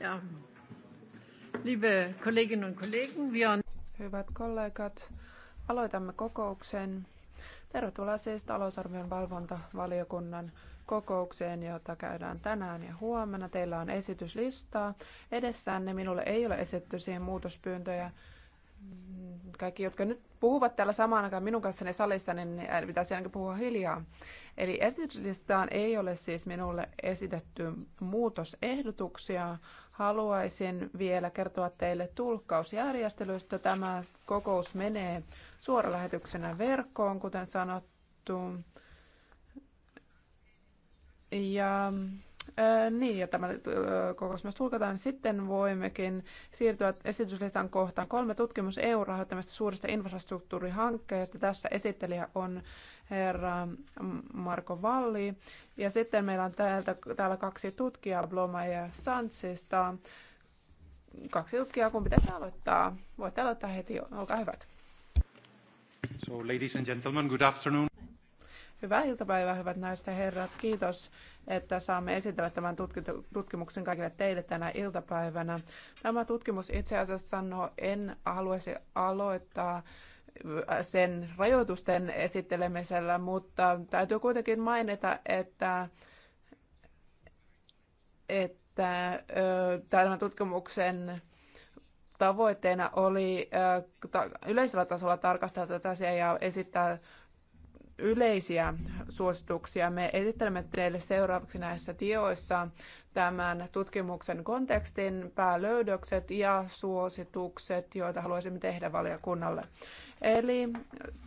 Ja. Liebe Kolleginnen und Kollegen, wir on... Hyvät kollegat, aloitamme kokouksen. Tervetuloa siis talousarvion valvontavaliokunnan kokoukseen, jota käydään tänään ja huomenna. Teillä on esityslistaa. Edessänne minulle ei ole esitetty siihen muutospyyntöjä kaikki, jotka nyt puhuvat täällä samaan aikaan minun kanssani salissa, niin, niin pitäisi ainakin puhua hiljaa. Eli esityslistaan ei ole siis minulle esitetty muutosehdotuksia. Haluaisin vielä kertoa teille tulkkausjärjestelystä. Tämä kokous menee suoralähetyksenä verkkoon, kuten sanottu. Ja niin, ja tämä kokous myös tulkataan. Sitten voimmekin siirtyä esityslistan kohtaan kolme tutkimus EU-rahoittamista suurista infrastruktuurihankkeista. Tässä esittelijä on herra Marko Valli. Ja sitten meillä on täältä, täällä kaksi tutkijaa, Bloma ja Santsista. Kaksi tutkijaa, kun pitäisi aloittaa. Voitte aloittaa heti, olkaa hyvät. So, ladies and gentlemen, good afternoon. Hyvää iltapäivää, hyvät naiset ja herrat. Kiitos, että saamme esitellä tämän tutkimuksen kaikille teille tänä iltapäivänä. Tämä tutkimus itse asiassa sanoo, en haluaisi aloittaa sen rajoitusten esittelemisellä, mutta täytyy kuitenkin mainita, että, että tämän tutkimuksen tavoitteena oli yleisellä tasolla tarkastella tätä asiaa ja esittää yleisiä suosituksia. Me esittelemme teille seuraavaksi näissä tioissa tämän tutkimuksen kontekstin, päälöydökset ja suositukset, joita haluaisimme tehdä valiokunnalle. Eli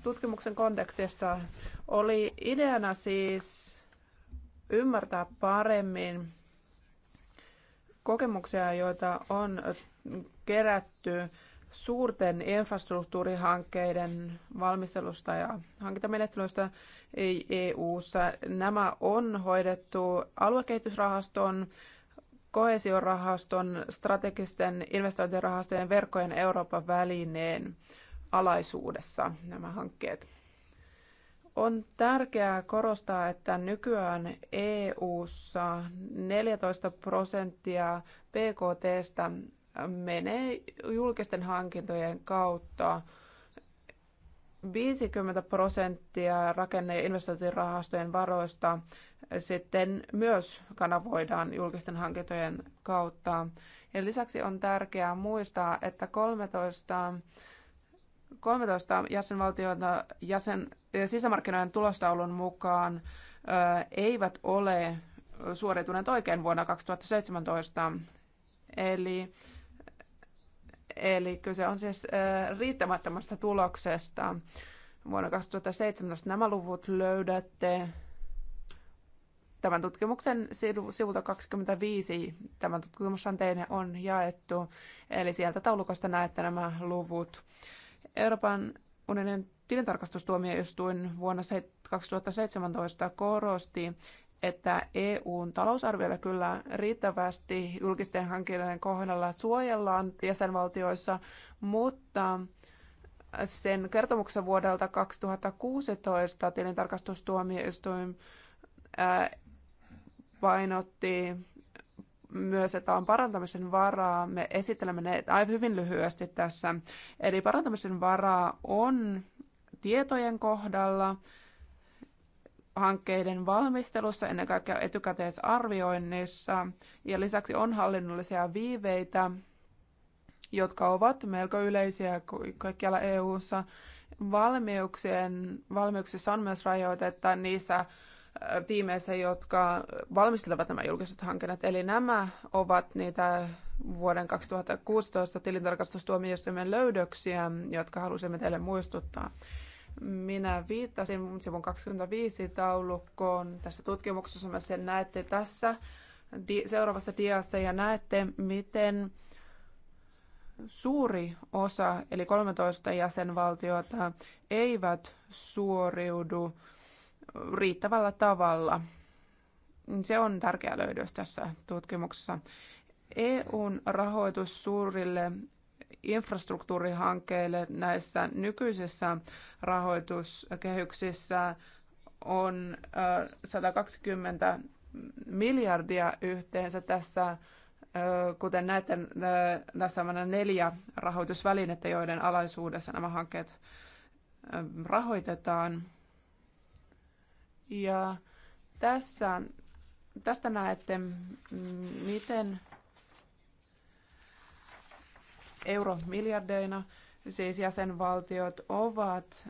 tutkimuksen kontekstista oli ideana siis ymmärtää paremmin kokemuksia, joita on kerätty suurten infrastruktuurihankkeiden valmistelusta ja hankintamenettelystä EU-ssa. Nämä on hoidettu aluekehitysrahaston, koesiorahaston, strategisten investointirahastojen verkkojen Euroopan välineen alaisuudessa nämä hankkeet. On tärkeää korostaa, että nykyään EU-ssa 14 prosenttia PKTstä menee julkisten hankintojen kautta. 50 prosenttia rakenne- ja investointirahastojen varoista sitten myös kanavoidaan julkisten hankintojen kautta. Ja lisäksi on tärkeää muistaa, että 13, 13 jäsenvaltiota jäsen, sisämarkkinoiden tulostaulun mukaan ö, eivät ole suorituneet oikein vuonna 2017. Eli Eli kyse on siis riittämättömästä tuloksesta. Vuonna 2017 nämä luvut löydätte tämän tutkimuksen sivulta 25. tämän tutkimuksen teine on jaettu, eli sieltä taulukosta näette nämä luvut. Euroopan unionin tilintarkastustuomioistuin vuonna 2017 korosti, että EUn talousarviota kyllä riittävästi julkisten hankintojen kohdalla suojellaan jäsenvaltioissa, mutta sen kertomuksen vuodelta 2016 tilintarkastustuomioistuin painotti myös, että on parantamisen varaa. Me esittelemme ne aivan hyvin lyhyesti tässä. Eli parantamisen varaa on tietojen kohdalla, hankkeiden valmistelussa, ennen kaikkea etukäteisarvioinnissa. Ja lisäksi on hallinnollisia viiveitä, jotka ovat melko yleisiä kaikkialla EU-ssa. Valmiuksien, valmiuksissa on myös rajoitetta niissä tiimeissä, jotka valmistelevat nämä julkiset hankinnat. Eli nämä ovat niitä vuoden 2016 tilintarkastustuomioistuimen löydöksiä, jotka halusimme teille muistuttaa minä viittasin sivun 25 taulukkoon tässä tutkimuksessa. Mä sen näette tässä di- seuraavassa diassa ja näette, miten suuri osa, eli 13 jäsenvaltiota, eivät suoriudu riittävällä tavalla. Se on tärkeä löydös tässä tutkimuksessa. EUn rahoitus suurille infrastruktuurihankkeille näissä nykyisissä rahoituskehyksissä on 120 miljardia yhteensä tässä, kuten näette, tässä on neljä rahoitusvälinettä, joiden alaisuudessa nämä hankkeet rahoitetaan. Ja tässä, tästä näette, miten euromiljardeina, siis jäsenvaltiot ovat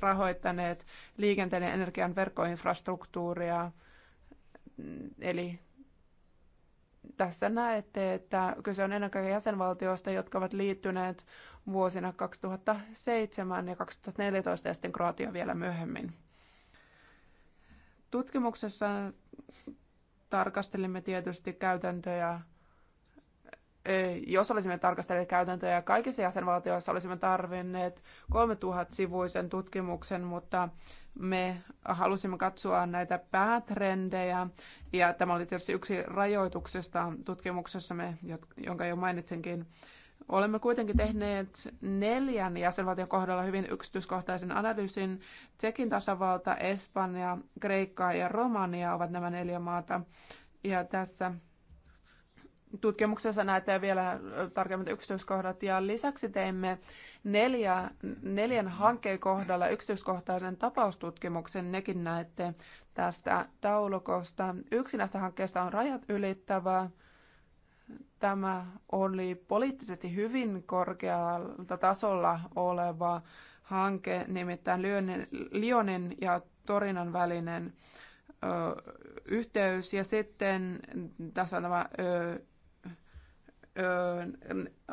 rahoittaneet liikenteen ja energian verkkoinfrastruktuuria. Eli tässä näette, että kyse on ennen kaikkea jäsenvaltioista, jotka ovat liittyneet vuosina 2007 ja 2014 ja sitten Kroatia vielä myöhemmin. Tutkimuksessa tarkastelimme tietysti käytäntöjä jos olisimme tarkastelleet käytäntöjä kaikissa jäsenvaltioissa, olisimme tarvinneet 3000 sivuisen tutkimuksen, mutta me halusimme katsoa näitä päätrendejä, ja tämä oli tietysti yksi rajoituksesta tutkimuksessamme, jonka jo mainitsinkin. Olemme kuitenkin tehneet neljän jäsenvaltion kohdalla hyvin yksityiskohtaisen analyysin. Tsekin tasavalta, Espanja, Kreikka ja Romania ovat nämä neljä maata. Ja tässä tutkimuksessa näette vielä äh, tarkemmat yksityiskohdat ja lisäksi teimme neljä, neljän hankkeen kohdalla yksityiskohtaisen tapaustutkimuksen, nekin näette tästä taulukosta. Yksi näistä hankkeista on rajat ylittävä. Tämä oli poliittisesti hyvin korkealta tasolla oleva hanke, nimittäin Lyonin ja Torinan välinen yhteys. Ja sitten tässä on tämä ö,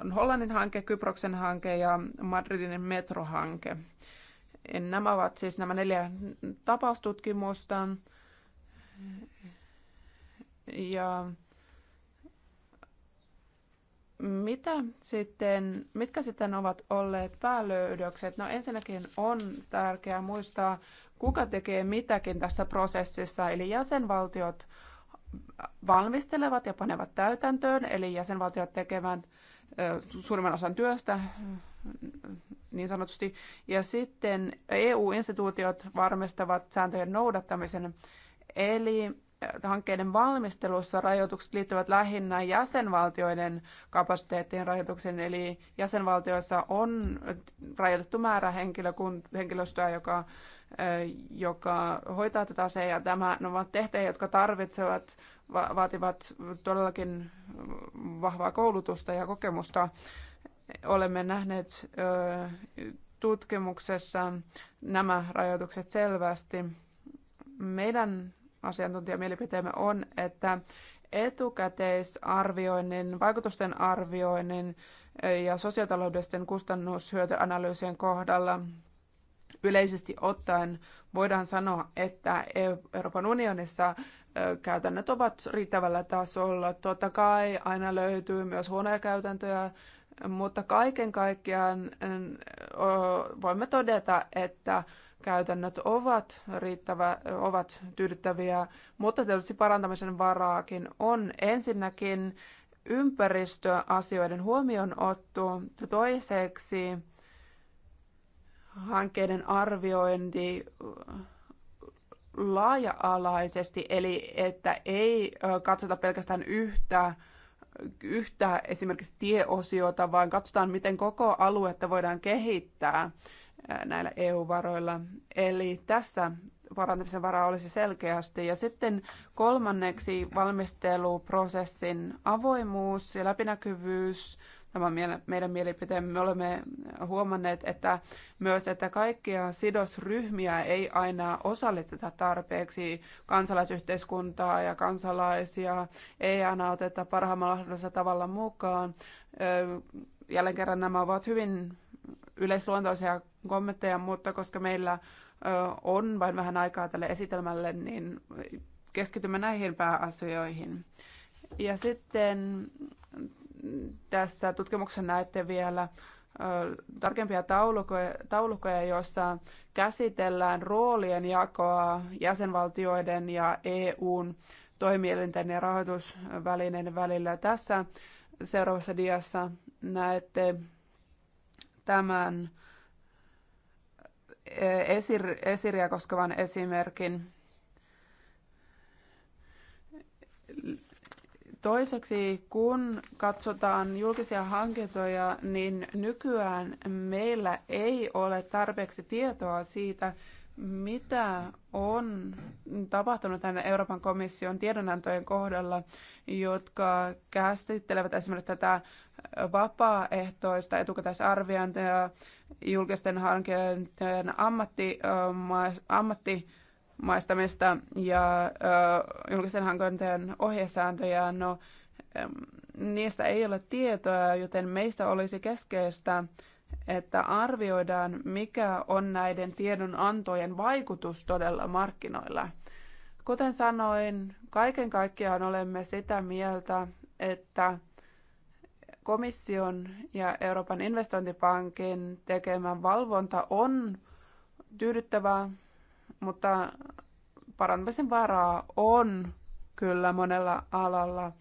on Hollannin hanke, Kyproksen hanke ja Madridin metrohanke. Nämä ovat siis nämä neljä tapaustutkimusta. Ja mitä sitten, mitkä sitten ovat olleet päälöydökset? No ensinnäkin on tärkeää muistaa, kuka tekee mitäkin tässä prosessissa, eli jäsenvaltiot valmistelevat ja panevat täytäntöön, eli jäsenvaltiot tekevät suurimman osan työstä niin sanotusti, ja sitten EU-instituutiot varmistavat sääntöjen noudattamisen, eli hankkeiden valmistelussa rajoitukset liittyvät lähinnä jäsenvaltioiden kapasiteettien rajoituksiin, eli jäsenvaltioissa on rajoitettu määrä henkilöstöä, joka joka hoitaa tätä asiaa. Ja tämä, ne no, ovat tehtäjä, jotka tarvitsevat, va- vaativat todellakin vahvaa koulutusta ja kokemusta. Olemme nähneet ö, tutkimuksessa nämä rajoitukset selvästi. Meidän asiantuntijamielipiteemme on, että etukäteisarvioinnin, vaikutusten arvioinnin ja sosiotaloudellisten kustannushyötyanalyysien kohdalla Yleisesti ottaen voidaan sanoa, että Euroopan unionissa käytännöt ovat riittävällä tasolla. Totta kai aina löytyy myös huonoja käytäntöjä, mutta kaiken kaikkiaan voimme todeta, että käytännöt ovat, riittävä, ovat tyydyttäviä, mutta tietysti parantamisen varaakin on ensinnäkin ympäristöasioiden huomioon otto, toiseksi hankkeiden arviointi laaja-alaisesti, eli että ei katsota pelkästään yhtä, yhtä esimerkiksi tieosiota, vaan katsotaan, miten koko aluetta voidaan kehittää näillä EU-varoilla. Eli tässä parantamisen varaa olisi selkeästi. Ja sitten kolmanneksi valmisteluprosessin avoimuus ja läpinäkyvyys. Tämä meidän mielipiteemme. Me olemme huomanneet, että myös, että kaikkia sidosryhmiä ei aina osallisteta tarpeeksi kansalaisyhteiskuntaa ja kansalaisia, ei aina oteta parhaimmalla mahdollisella tavalla mukaan. Jälleen kerran nämä ovat hyvin yleisluontoisia kommentteja, mutta koska meillä on vain vähän aikaa tälle esitelmälle, niin keskitymme näihin pääasioihin. Ja sitten tässä tutkimuksessa näette vielä tarkempia taulukoja, taulukoja, joissa käsitellään roolien jakoa jäsenvaltioiden ja EUn toimielinten ja rahoitusvälineiden välillä. Tässä seuraavassa diassa näette tämän esir- esiriä koskevan esimerkin. Toiseksi, kun katsotaan julkisia hankintoja, niin nykyään meillä ei ole tarpeeksi tietoa siitä, mitä on tapahtunut tänne Euroopan komission tiedonantojen kohdalla, jotka käsittelevät esimerkiksi tätä vapaaehtoista etukäteisarviointia, julkisten hankintojen ammatti, ammatti maistamista ja julkisen hankintojen ohjesääntöjä. No, niistä ei ole tietoa, joten meistä olisi keskeistä, että arvioidaan, mikä on näiden tiedonantojen vaikutus todella markkinoilla. Kuten sanoin, kaiken kaikkiaan olemme sitä mieltä, että komission ja Euroopan investointipankin tekemä valvonta on tyydyttävää, mutta parantamisen varaa on kyllä monella alalla.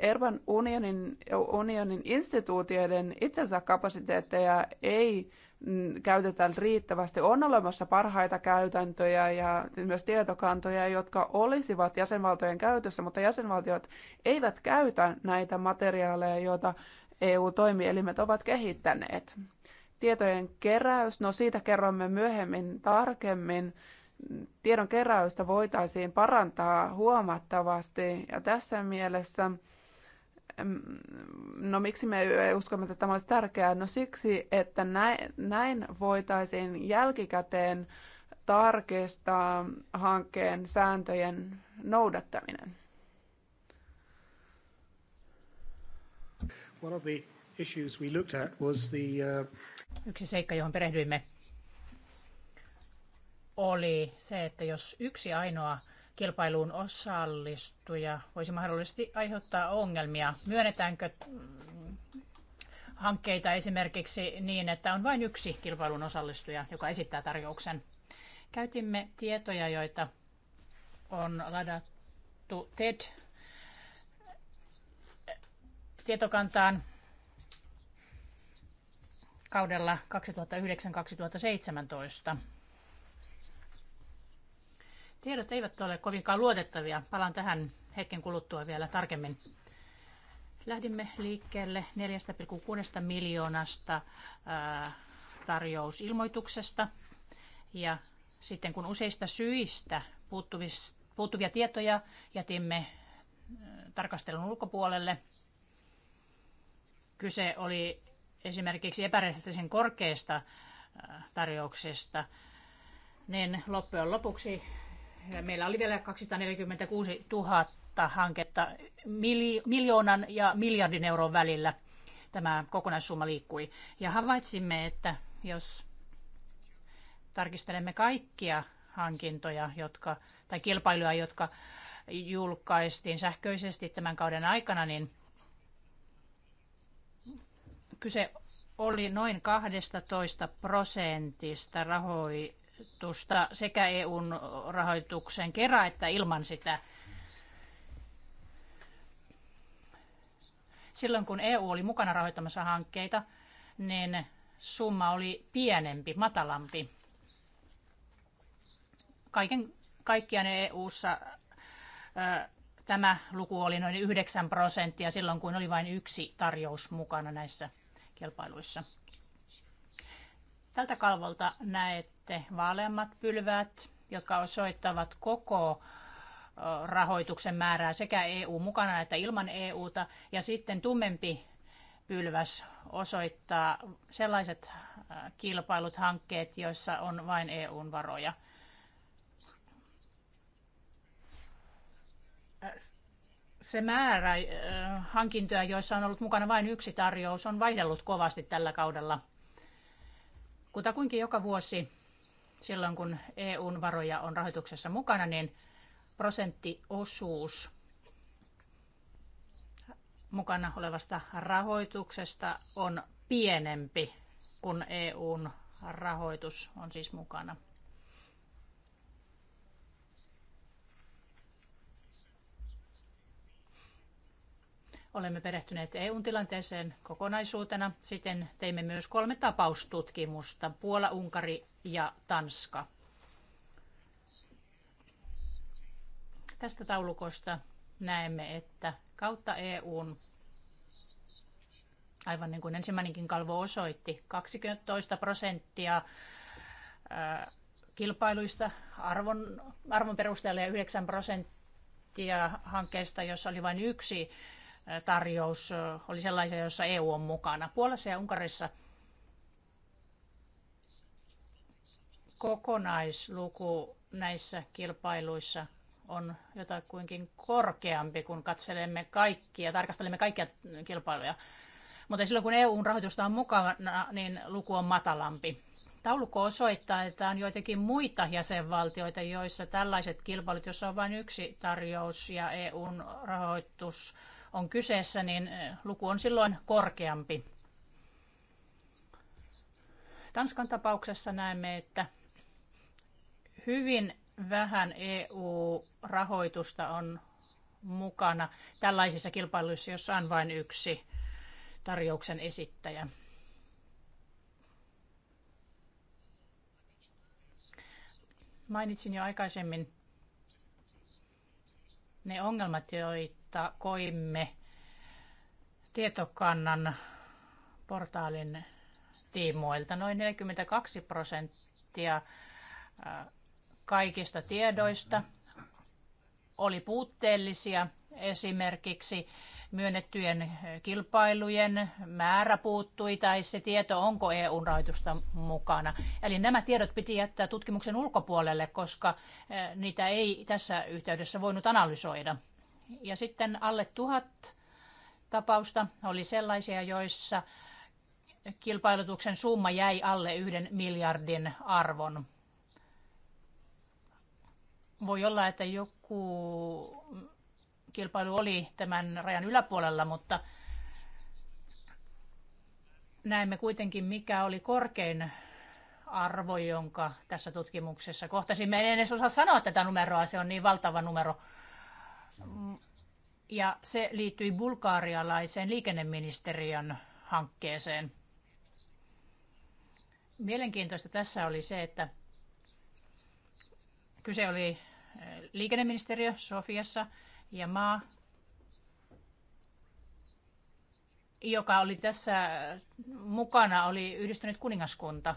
Euroopan unionin, unionin instituutioiden itsensä kapasiteetteja ei mm, käytetä riittävästi. On olemassa parhaita käytäntöjä ja myös tietokantoja, jotka olisivat jäsenvaltojen käytössä, mutta jäsenvaltiot eivät käytä näitä materiaaleja, joita EU-toimielimet ovat kehittäneet. Tietojen keräys, no siitä kerromme myöhemmin tarkemmin. Tiedon keräystä voitaisiin parantaa huomattavasti ja tässä mielessä mm, No miksi me uskomme, että tämä olisi tärkeää? No siksi, että näin, voitaisiin jälkikäteen tarkistaa hankkeen sääntöjen noudattaminen. One of the issues we looked at was the, uh... Yksi seikka, johon perehdyimme, oli se, että jos yksi ainoa kilpailuun osallistuja voisi mahdollisesti aiheuttaa ongelmia, myönnetäänkö mm, hankkeita esimerkiksi niin, että on vain yksi kilpailun osallistuja, joka esittää tarjouksen. Käytimme tietoja, joita on ladattu TED eh, tietokantaan kaudella 2009-2017. Tiedot eivät ole kovinkaan luotettavia. Palaan tähän hetken kuluttua vielä tarkemmin. Lähdimme liikkeelle 4,6 miljoonasta tarjousilmoituksesta. Ja sitten kun useista syistä puuttuvia tietoja jätimme tarkastelun ulkopuolelle, kyse oli esimerkiksi epärealistisen korkeista äh, tarjouksista, niin loppujen lopuksi meillä oli vielä 246 000 hanketta miljoonan ja miljardin euron välillä. Tämä kokonaissumma liikkui. Ja havaitsimme, että jos tarkistelemme kaikkia hankintoja jotka, tai kilpailuja, jotka julkaistiin sähköisesti tämän kauden aikana, niin Kyse oli noin 12 prosentista rahoitusta sekä EUn rahoituksen kerran että ilman sitä. Silloin kun EU oli mukana rahoittamassa hankkeita, niin summa oli pienempi, matalampi. Kaiken kaikkiaan EU-ssa tämä luku oli noin 9 prosenttia silloin, kun oli vain yksi tarjous mukana näissä kilpailuissa. Tältä kalvolta näette vaaleammat pylväät, jotka osoittavat koko rahoituksen määrää sekä EU mukana että ilman EUta. Ja sitten tummempi pylväs osoittaa sellaiset kilpailut, hankkeet, joissa on vain EUn varoja se määrä äh, hankintoja, joissa on ollut mukana vain yksi tarjous, on vaihdellut kovasti tällä kaudella. Kutakuinkin joka vuosi silloin, kun EUn varoja on rahoituksessa mukana, niin prosenttiosuus mukana olevasta rahoituksesta on pienempi, kun EUn rahoitus on siis mukana. Olemme perehtyneet EUn tilanteeseen kokonaisuutena. Sitten teimme myös kolme tapaustutkimusta, Puola, Unkari ja Tanska. Tästä taulukosta näemme, että kautta EUn, aivan niin kuin ensimmäinenkin kalvo osoitti, 12 prosenttia kilpailuista arvon, arvon perusteella ja 9 prosenttia hankkeista, jossa oli vain yksi tarjous oli sellaisia, joissa EU on mukana. Puolassa ja Unkarissa kokonaisluku näissä kilpailuissa on jotakuinkin korkeampi, kun katselemme kaikkia, tarkastelemme kaikkia kilpailuja. Mutta silloin kun EUn rahoitusta on mukana, niin luku on matalampi. Taulukko osoittaa, että on joitakin muita jäsenvaltioita, joissa tällaiset kilpailut, joissa on vain yksi tarjous ja EUn rahoitus on kyseessä, niin eh, luku on silloin korkeampi. Tanskan tapauksessa näemme, että hyvin vähän EU-rahoitusta on mukana tällaisissa kilpailuissa, jossa on vain yksi tarjouksen esittäjä. Mainitsin jo aikaisemmin ne ongelmat, joita kautta koimme tietokannan portaalin tiimoilta. Noin 42 prosenttia äh, kaikista tiedoista oli puutteellisia. Esimerkiksi myönnettyjen kilpailujen määrä puuttui tai se tieto, onko EU-rahoitusta mukana. Eli nämä tiedot piti jättää tutkimuksen ulkopuolelle, koska äh, niitä ei tässä yhteydessä voinut analysoida. Ja sitten alle tuhat tapausta oli sellaisia, joissa kilpailutuksen summa jäi alle yhden miljardin arvon. Voi olla, että joku kilpailu oli tämän rajan yläpuolella, mutta näemme kuitenkin, mikä oli korkein arvo, jonka tässä tutkimuksessa kohtasimme. En edes osaa sanoa tätä numeroa, se on niin valtava numero. Mm, ja se liittyi bulgaarialaiseen liikenneministeriön hankkeeseen. Mielenkiintoista tässä oli se, että kyse oli eh, liikenneministeriö Sofiassa ja maa, joka oli tässä eh, mukana, oli yhdistynyt kuningaskunta.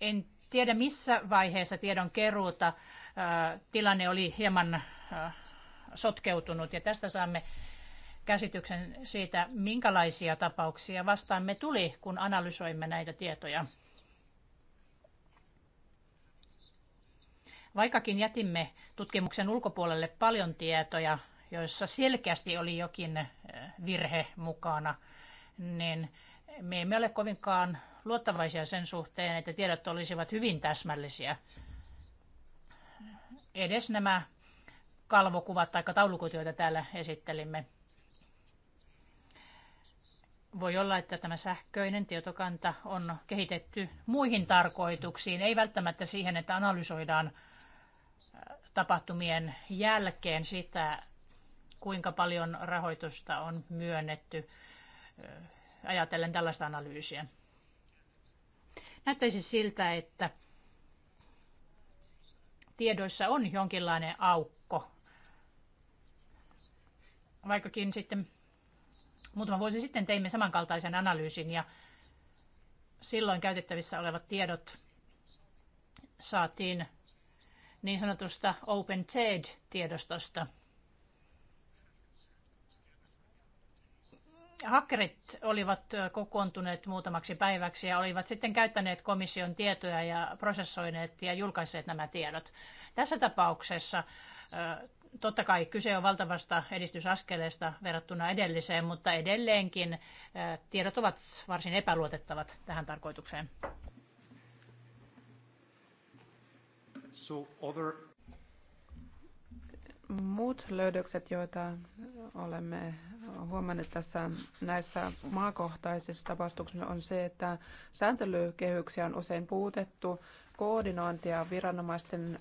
En tiedä missä vaiheessa tiedon keruuta eh, tilanne oli hieman Äh, sotkeutunut ja tästä saamme käsityksen siitä, minkälaisia tapauksia vastaamme tuli, kun analysoimme näitä tietoja. Vaikkakin jätimme tutkimuksen ulkopuolelle paljon tietoja, joissa selkeästi oli jokin äh, virhe mukana, niin me emme ole kovinkaan luottavaisia sen suhteen, että tiedot olisivat hyvin täsmällisiä. Edes nämä kalvokuvat tai taulukot, joita täällä esittelimme. Voi olla, että tämä sähköinen tietokanta on kehitetty muihin tarkoituksiin, ei välttämättä siihen, että analysoidaan äh, tapahtumien jälkeen sitä, kuinka paljon rahoitusta on myönnetty äh, ajatellen tällaista analyysiä. Näyttäisi siltä, että tiedoissa on jonkinlainen aukko vaikkakin sitten muutama vuosi sitten teimme samankaltaisen analyysin ja silloin käytettävissä olevat tiedot saatiin niin sanotusta Open TED-tiedostosta. Hakkerit olivat kokoontuneet muutamaksi päiväksi ja olivat sitten käyttäneet komission tietoja ja prosessoineet ja julkaisseet nämä tiedot. Tässä tapauksessa Totta kai kyse on valtavasta edistysaskeleesta verrattuna edelliseen, mutta edelleenkin eh, tiedot ovat varsin epäluotettavat tähän tarkoitukseen. So other... Muut löydökset, joita olemme huomannut tässä näissä maakohtaisissa tapahtuksissa on se, että sääntelykehyksiä on usein puutettu, koordinointia viranomaisten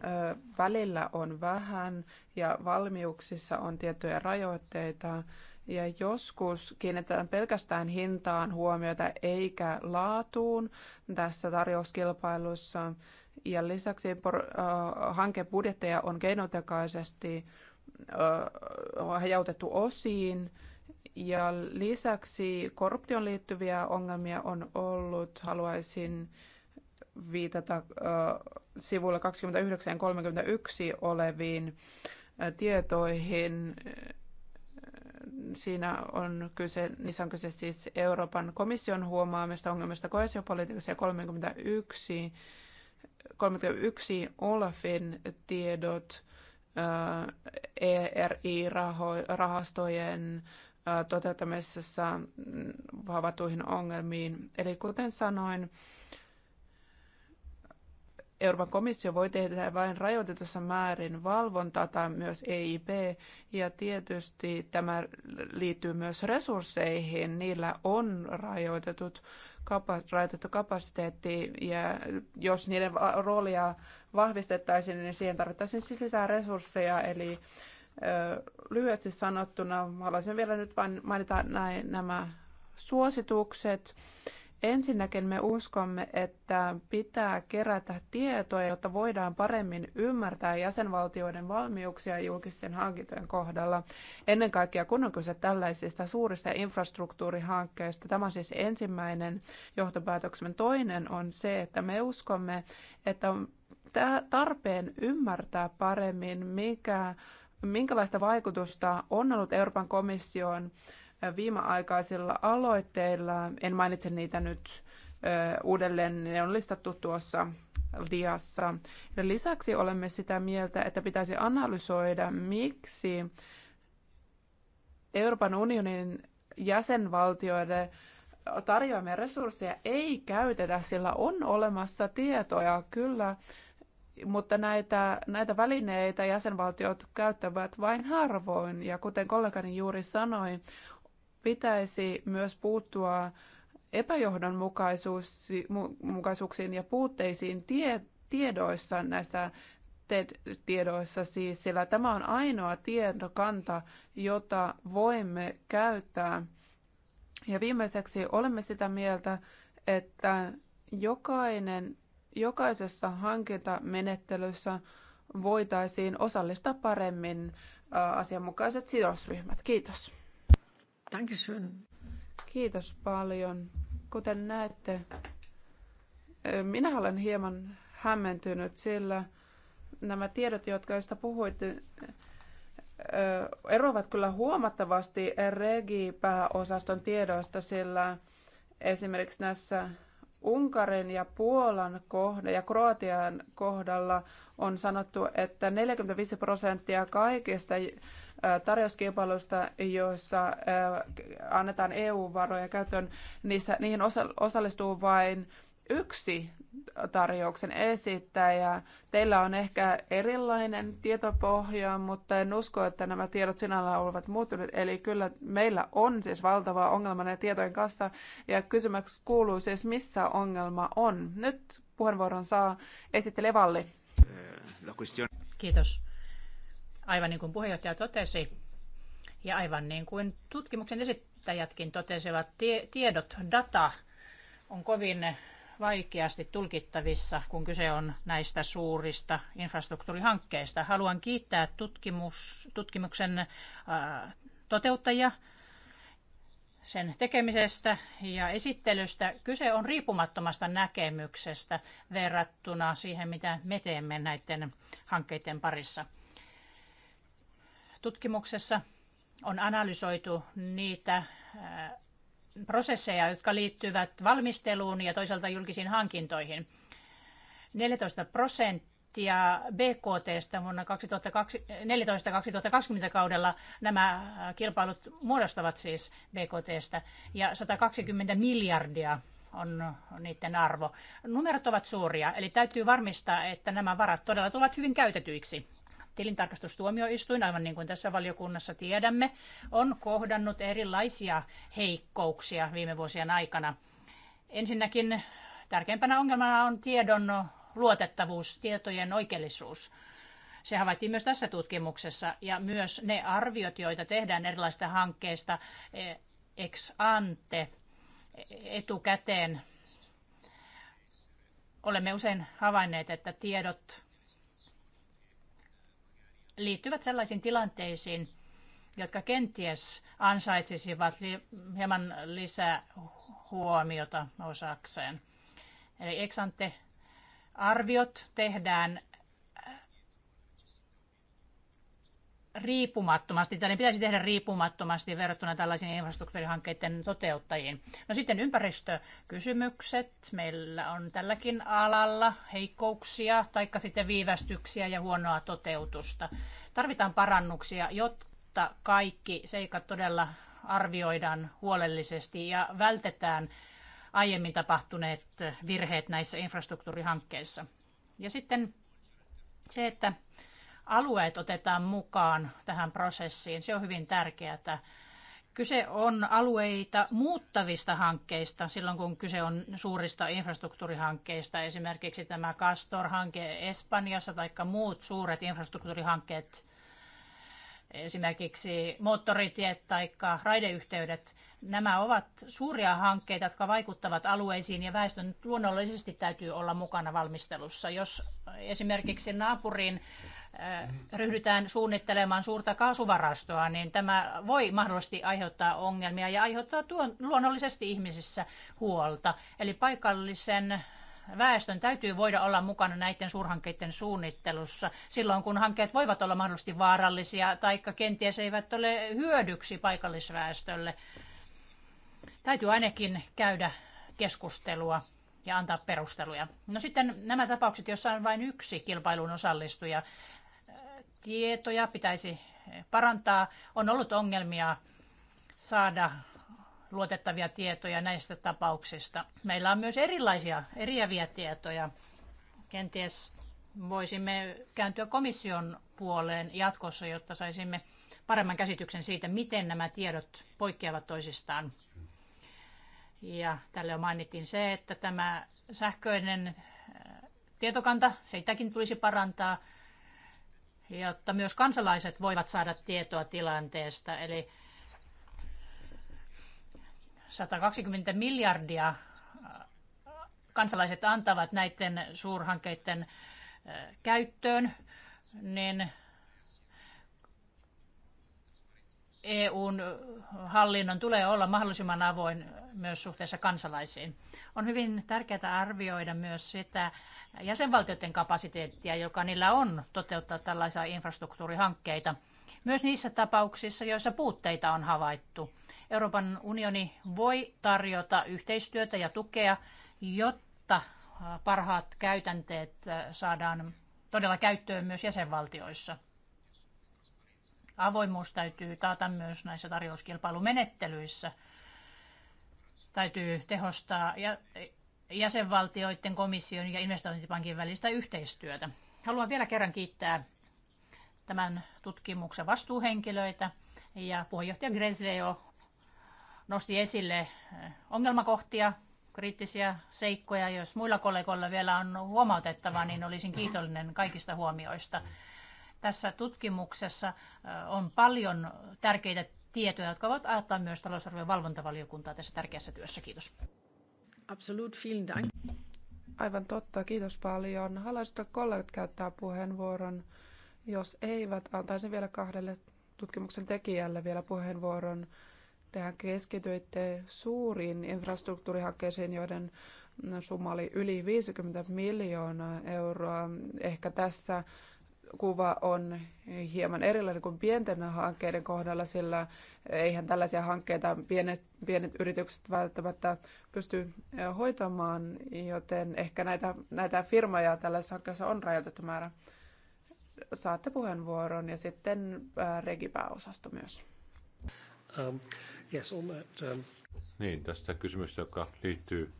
välillä on vähän ja valmiuksissa on tiettyjä rajoitteita. Ja joskus kiinnitetään pelkästään hintaan huomiota eikä laatuun tässä tarjouskilpailussa. Ja lisäksi por, äh, hankebudjetteja on keinotekoisesti hajautettu osiin ja lisäksi korruption liittyviä ongelmia on ollut. Haluaisin viitata sivulla 29 ja 31 oleviin tietoihin. Siinä on kyse, niissä on kyse siis Euroopan komission huomaamista ongelmista koesiopolitiikassa ja 31, 31 Olafin tiedot ERI-rahastojen toteuttamisessa mm, havaituihin ongelmiin. Eli kuten sanoin, Euroopan komissio voi tehdä vain rajoitetussa määrin valvontaa tai myös EIP, ja tietysti tämä liittyy myös resursseihin. Niillä on rajoitetut kapa, rajoitettu kapasiteetti, ja jos niiden roolia vahvistettaisiin, niin siihen tarvittaisiin siis lisää resursseja, eli lyhyesti sanottuna haluaisin vielä nyt vain mainita näin, nämä suositukset. Ensinnäkin me uskomme, että pitää kerätä tietoja, jotta voidaan paremmin ymmärtää jäsenvaltioiden valmiuksia julkisten hankintojen kohdalla. Ennen kaikkea kun on kyse tällaisista suurista infrastruktuurihankkeista. Tämä on siis ensimmäinen johtopäätöksemme. Toinen on se, että me uskomme, että on tarpeen ymmärtää paremmin, mikä minkälaista vaikutusta on ollut Euroopan komission viimeaikaisilla aloitteilla. En mainitse niitä nyt uudelleen, ne on listattu tuossa diassa. Ja lisäksi olemme sitä mieltä, että pitäisi analysoida, miksi Euroopan unionin jäsenvaltioiden tarjoamia resursseja ei käytetä, sillä on olemassa tietoja kyllä mutta näitä, näitä välineitä jäsenvaltiot käyttävät vain harvoin. Ja kuten kollegani juuri sanoi, pitäisi myös puuttua epäjohdonmukaisuuksiin ja puutteisiin tie, tiedoissa näissä TED-tiedoissa siis, sillä tämä on ainoa tiedokanta, jota voimme käyttää. Ja viimeiseksi olemme sitä mieltä, että jokainen jokaisessa hankintamenettelyssä voitaisiin osallistaa paremmin asianmukaiset sidosryhmät. Kiitos. Dankeschön. Kiitos paljon. Kuten näette, minä olen hieman hämmentynyt, sillä nämä tiedot, jotka joista puhuitte, eroavat kyllä huomattavasti regi-pääosaston tiedoista, sillä esimerkiksi näissä Unkarin ja Puolan kohda ja Kroatian kohdalla on sanottu, että 45 prosenttia kaikista äh, tarjouskilpailuista, joissa äh, annetaan EU-varoja käyttöön, niissä, niihin osallistuu vain yksi tarjouksen esittäjä. Teillä on ehkä erilainen tietopohja, mutta en usko, että nämä tiedot sinällä ovat muuttuneet. Eli kyllä meillä on siis valtava ongelma näiden tietojen kanssa. Ja kysymys kuuluu siis, missä ongelma on. Nyt puheenvuoron saa esittele Valli. Kiitos. Aivan niin kuin puheenjohtaja totesi, ja aivan niin kuin tutkimuksen esittäjätkin totesivat, tiedot, data on kovin vaikeasti tulkittavissa, kun kyse on näistä suurista infrastruktuurihankkeista. Haluan kiittää tutkimus, tutkimuksen äh, toteuttajia sen tekemisestä ja esittelystä. Kyse on riippumattomasta näkemyksestä verrattuna siihen, mitä me teemme näiden hankkeiden parissa. Tutkimuksessa on analysoitu niitä äh, prosesseja, jotka liittyvät valmisteluun ja toisaalta julkisiin hankintoihin. 14 prosenttia BKTstä vuonna 2014-2020 kaudella nämä kilpailut muodostavat siis BKTstä ja 120 miljardia on niiden arvo. Numerot ovat suuria, eli täytyy varmistaa, että nämä varat todella tulevat hyvin käytetyiksi. Tilintarkastustuomioistuin, aivan niin kuin tässä valiokunnassa tiedämme, on kohdannut erilaisia heikkouksia viime vuosien aikana. Ensinnäkin tärkeimpänä ongelmana on tiedon luotettavuus, tietojen oikeellisuus. Se havaittiin myös tässä tutkimuksessa ja myös ne arviot, joita tehdään erilaisista hankkeista e, ex ante etukäteen. Olemme usein havainneet, että tiedot liittyvät sellaisiin tilanteisiin, jotka kenties ansaitsisivat li- hieman lisää huomiota osakseen. Eli eksante arviot tehdään riippumattomasti, tai ne pitäisi tehdä riippumattomasti verrattuna tällaisiin infrastruktuurihankkeiden toteuttajiin. No sitten ympäristökysymykset. Meillä on tälläkin alalla heikkouksia, taikka sitten viivästyksiä ja huonoa toteutusta. Tarvitaan parannuksia, jotta kaikki seikat todella arvioidaan huolellisesti ja vältetään aiemmin tapahtuneet virheet näissä infrastruktuurihankkeissa. Ja sitten se, että alueet otetaan mukaan tähän prosessiin. Se on hyvin tärkeää. Kyse on alueita muuttavista hankkeista silloin, kun kyse on suurista infrastruktuurihankkeista, esimerkiksi tämä Castor-hanke Espanjassa tai muut suuret infrastruktuurihankkeet, esimerkiksi moottoritiet tai raideyhteydet. Nämä ovat suuria hankkeita, jotka vaikuttavat alueisiin ja väestön luonnollisesti täytyy olla mukana valmistelussa. Jos esimerkiksi naapurin ryhdytään suunnittelemaan suurta kaasuvarastoa, niin tämä voi mahdollisesti aiheuttaa ongelmia ja aiheuttaa tuon, luonnollisesti ihmisissä huolta. Eli paikallisen väestön täytyy voida olla mukana näiden suurhankkeiden suunnittelussa silloin, kun hankkeet voivat olla mahdollisesti vaarallisia tai kenties eivät ole hyödyksi paikallisväestölle. Täytyy ainakin käydä keskustelua ja antaa perusteluja. No sitten nämä tapaukset, joissa on vain yksi kilpailun osallistuja, tietoja pitäisi eh, parantaa. On ollut ongelmia saada luotettavia tietoja näistä tapauksista. Meillä on myös erilaisia eriäviä tietoja. Kenties voisimme kääntyä komission puoleen jatkossa, jotta saisimme paremman käsityksen siitä, miten nämä tiedot poikkeavat toisistaan. Ja tälle jo mainittiin se, että tämä sähköinen eh, tietokanta, seitäkin tulisi parantaa – jotta myös kansalaiset voivat saada tietoa tilanteesta. Eli 120 miljardia äh, kansalaiset antavat näiden suurhankkeiden äh, käyttöön, niin EUn hallinnon tulee olla mahdollisimman avoin myös suhteessa kansalaisiin. On hyvin tärkeää arvioida myös sitä jäsenvaltioiden kapasiteettia, joka niillä on toteuttaa tällaisia infrastruktuurihankkeita. Myös niissä tapauksissa, joissa puutteita on havaittu. Euroopan unioni voi tarjota yhteistyötä ja tukea, jotta parhaat käytänteet saadaan todella käyttöön myös jäsenvaltioissa. Avoimuus täytyy taata myös näissä tarjouskilpailumenettelyissä. Täytyy tehostaa jäsenvaltioiden, komission ja investointipankin välistä yhteistyötä. Haluan vielä kerran kiittää tämän tutkimuksen vastuuhenkilöitä ja puheenjohtaja Gresle jo nosti esille eh, ongelmakohtia, kriittisiä seikkoja. Jos muilla kollegoilla vielä on huomautettavaa, niin olisin kiitollinen kaikista huomioista. Tässä tutkimuksessa eh, on paljon tärkeitä tietoja, jotka voivat auttaa myös talousarvion valvontavaliokuntaa tässä tärkeässä työssä. Kiitos. Absolut, vielen dank. Aivan totta, kiitos paljon. Haluaisitko kollegat käyttää puheenvuoron? Jos eivät, antaisin vielä kahdelle tutkimuksen tekijälle vielä puheenvuoron. Tehän keskityitte suuriin infrastruktuurihankkeisiin, joiden summa oli yli 50 miljoonaa euroa. Ehkä tässä kuva on hieman erilainen kuin pienten hankkeiden kohdalla, sillä eihän tällaisia hankkeita pienet, pienet yritykset välttämättä pysty hoitamaan, joten ehkä näitä, näitä firmoja tällaisessa hankkeessa on rajoitettu määrä. Saatte puheenvuoron ja sitten regipääosasto myös. Um, yes, on that, um... Niin, tästä kysymystä, joka liittyy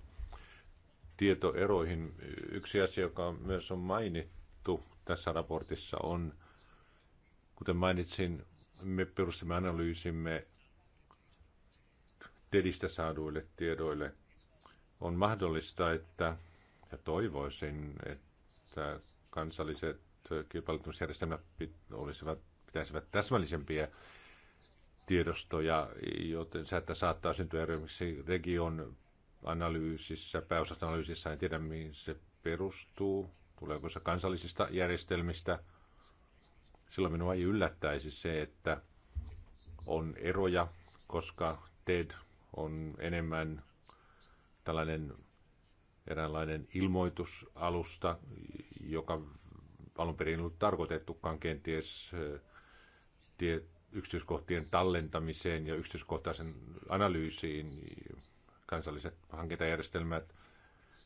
tietoeroihin. Yksi asia, joka myös on mainittu tässä raportissa on, kuten mainitsin, me perustimme analyysimme TEDistä saaduille tiedoille. On mahdollista, että, ja toivoisin, että kansalliset kilpailutusjärjestelmät olisivat, pitäisivät täsmällisempiä tiedostoja, joten että saattaa syntyä esimerkiksi region analyysissä, pääosastanalyysissä, en tiedä mihin se perustuu, tuleeko se kansallisista järjestelmistä. Silloin minua ei yllättäisi se, että on eroja, koska TED on enemmän tällainen eräänlainen ilmoitusalusta, joka alun perin ollut tarkoitettukaan kenties eh, tie, yksityiskohtien tallentamiseen ja yksityiskohtaisen analyysiin kansalliset hankintajärjestelmät,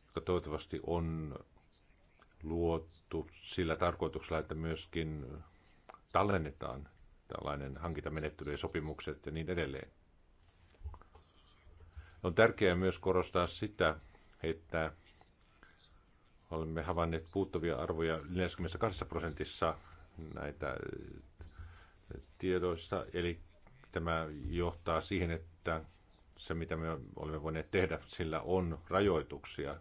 jotka toivottavasti on luotu sillä tarkoituksella, että myöskin tallennetaan tällainen hankintamenettely ja sopimukset ja niin edelleen. On tärkeää myös korostaa sitä, että olemme havainneet puuttuvia arvoja 42 prosentissa näitä tiedoista, eli tämä johtaa siihen, että se mitä me olemme voineet tehdä, sillä on rajoituksia.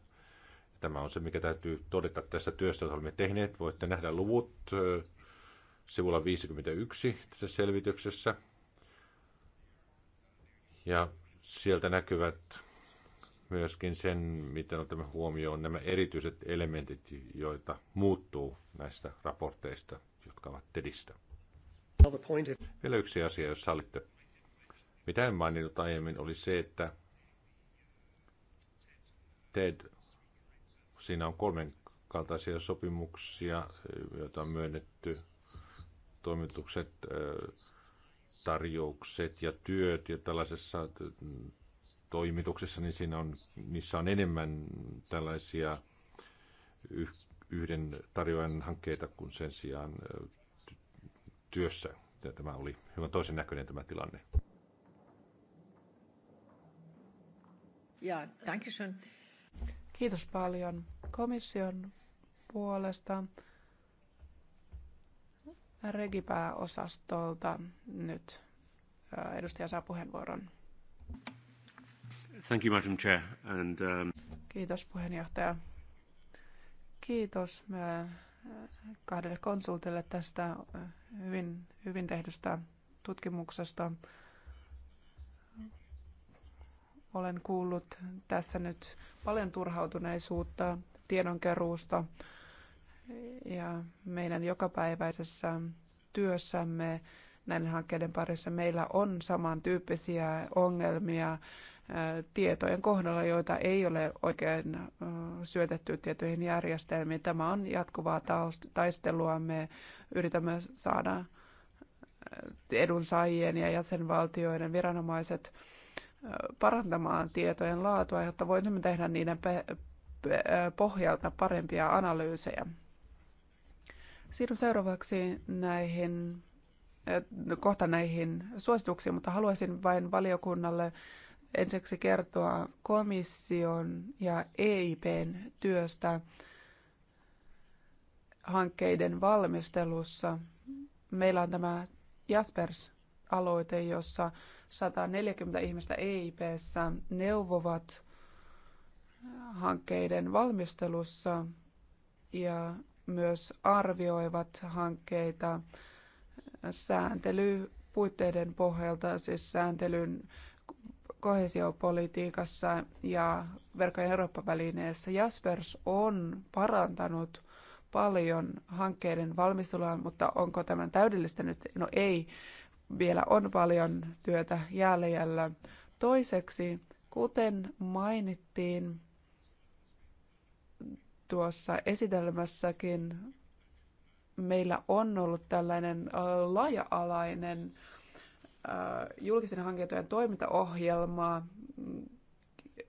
Tämä on se, mikä täytyy todeta tässä työstä, jota olemme tehneet. Voitte nähdä luvut sivulla 51 tässä selvityksessä. Ja sieltä näkyvät myöskin sen, miten otamme huomioon nämä erityiset elementit, joita muuttuu näistä raporteista, jotka ovat TEDistä. Vielä yksi asia, jos sallitte. Mitä en maininnut aiemmin, oli se, että TED Siinä on kolmen kaltaisia sopimuksia, joita on myönnetty toimitukset, tarjoukset ja työt ja tällaisessa toimituksessa, niin siinä on, niissä on enemmän tällaisia yhden tarjoajan hankkeita kuin sen sijaan työssä. Ja tämä oli hyvin toisen näköinen tämä tilanne. Ja, danke schön. Kiitos paljon komission puolesta regipääosastolta nyt äh, edustaja saa puheenvuoron. Thank you, Madam Chair. And, um... Kiitos puheenjohtaja. Kiitos äh, kahdelle konsultille tästä äh, hyvin, hyvin tehdystä tutkimuksesta. Olen kuullut tässä nyt paljon turhautuneisuutta tiedonkeruusta ja meidän jokapäiväisessä työssämme näiden hankkeiden parissa meillä on samantyyppisiä ongelmia tietojen kohdalla, joita ei ole oikein syötetty tietyihin järjestelmiin. Tämä on jatkuvaa taistelua. Me yritämme saada edunsaajien ja jäsenvaltioiden viranomaiset parantamaan tietojen laatua, jotta voimme tehdä niiden pohjalta parempia analyysejä. Siirryn seuraavaksi näihin, eh, kohta näihin suosituksiin, mutta haluaisin vain valiokunnalle ensiksi kertoa komission ja EIPn työstä hankkeiden valmistelussa. Meillä on tämä Jaspers-aloite, jossa 140 ihmistä EIPssä neuvovat hankkeiden valmistelussa ja myös arvioivat hankkeita sääntelypuitteiden pohjalta, siis sääntelyn kohesiopolitiikassa ja verkon Eurooppa-välineessä. Jaspers on parantanut paljon hankkeiden valmistelua, mutta onko tämän täydellistä nyt? No ei vielä on paljon työtä jäljellä. Toiseksi, kuten mainittiin tuossa esitelmässäkin, meillä on ollut tällainen äh, laaja-alainen äh, julkisen hankintojen toimintaohjelma,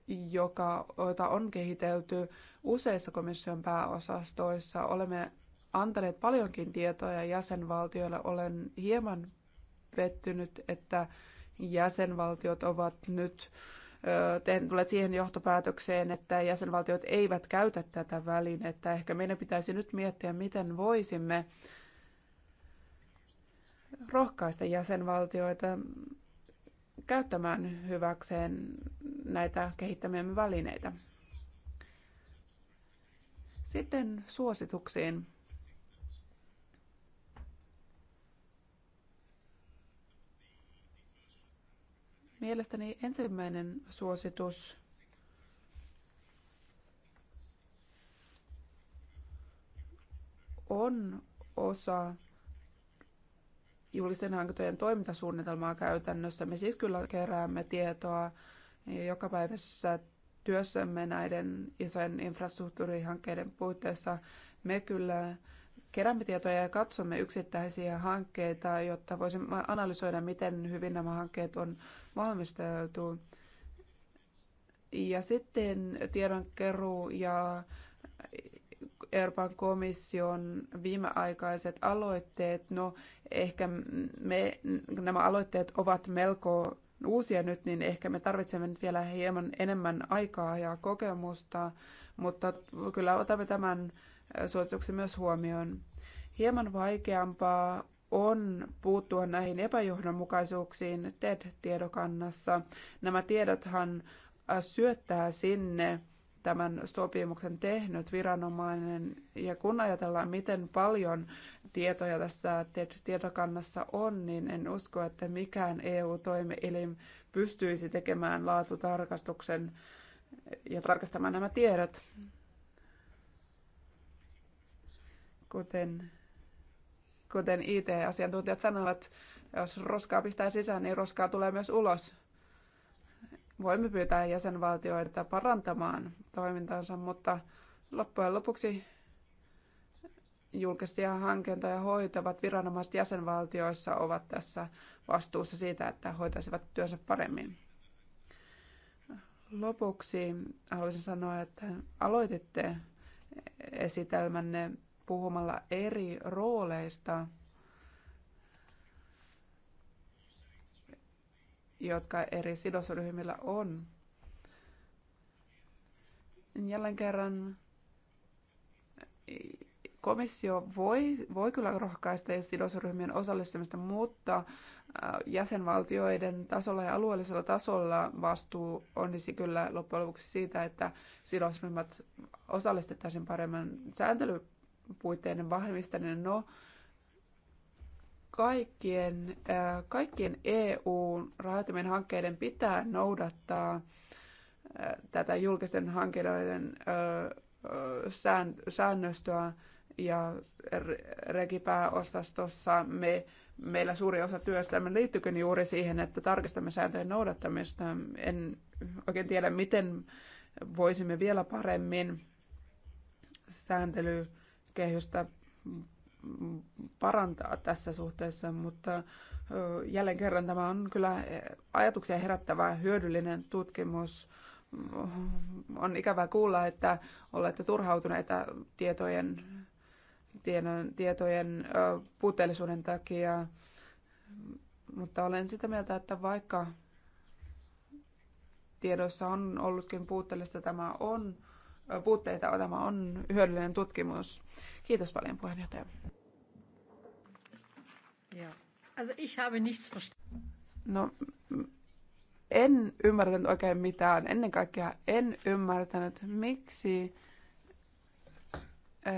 joka, jota on kehitelty useissa komission pääosastoissa. Olemme antaneet paljonkin tietoja jäsenvaltioille. Olen hieman pettynyt, että jäsenvaltiot ovat nyt tulee siihen johtopäätökseen, että jäsenvaltiot eivät käytä tätä välinettä. Ehkä meidän pitäisi nyt miettiä, miten voisimme rohkaista jäsenvaltioita käyttämään hyväkseen näitä kehittämiämme välineitä. Sitten suosituksiin. Mielestäni ensimmäinen suositus on osa julkisten hankintojen toimintasuunnitelmaa käytännössä. Me siis kyllä keräämme tietoa jokapäiväisessä työssämme näiden isojen infrastruktuurihankkeiden puitteissa. Me kyllä keräämme tietoja ja katsomme yksittäisiä hankkeita, jotta voisimme analysoida, miten hyvin nämä hankkeet on valmisteltu. Ja sitten tiedonkeruu ja Euroopan komission viimeaikaiset aloitteet, no ehkä me, nämä aloitteet ovat melko uusia nyt, niin ehkä me tarvitsemme nyt vielä hieman enemmän aikaa ja kokemusta, mutta kyllä otamme tämän suosituksen myös huomioon. Hieman vaikeampaa on puuttua näihin epäjohdonmukaisuuksiin TED-tiedokannassa. Nämä tiedothan äh, syöttää sinne tämän sopimuksen tehnyt viranomainen. Ja kun ajatellaan, miten paljon tietoja tässä tietokannassa on, niin en usko, että mikään EU-toimielin pystyisi tekemään laatutarkastuksen ja tarkastamaan nämä tiedot. Kuten, kuten IT-asiantuntijat sanovat, jos roskaa pistää sisään, niin roskaa tulee myös ulos. Voimme pyytää jäsenvaltioita parantamaan toimintaansa, mutta loppujen lopuksi julkisia hankintoja hoitavat viranomaiset jäsenvaltioissa ovat tässä vastuussa siitä, että hoitaisivat työnsä paremmin. Lopuksi haluaisin sanoa, että aloititte esitelmänne puhumalla eri rooleista, jotka eri sidosryhmillä on. Jälleen kerran komissio voi, voi kyllä rohkaista sidosryhmien osallistumista, mutta äh, jäsenvaltioiden tasolla ja alueellisella tasolla vastuu onnisi kyllä loppujen lopuksi siitä, että sidosryhmät osallistettaisiin paremmin sääntely puitteiden vahvistaminen. No, kaikkien, kaikkien EU-rahoittamien hankkeiden pitää noudattaa tätä julkisten hankkeiden säännöstöä ja regipääosastossa me, meillä suuri osa työstämme liittyykin juuri siihen, että tarkistamme sääntöjen noudattamista. En oikein tiedä, miten voisimme vielä paremmin sääntelyä kehystä parantaa tässä suhteessa, mutta jälleen kerran tämä on kyllä ajatuksia herättävä hyödyllinen tutkimus. On ikävää kuulla, että olette turhautuneita tietojen, tiedon, tietojen puutteellisuuden takia, mutta olen sitä mieltä, että vaikka tiedoissa on ollutkin puutteellista tämä on, puutteita. Tämä on hyödyllinen tutkimus. Kiitos paljon puheenjohtaja. Ja. Also ich habe nichts no, en ymmärtänyt oikein mitään. Ennen kaikkea en ymmärtänyt, miksi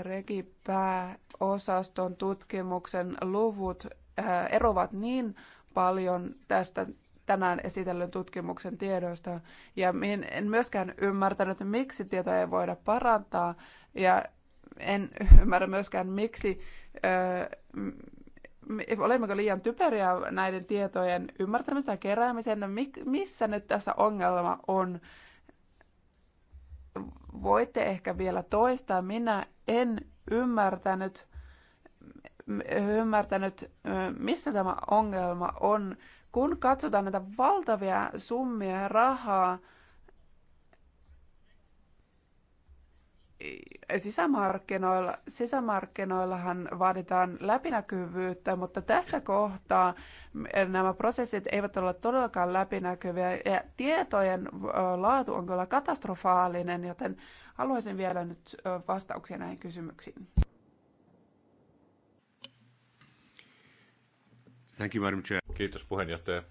regipääosaston tutkimuksen luvut äh, eroavat niin paljon tästä tänään esitellyn tutkimuksen tiedoista. Ja en myöskään ymmärtänyt, miksi tietoja ei voida parantaa. Ja en ymmärrä myöskään, miksi öö, olemmeko liian typeriä näiden tietojen ymmärtämisen ja keräämisen. Mik, missä nyt tässä ongelma on? Voitte ehkä vielä toistaa. Minä en ymmärtänyt ymmärtänyt, missä tämä ongelma on. Kun katsotaan näitä valtavia summia rahaa sisämarkkinoilla, sisämarkkinoillahan vaaditaan läpinäkyvyyttä, mutta tässä kohtaa nämä prosessit eivät ole todellakaan läpinäkyviä ja tietojen laatu on kyllä katastrofaalinen, joten haluaisin vielä nyt vastauksia näihin kysymyksiin. Thank you, Madam Chair. Kiitos puheenjohtaja.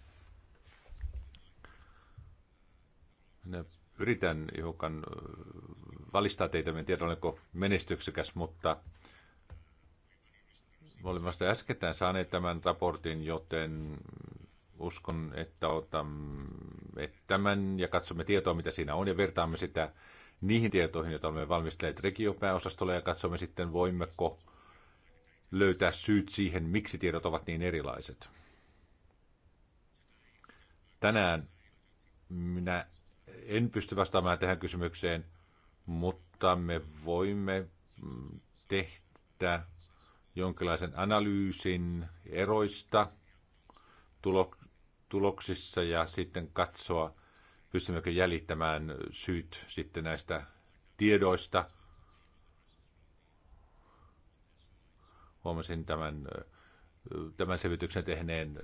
Minä yritän hiukan valistaa teitä, en tiedä olenko menestyksekäs, mutta me olemme vasta äskettäin saaneet tämän raportin, joten uskon, että otamme tämän ja katsomme tietoa, mitä siinä on, ja vertaamme sitä niihin tietoihin, joita olemme valmistelleet regiopääosastolle, ja katsomme sitten, voimmeko löytää syyt siihen, miksi tiedot ovat niin erilaiset. Tänään minä en pysty vastaamaan tähän kysymykseen, mutta me voimme mm, tehdä jonkinlaisen analyysin eroista tuloksissa ja sitten katsoa, pystymmekö jäljittämään syyt sitten näistä tiedoista. Huomasin tämän, tämän selvityksen tehneen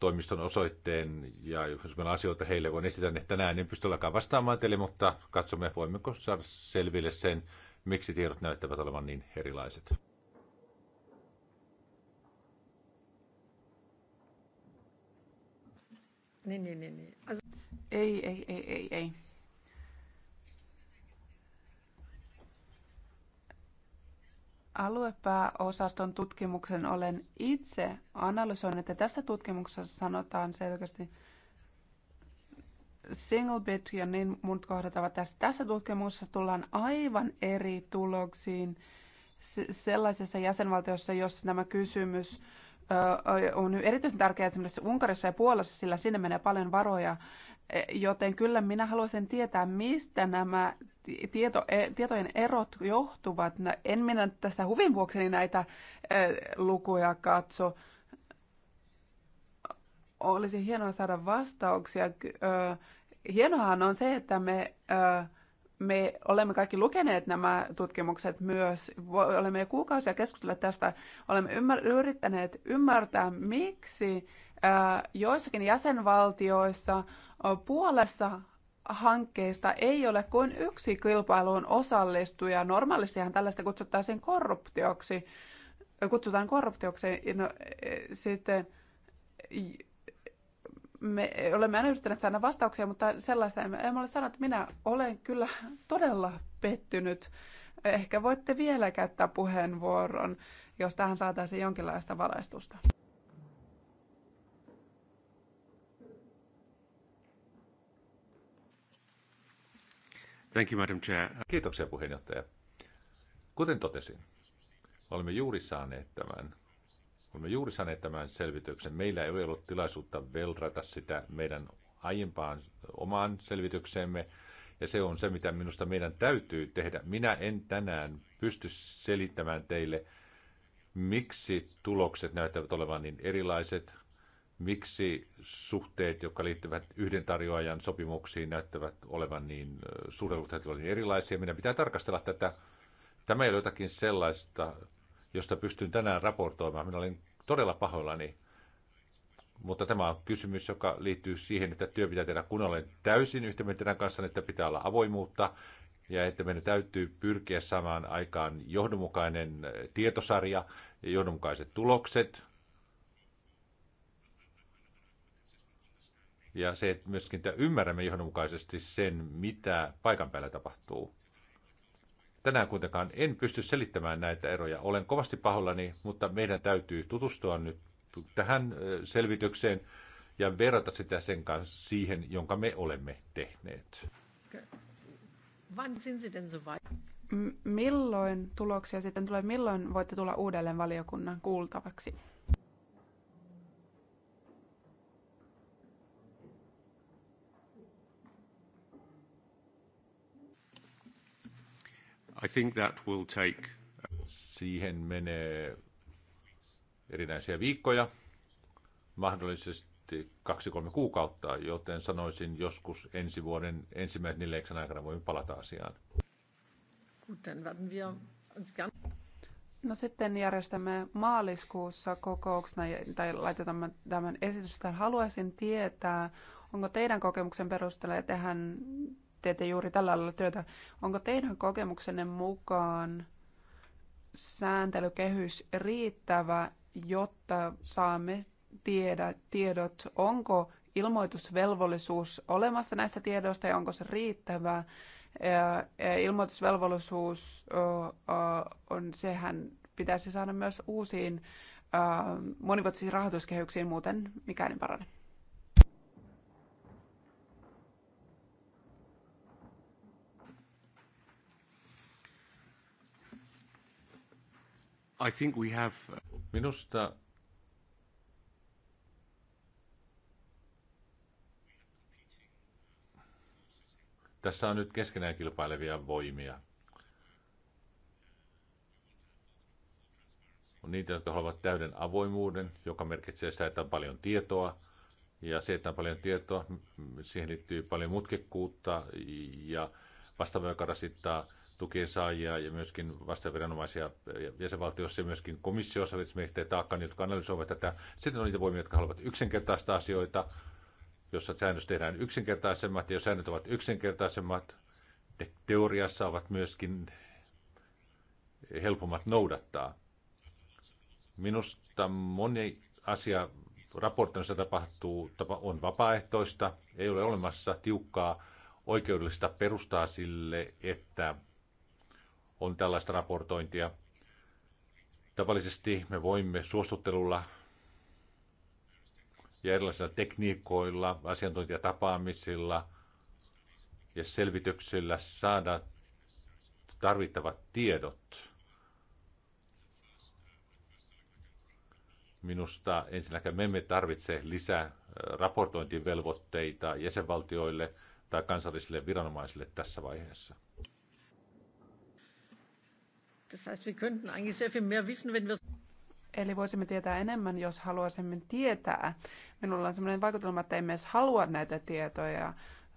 toimiston osoitteen, ja jos meillä on asioita heille, voin esittää ne niin tänään, en pysty ollenkaan vastaamaan teille, mutta katsomme, voimmeko saada selville sen, miksi tiedot näyttävät olevan niin erilaiset. niin, niin. niin. niin. Ei, ei, ei, ei, ei. aluepääosaston tutkimuksen olen itse analysoinut, ja tässä tutkimuksessa sanotaan selkeästi, single bit ja niin muut kohdat ovat tässä. Tässä tutkimuksessa tullaan aivan eri tuloksiin sellaisessa jäsenvaltiossa, jossa nämä kysymys on erityisen tärkeä esimerkiksi Unkarissa ja Puolassa, sillä sinne menee paljon varoja E, joten kyllä minä haluaisin tietää, mistä nämä tieto, e, tietojen erot johtuvat. No, en minä tässä huvin vuoksi niin näitä e, lukuja katso. Olisi hienoa saada vastauksia. Hienohan on se, että me me olemme kaikki lukeneet nämä tutkimukset myös, olemme jo kuukausia keskustelleet tästä, olemme ymmär- yrittäneet ymmärtää, miksi joissakin jäsenvaltioissa puolessa hankkeista ei ole kuin yksi kilpailuun osallistuja. Normaalistihan tällaista kutsuttaisiin korruptioksi. Kutsutaan korruptioksi. No, e, e, sitten me olemme aina yrittäneet saada vastauksia, mutta sellaista en, en ole että Minä olen kyllä todella pettynyt. Ehkä voitte vielä käyttää puheenvuoron, jos tähän saataisiin jonkinlaista valaistusta. Thank you, Madam Chair. Kiitoksia puheenjohtaja. Kuten totesin, olemme juuri saaneet tämän olemme juuri saaneet tämän selvityksen. Meillä ei ole ollut tilaisuutta velrata sitä meidän aiempaan omaan selvitykseemme, ja se on se, mitä minusta meidän täytyy tehdä. Minä en tänään pysty selittämään teille, miksi tulokset näyttävät olevan niin erilaiset, miksi suhteet, jotka liittyvät yhden tarjoajan sopimuksiin, näyttävät olevan niin suurelta niin erilaisia. Minä pitää tarkastella tätä. Tämä ei ole jotakin sellaista, josta pystyn tänään raportoimaan. Minä olen todella pahoillani. Mutta tämä on kysymys, joka liittyy siihen, että työ pitää tehdä kun olen täysin yhtä teidän kanssa, että pitää olla avoimuutta ja että meidän täytyy pyrkiä samaan aikaan johdonmukainen tietosarja, johdonmukaiset tulokset, ja se, että myöskin että ymmärrämme johdonmukaisesti sen, mitä paikan päällä tapahtuu. Tänään kuitenkaan en pysty selittämään näitä eroja. Olen kovasti pahollani, mutta meidän täytyy tutustua nyt tähän selvitykseen ja verrata sitä sen kanssa siihen, jonka me olemme tehneet. Milloin tuloksia sitten tulee? Milloin voitte tulla uudelleen valiokunnan kuultavaksi? I think that will take... Siihen menee erinäisiä viikkoja, mahdollisesti kaksi-kolme kuukautta, joten sanoisin joskus ensi vuoden ensimmäisen neljäksen aikana voimme palata asiaan. No sitten järjestämme maaliskuussa kokouksena tai laitetaan tämän esityksen. Haluaisin tietää, onko teidän kokemuksen perusteella, ja tehän teette juuri tällä alalla työtä. Onko teidän kokemuksenne mukaan sääntelykehys riittävä, jotta saamme tiedä, tiedot, onko ilmoitusvelvollisuus olemassa näistä tiedoista ja onko se riittävä? Ilmoitusvelvollisuus on, sehän pitäisi saada myös uusiin monivuotisiin rahoituskehyksiin, muuten mikään ei parane. I think we have... Uh, Minusta tässä on nyt keskenään kilpailevia voimia. On niitä, jotka haluavat täyden avoimuuden, joka merkitsee sitä, että on paljon tietoa. Ja se, että on paljon tietoa, siihen liittyy paljon mutkikkuutta ja vastaavaa, joka rasittaa tukien saajia ja myöskin vastaviranomaisia jäsenvaltioissa ja myöskin komissiossa, esimerkiksi taakkaan, jotka analysoivat tätä. Sitten on niitä voimia, jotka haluavat yksinkertaista asioita, jossa säännöt tehdään yksinkertaisemmat, ja jos säännöt ovat yksinkertaisemmat, te- teoriassa ovat myöskin helpommat noudattaa. Minusta moni asia raportoinnissa tapahtuu, on vapaaehtoista, ei ole olemassa tiukkaa oikeudellista perustaa sille, että on tällaista raportointia. Tavallisesti me voimme suostuttelulla ja erilaisilla tekniikoilla, asiantuntijatapaamisilla ja selvityksillä saada tarvittavat tiedot. Minusta ensinnäkään me emme tarvitse lisää äh, raportointivelvoitteita jäsenvaltioille tai kansallisille viranomaisille tässä vaiheessa. Das heißt, wir könnten eigentlich sehr viel mehr wissen, wenn wir... Eli voisimme tietää enemmän, jos haluaisimme tietää. Minulla on sellainen vaikutelma, että emme edes halua näitä tietoja.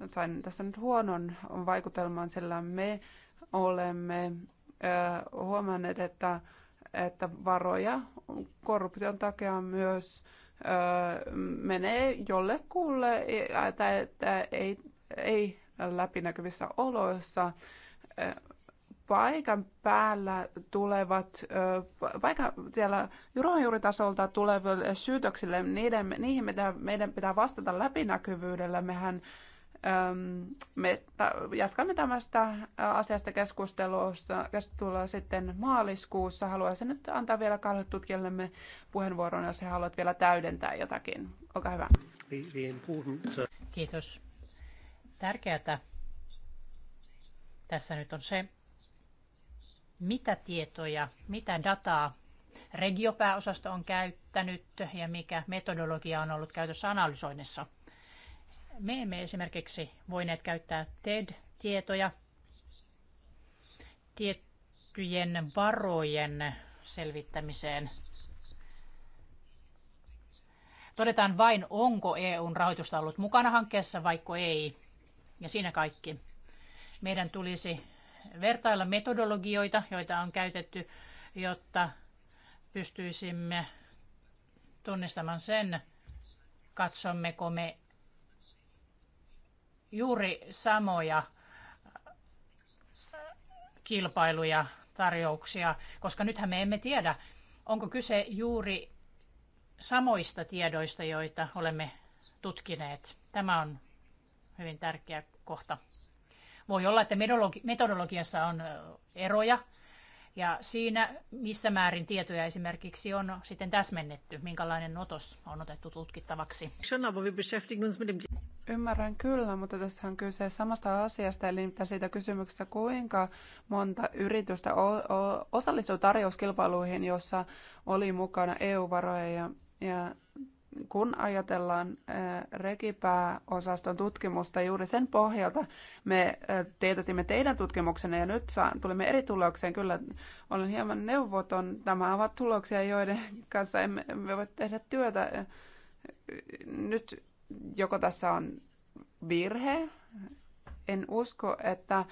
Sain tässä nyt huonon vaikutelman, sillä me olemme äh, huomanneet, että, että varoja korruption takia myös äh, menee jollekulle, tai että ei, ei läpinäkyvissä oloissa paikan päällä tulevat, vaikka siellä ruohonjuuritasolta tuleville syytöksille, niiden, niihin mitä meidän pitää vastata läpinäkyvyydellä. Mehän me jatkamme tämästä asiasta keskustelua, keskustelua sitten maaliskuussa. Haluaisin nyt antaa vielä kahdelle tutkijallemme puheenvuoron, jos haluat vielä täydentää jotakin. Olkaa hyvä. Kiitos. Tärkeää tässä nyt on se, mitä tietoja, mitä dataa regiopääosasto on käyttänyt ja mikä metodologia on ollut käytössä analysoinnissa. Me emme esimerkiksi voineet käyttää TED-tietoja tiettyjen varojen selvittämiseen. Todetaan vain, onko EUn rahoitusta ollut mukana hankkeessa vaiko ei. Ja siinä kaikki. Meidän tulisi vertailla metodologioita, joita on käytetty, jotta pystyisimme tunnistamaan sen, katsommeko me juuri samoja kilpailuja, tarjouksia, koska nythän me emme tiedä, onko kyse juuri samoista tiedoista, joita olemme tutkineet. Tämä on hyvin tärkeä kohta. Voi olla, että metodologiassa on eroja ja siinä, missä määrin tietoja esimerkiksi on sitten täsmennetty, minkälainen otos on otettu tutkittavaksi. Ymmärrän kyllä, mutta tässä on kyse samasta asiasta, eli siitä kysymyksestä, kuinka monta yritystä osallistui tarjouskilpailuihin, jossa oli mukana EU-varoja ja, ja kun ajatellaan äh, rekipääosaston tutkimusta juuri sen pohjalta, me äh, teetätimme teidän tutkimuksenne ja nyt tulimme eri tulokseen. Kyllä olen hieman neuvoton. Tämä ovat tuloksia, joiden kanssa emme voi tehdä työtä. Äh, nyt joko tässä on virhe, en usko, että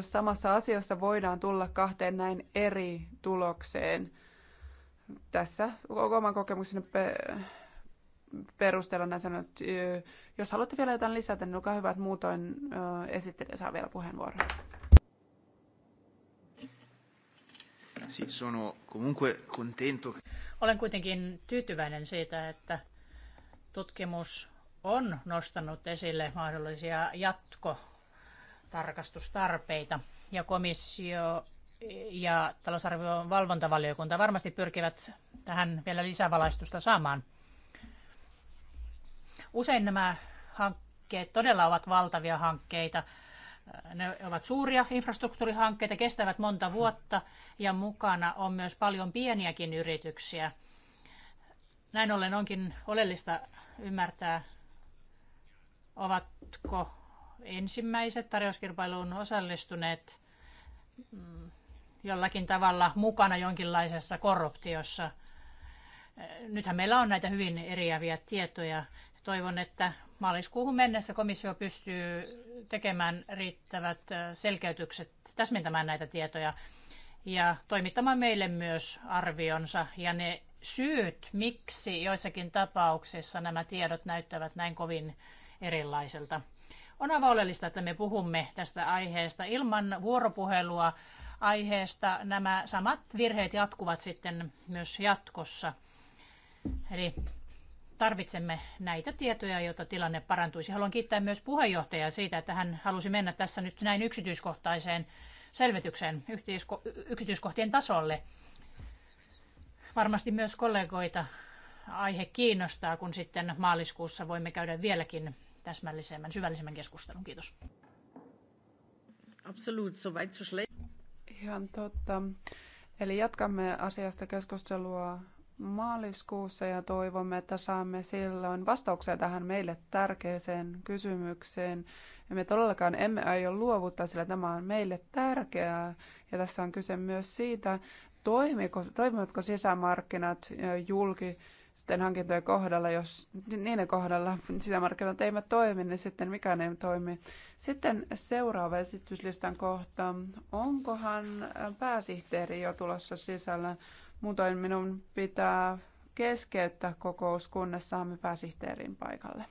samassa asiassa voidaan tulla kahteen näin eri tulokseen. Tässä oman kokemukseni perusteella näin että Jos haluatte vielä jotain lisätä, niin olkaa hyvä, että muutoin esittelijä saa vielä puheenvuoron. Olen kuitenkin tyytyväinen siitä, että tutkimus on nostanut esille mahdollisia jatkotarkastustarpeita. Ja komissio ja talousarvion valvontavaliokunta varmasti pyrkivät tähän vielä lisävalaistusta saamaan. Usein nämä hankkeet todella ovat valtavia hankkeita. Ne ovat suuria infrastruktuurihankkeita, kestävät monta vuotta ja mukana on myös paljon pieniäkin yrityksiä. Näin ollen onkin oleellista ymmärtää, ovatko ensimmäiset tarjouskilpailuun osallistuneet mm, jollakin tavalla mukana jonkinlaisessa korruptiossa. Nythän meillä on näitä hyvin eriäviä tietoja Toivon, että maaliskuuhun mennessä komissio pystyy tekemään riittävät selkeytykset, täsmentämään näitä tietoja ja toimittamaan meille myös arvionsa ja ne syyt, miksi joissakin tapauksissa nämä tiedot näyttävät näin kovin erilaiselta. On aivan oleellista, että me puhumme tästä aiheesta ilman vuoropuhelua aiheesta. Nämä samat virheet jatkuvat sitten myös jatkossa. Eli tarvitsemme näitä tietoja, jotta tilanne parantuisi. Haluan kiittää myös puheenjohtajaa siitä, että hän halusi mennä tässä nyt näin yksityiskohtaiseen selvitykseen yksityiskohtien tasolle. Varmasti myös kollegoita aihe kiinnostaa, kun sitten maaliskuussa voimme käydä vieläkin täsmällisemmän, syvällisemmän keskustelun. Kiitos. Absolut, so weit so schlecht. Ihan totta. Eli jatkamme asiasta keskustelua maaliskuussa ja toivomme, että saamme silloin vastauksia tähän meille tärkeäseen kysymykseen. Ja me todellakaan emme aio luovuttaa, sillä tämä on meille tärkeää. Ja tässä on kyse myös siitä, toimiko, toimivatko sisämarkkinat julki sitten hankintojen kohdalla, jos niiden kohdalla sisämarkkinat eivät toimi, niin sitten mikään ei toimi. Sitten seuraava esityslistan kohta. Onkohan pääsihteeri jo tulossa sisällä? Muutoin minun pitää keskeyttää kokous, kunnes saamme pääsihteerin paikalle.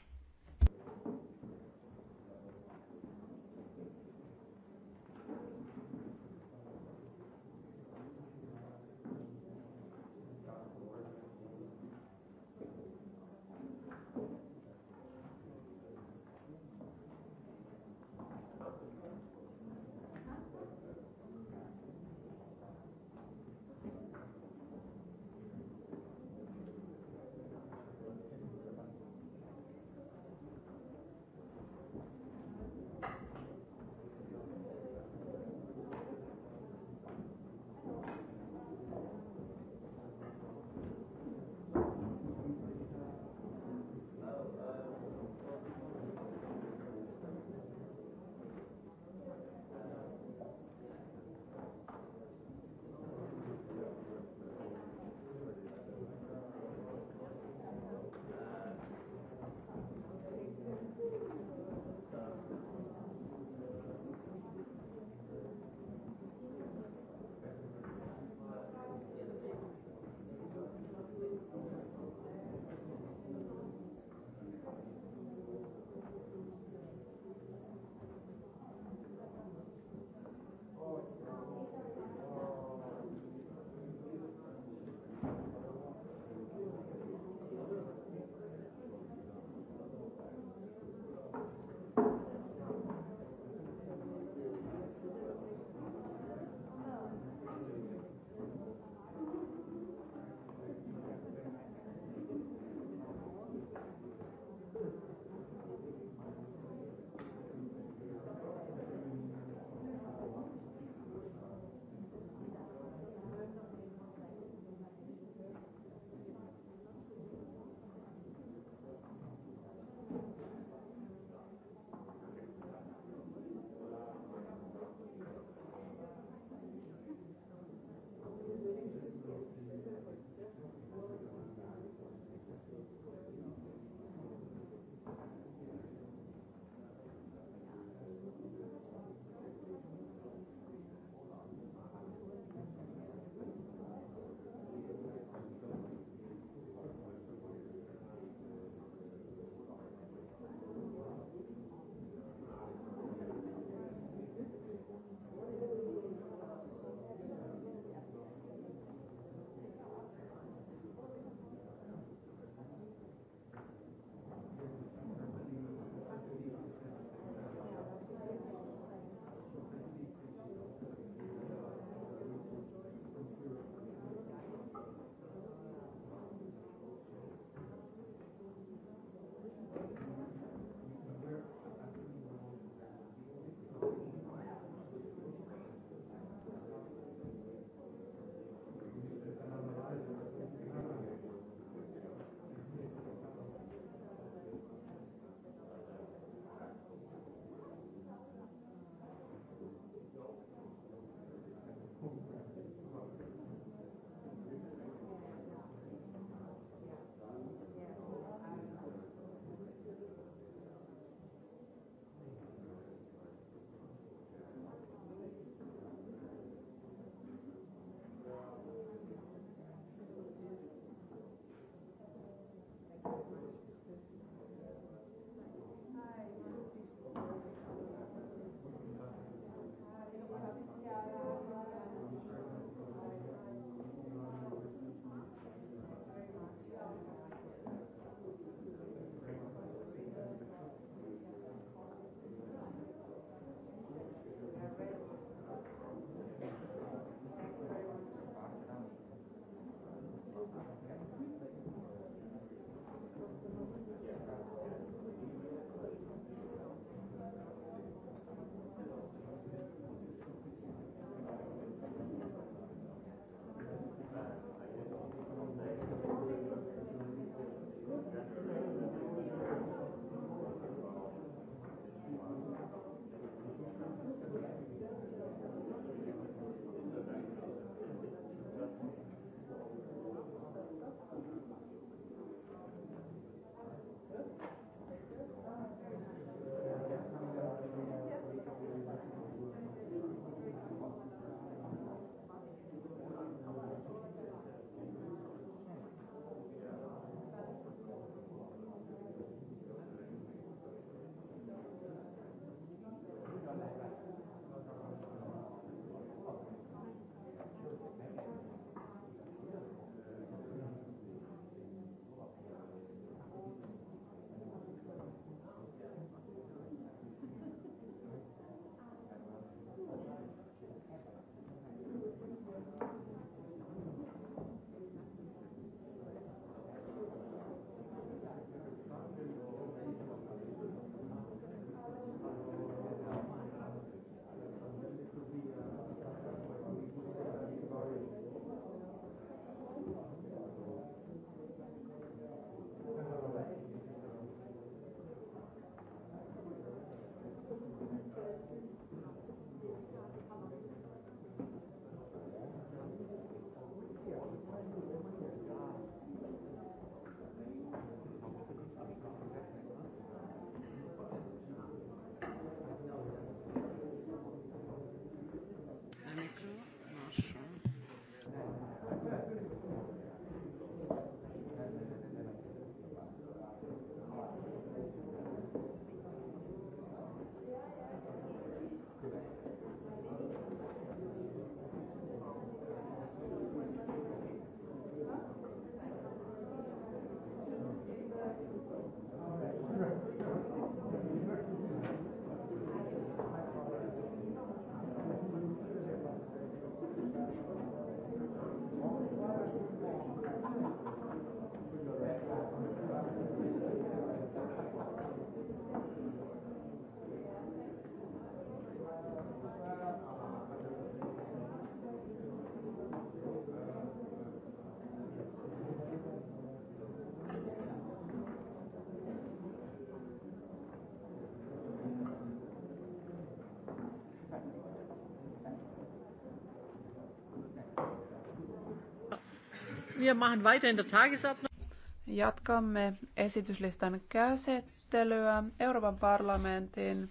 Jatkamme esityslistan käsittelyä. Euroopan parlamentin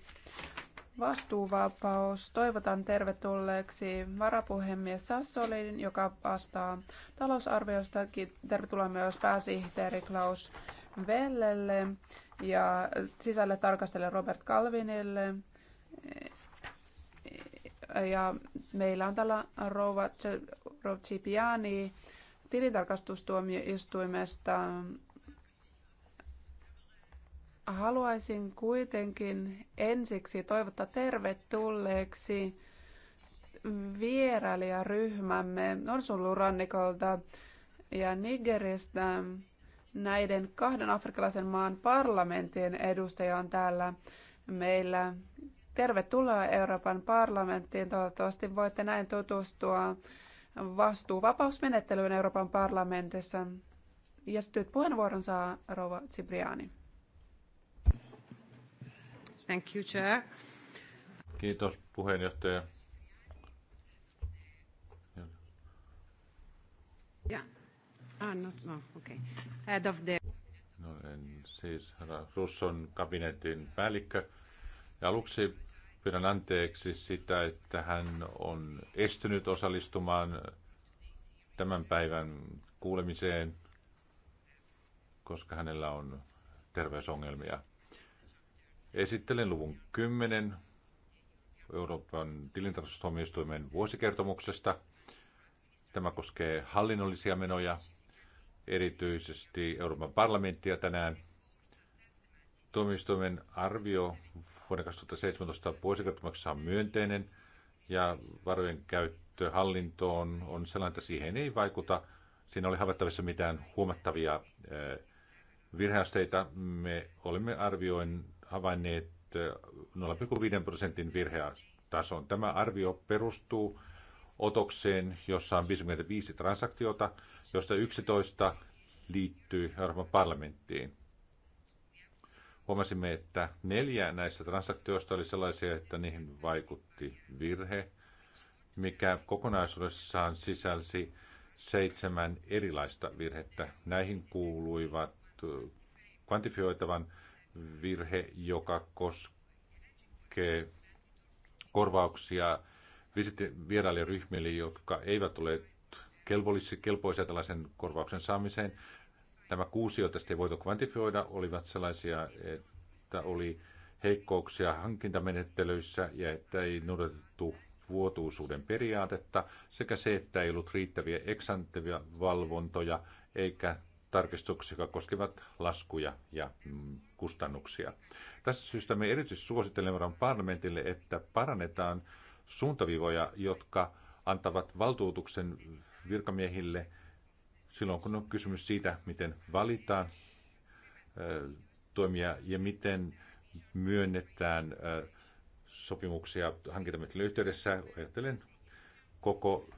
vastuuvapaus. Toivotan tervetulleeksi varapuhemies Sassolin, joka vastaa talousarviosta. Tervetuloa myös pääsihteeri Klaus Vellelle ja sisälle tarkastele Robert Calvinille. Ja meillä on täällä rouva Cipiani tilintarkastustuomioistuimesta. Haluaisin kuitenkin ensiksi toivottaa tervetulleeksi vierailijaryhmämme Norsunluurannikolta ja Nigeristä. Näiden kahden afrikkalaisen maan parlamentin edustaja on täällä meillä. Tervetuloa Euroopan parlamenttiin. Toivottavasti voitte näin tutustua vastuuvapausmenettelyyn Euroopan parlamentissa. Ja sitten puheenvuoron saa rouva Cipriani. Thank you, Chair. Kiitos puheenjohtaja. Ah, not, no, okay. Head of the... No, en, siis Russon kabinetin päällikkö. Ja aluksi Pyydän anteeksi sitä, että hän on estynyt osallistumaan tämän päivän kuulemiseen, koska hänellä on terveysongelmia. Esittelen luvun 10 Euroopan tilintarkastustuomioistuimen vuosikertomuksesta. Tämä koskee hallinnollisia menoja, erityisesti Euroopan parlamenttia tänään. Tuomioistuimen arvio vuoden 2017 vuosikertomuksessa on myönteinen ja varojen käyttö hallintoon on sellainen, että siihen ei vaikuta. Siinä oli havaittavissa mitään huomattavia eh, virheasteita. Me olemme arvioin havainneet 0,5 eh, prosentin virheatason. Tämä arvio perustuu otokseen, jossa on 55 transaktiota, josta 11 liittyy Euroopan parlamenttiin. Huomasimme, että neljä näistä transaktioista oli sellaisia, että niihin vaikutti virhe, mikä kokonaisuudessaan sisälsi seitsemän erilaista virhettä. Näihin kuuluivat kvantifioitavan virhe, joka koskee korvauksia vierailijaryhmille, jotka eivät ole kelpoisia tällaisen korvauksen saamiseen. Nämä kuusi, joita ei voitu kvantifioida, olivat sellaisia, että oli heikkouksia hankintamenettelyissä ja että ei noudatettu vuotuisuuden periaatetta sekä se, että ei ollut riittäviä eksantevia valvontoja eikä tarkistuksia, jotka koskevat laskuja ja mm, kustannuksia. Tässä syystä me erityisesti suosittelemme parlamentille, että parannetaan suuntavivoja, jotka antavat valtuutuksen virkamiehille – silloin kun on kysymys siitä, miten valitaan toimia ja miten myönnetään sopimuksia hankintamittelyn yhteydessä, ajattelen koko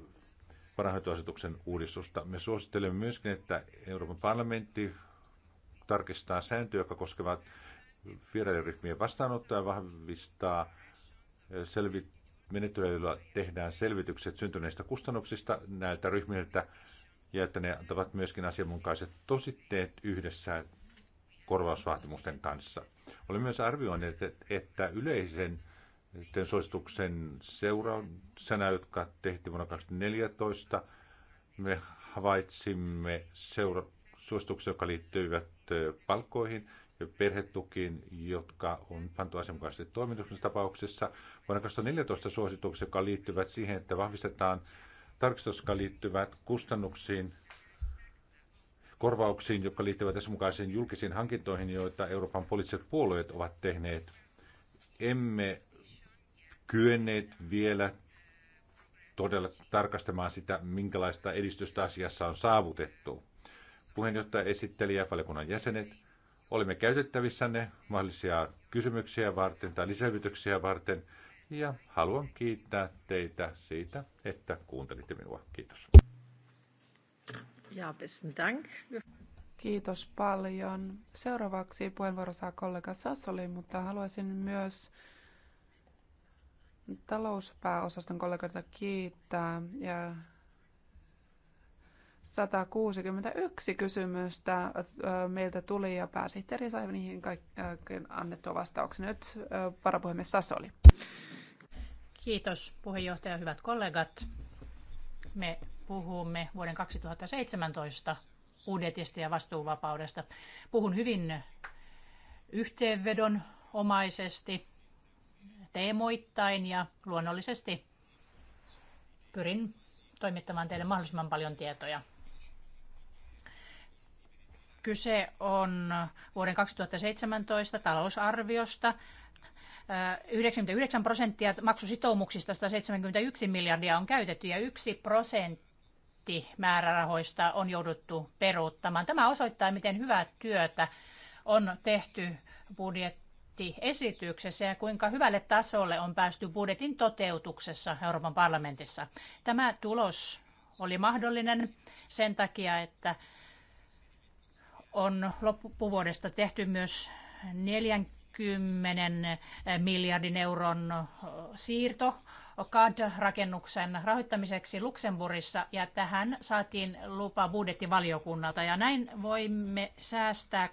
varainhoitoasetuksen uudistusta. Me suosittelemme myöskin, että Euroopan parlamentti tarkistaa sääntöjä, jotka koskevat vierailuryhmien vastaanottoa ja vahvistaa selvit- menettelyillä tehdään selvitykset syntyneistä kustannuksista näiltä ryhmiltä ja että ne antavat myöskin asianmukaiset tositteet yhdessä korvausvaatimusten kanssa. Olen myös arvioinut, että yleisen suosituksen seurauksena, jotka tehtiin vuonna 2014, me havaitsimme seura- suosituksia, jotka liittyivät palkkoihin ja perhetukiin, jotka on pantu asianmukaisesti toimituksessa tapauksessa. Vuonna 2014 suositukset, jotka liittyvät siihen, että vahvistetaan tarkistukset, jotka liittyvät kustannuksiin, korvauksiin, jotka liittyvät mukaisiin julkisiin hankintoihin, joita Euroopan poliittiset puolueet ovat tehneet. Emme kyenneet vielä todella tarkastamaan sitä, minkälaista edistystä asiassa on saavutettu. Puheenjohtaja, esitteli, ja valiokunnan jäsenet, olemme käytettävissänne mahdollisia kysymyksiä varten tai lisäytyksiä varten – ja haluan kiittää teitä siitä, että kuuntelitte minua. Kiitos. Ja, besten dank. Kiitos paljon. Seuraavaksi puheenvuoro saa kollega Sassoli, mutta haluaisin myös talouspääosaston kollegoita kiittää. Ja 161 kysymystä meiltä tuli ja pääsihteeri sai niihin kaikkiin annettua vastauksen. Nyt varapuhemies Sassoli. Kiitos puheenjohtaja, hyvät kollegat. Me puhumme vuoden 2017 budjetista ja vastuuvapaudesta. Puhun hyvin omaisesti teemoittain ja luonnollisesti pyrin toimittamaan teille mahdollisimman paljon tietoja. Kyse on vuoden 2017 talousarviosta, 99 prosenttia maksusitoumuksista 171 miljardia on käytetty ja yksi prosentti määrärahoista on jouduttu peruuttamaan. Tämä osoittaa, miten hyvää työtä on tehty budjettiesityksessä ja kuinka hyvälle tasolle on päästy budjetin toteutuksessa Euroopan parlamentissa. Tämä tulos oli mahdollinen sen takia, että on loppuvuodesta tehty myös neljän 10 eh, miljardin euron eh, siirto CAD-rakennuksen rahoittamiseksi Luxemburgissa ja tähän saatiin lupa budjettivaliokunnalta ja näin voimme säästää 8,3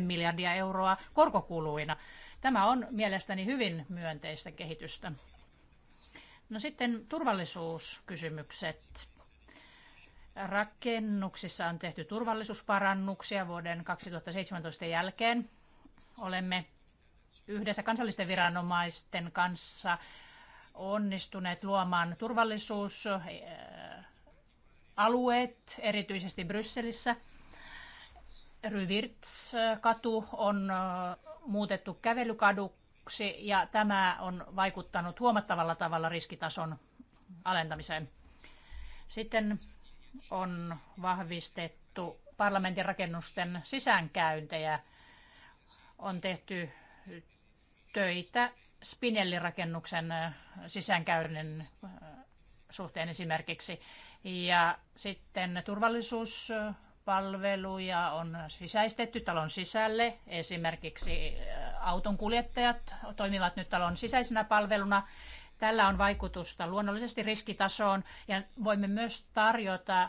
miljardia euroa korkokuluina. Tämä on mielestäni hyvin myönteistä kehitystä. No sitten turvallisuuskysymykset. Rakennuksissa on tehty turvallisuusparannuksia vuoden 2017 jälkeen olemme yhdessä kansallisten viranomaisten kanssa onnistuneet luomaan turvallisuusalueet, erityisesti Brysselissä. Ryvirtskatu on muutettu kävelykaduksi ja tämä on vaikuttanut huomattavalla tavalla riskitason alentamiseen. Sitten on vahvistettu parlamentin rakennusten sisäänkäyntejä – on tehty töitä Spinellirakennuksen sisäänkäynnin suhteen esimerkiksi. Ja sitten turvallisuuspalveluja on sisäistetty talon sisälle. Esimerkiksi auton kuljettajat toimivat nyt talon sisäisenä palveluna. Tällä on vaikutusta luonnollisesti riskitasoon ja voimme myös tarjota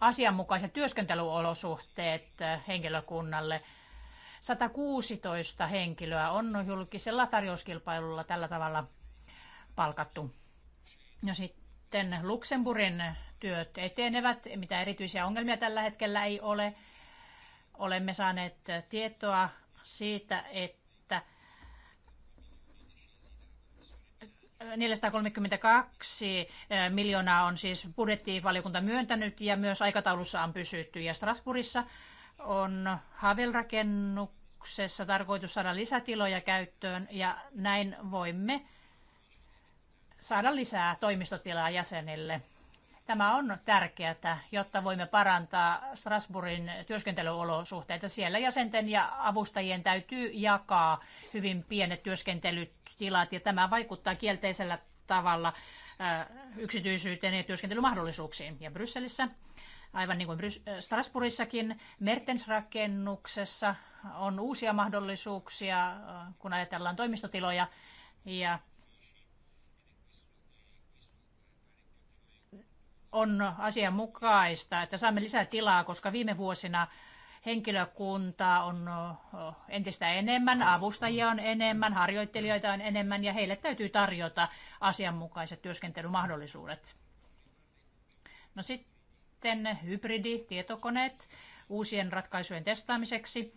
asianmukaiset työskentelyolosuhteet henkilökunnalle. 116 henkilöä on julkisella tarjouskilpailulla tällä tavalla palkattu. No sitten Luxemburgin työt etenevät, mitä erityisiä ongelmia tällä hetkellä ei ole. Olemme saaneet tietoa siitä, että 432 eh, miljoonaa on siis budjettivaliokunta myöntänyt ja myös aikataulussa on pysytty. Ja Strasbourgissa on Havel-rakennuksessa tarkoitus saada lisätiloja käyttöön ja näin voimme saada lisää toimistotilaa jäsenille. Tämä on tärkeää, jotta voimme parantaa Strasbourgin työskentelyolosuhteita. Siellä jäsenten ja avustajien täytyy jakaa hyvin pienet työskentelyt tilat ja tämä vaikuttaa kielteisellä tavalla äh, yksityisyyteen ja työskentelymahdollisuuksiin. Ja Brysselissä, aivan niin kuin äh, Strasbourgissakin, Mertensrakennuksessa on uusia mahdollisuuksia, äh, kun ajatellaan toimistotiloja. Ja on asianmukaista, että saamme lisää tilaa, koska viime vuosina henkilökuntaa on entistä enemmän, avustajia on enemmän, harjoittelijoita on enemmän ja heille täytyy tarjota asianmukaiset työskentelymahdollisuudet. No sitten hybridi, tietokoneet uusien ratkaisujen testaamiseksi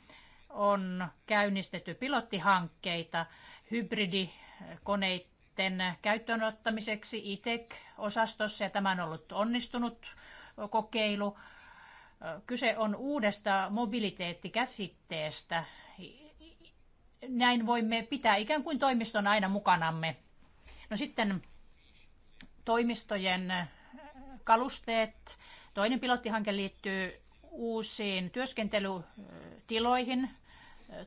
on käynnistetty pilottihankkeita hybridikoneiden käyttöönottamiseksi ITEC-osastossa ja tämä on ollut onnistunut kokeilu. Kyse on uudesta mobiliteettikäsitteestä. Näin voimme pitää ikään kuin toimiston aina mukanamme. No sitten toimistojen kalusteet. Toinen pilottihanke liittyy uusiin työskentelytiloihin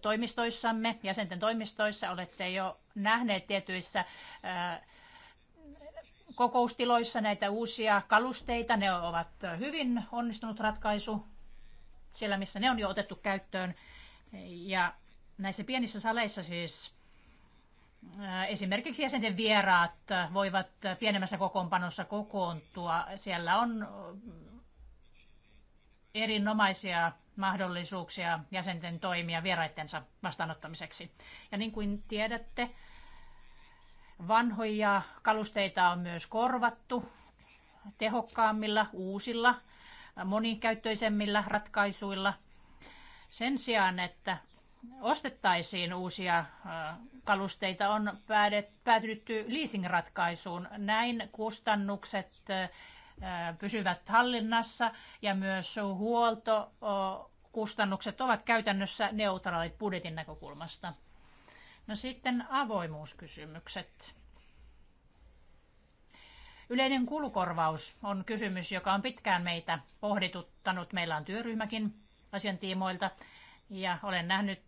toimistoissamme, jäsenten toimistoissa. Olette jo nähneet tietyissä kokoustiloissa näitä uusia kalusteita. Ne ovat hyvin onnistunut ratkaisu siellä, missä ne on jo otettu käyttöön. Ja näissä pienissä saleissa siis äh, esimerkiksi jäsenten vieraat voivat pienemmässä kokoonpanossa kokoontua. Siellä on erinomaisia mahdollisuuksia jäsenten toimia vieraittensa vastaanottamiseksi. Ja niin kuin tiedätte, Vanhoja kalusteita on myös korvattu tehokkaammilla, uusilla, monikäyttöisemmillä ratkaisuilla. Sen sijaan, että ostettaisiin uusia äh, kalusteita, on päädytty leasing-ratkaisuun. Näin kustannukset äh, pysyvät hallinnassa ja myös huoltokustannukset äh, ovat käytännössä neutraalit budjetin näkökulmasta. No sitten avoimuuskysymykset. Yleinen kulukorvaus on kysymys, joka on pitkään meitä pohdituttanut. Meillä on työryhmäkin asiantiimoilta ja olen nähnyt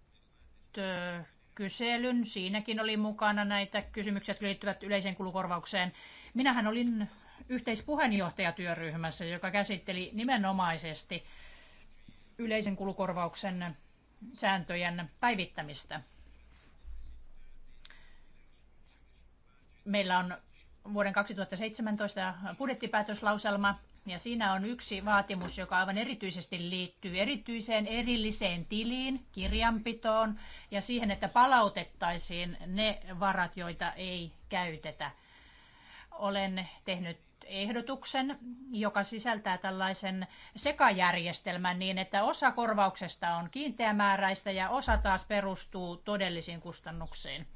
kyselyn. Siinäkin oli mukana näitä kysymyksiä, jotka liittyvät yleiseen kulukorvaukseen. Minähän olin yhteispuheenjohtajatyöryhmässä, joka käsitteli nimenomaisesti yleisen kulukorvauksen sääntöjen päivittämistä. Meillä on vuoden 2017 budjettipäätöslauselma, ja siinä on yksi vaatimus, joka aivan erityisesti liittyy erityiseen erilliseen tiliin, kirjanpitoon ja siihen, että palautettaisiin ne varat, joita ei käytetä. Olen tehnyt ehdotuksen, joka sisältää tällaisen sekajärjestelmän niin, että osa korvauksesta on kiinteämääräistä ja osa taas perustuu todellisiin kustannuksiin.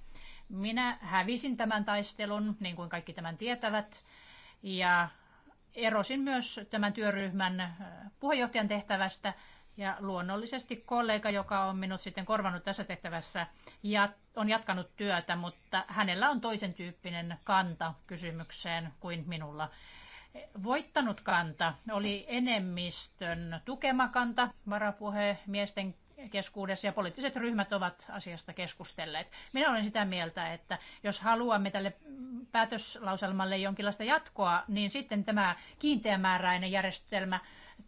Minä hävisin tämän taistelun, niin kuin kaikki tämän tietävät, ja erosin myös tämän työryhmän äh, puheenjohtajan tehtävästä. Ja luonnollisesti kollega, joka on minut sitten korvannut tässä tehtävässä, ja on jatkanut työtä, mutta hänellä on toisen tyyppinen kanta kysymykseen kuin minulla. Voittanut kanta oli enemmistön tukema kanta varapuhemiesten keskuudessa ja poliittiset ryhmät ovat asiasta keskustelleet. Minä olen sitä mieltä, että jos haluamme tälle päätöslauselmalle jonkinlaista jatkoa, niin sitten tämä kiinteämääräinen järjestelmä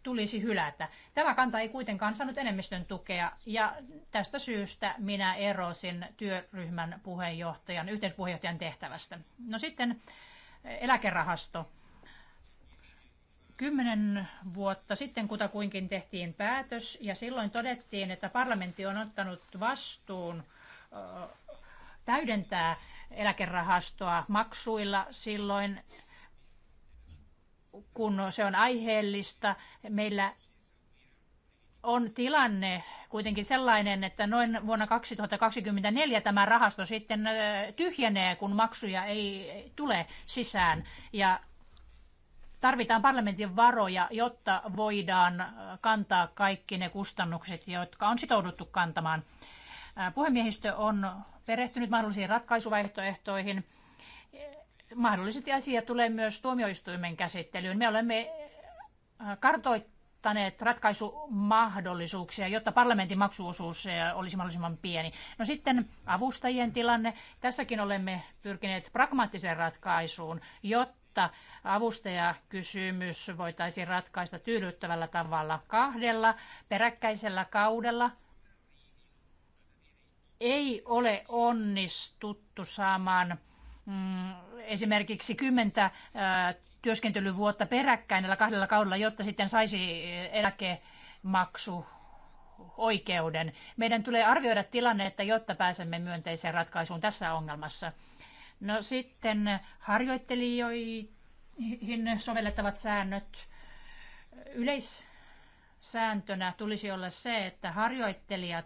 tulisi hylätä. Tämä kanta ei kuitenkaan saanut enemmistön tukea ja tästä syystä minä erosin työryhmän puheenjohtajan, yhteispuheenjohtajan tehtävästä. No sitten eläkerahasto. Kymmenen vuotta sitten kutakuinkin tehtiin päätös ja silloin todettiin, että parlamentti on ottanut vastuun täydentää eläkerahastoa maksuilla silloin, kun se on aiheellista. Meillä on tilanne kuitenkin sellainen, että noin vuonna 2024 tämä rahasto sitten tyhjenee, kun maksuja ei tule sisään. Ja tarvitaan parlamentin varoja, jotta voidaan äh, kantaa kaikki ne kustannukset, jotka on sitouduttu kantamaan. Äh, puhemiehistö on perehtynyt mahdollisiin ratkaisuvaihtoehtoihin. Äh, mahdollisesti asia tulee myös tuomioistuimen käsittelyyn. Me olemme kartoittaneet ratkaisumahdollisuuksia, jotta parlamentin maksuosuus olisi mahdollisimman pieni. No sitten avustajien tilanne. Tässäkin olemme pyrkineet pragmaattiseen ratkaisuun, jotta mutta avustajakysymys voitaisiin ratkaista tyydyttävällä tavalla kahdella peräkkäisellä kaudella. Ei ole onnistuttu saamaan mm, esimerkiksi kymmentä työskentelyvuotta peräkkäin näillä kahdella kaudella, jotta sitten saisi eläkemaksu oikeuden. Meidän tulee arvioida tilannetta, jotta pääsemme myönteiseen ratkaisuun tässä ongelmassa. No sitten harjoittelijoihin sovellettavat säännöt. Yleissääntönä tulisi olla se, että harjoittelijat,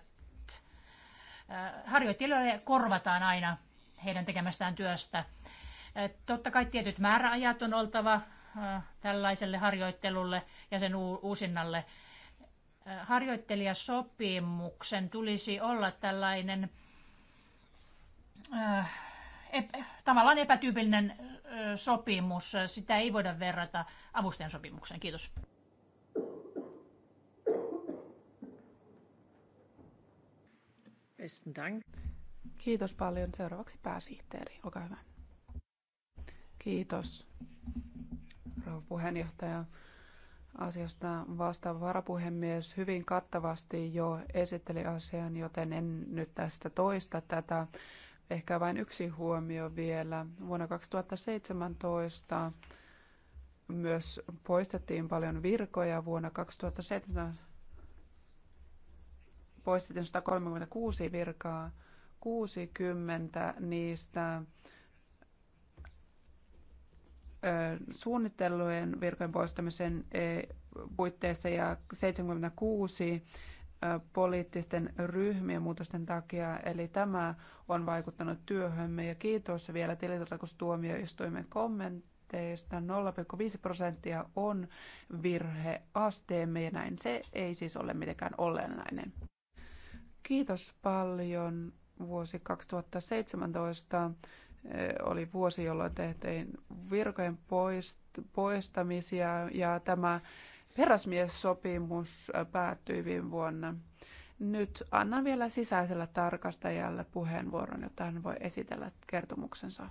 äh, harjoittelijoille korvataan aina heidän tekemästään työstä. Äh, totta kai tietyt määräajat on oltava äh, tällaiselle harjoittelulle ja sen uusinnalle. Harjoittelijasopimuksen tulisi olla tällainen äh, tavallaan epätyypillinen sopimus. Sitä ei voida verrata avustajan sopimukseen. Kiitos. Kiitos paljon. Seuraavaksi pääsihteeri. Olkaa hyvä. Kiitos, rouva puheenjohtaja. Asiasta vastaava varapuhemies hyvin kattavasti jo esitteli asian, joten en nyt tästä toista tätä. Ehkä vain yksi huomio vielä. Vuonna 2017 myös poistettiin paljon virkoja. Vuonna 2017 poistettiin 136 virkaa. 60 niistä suunnittelujen virkojen poistamisen e, puitteissa ja 76 poliittisten ryhmien muutosten takia, eli tämä on vaikuttanut työhömme. Ja kiitos vielä tilintarkastustuomioistuimen kommenteista. 0,5 prosenttia on virheasteemme, ja näin se ei siis ole mitenkään olennainen. Kiitos paljon. Vuosi 2017 oli vuosi, jolloin tehtiin virkojen poistamisia, ja tämä herrasmiessopimus äh, päättyi viime vuonna. Nyt annan vielä sisäisellä tarkastajalle puheenvuoron, jotta hän voi esitellä kertomuksensa.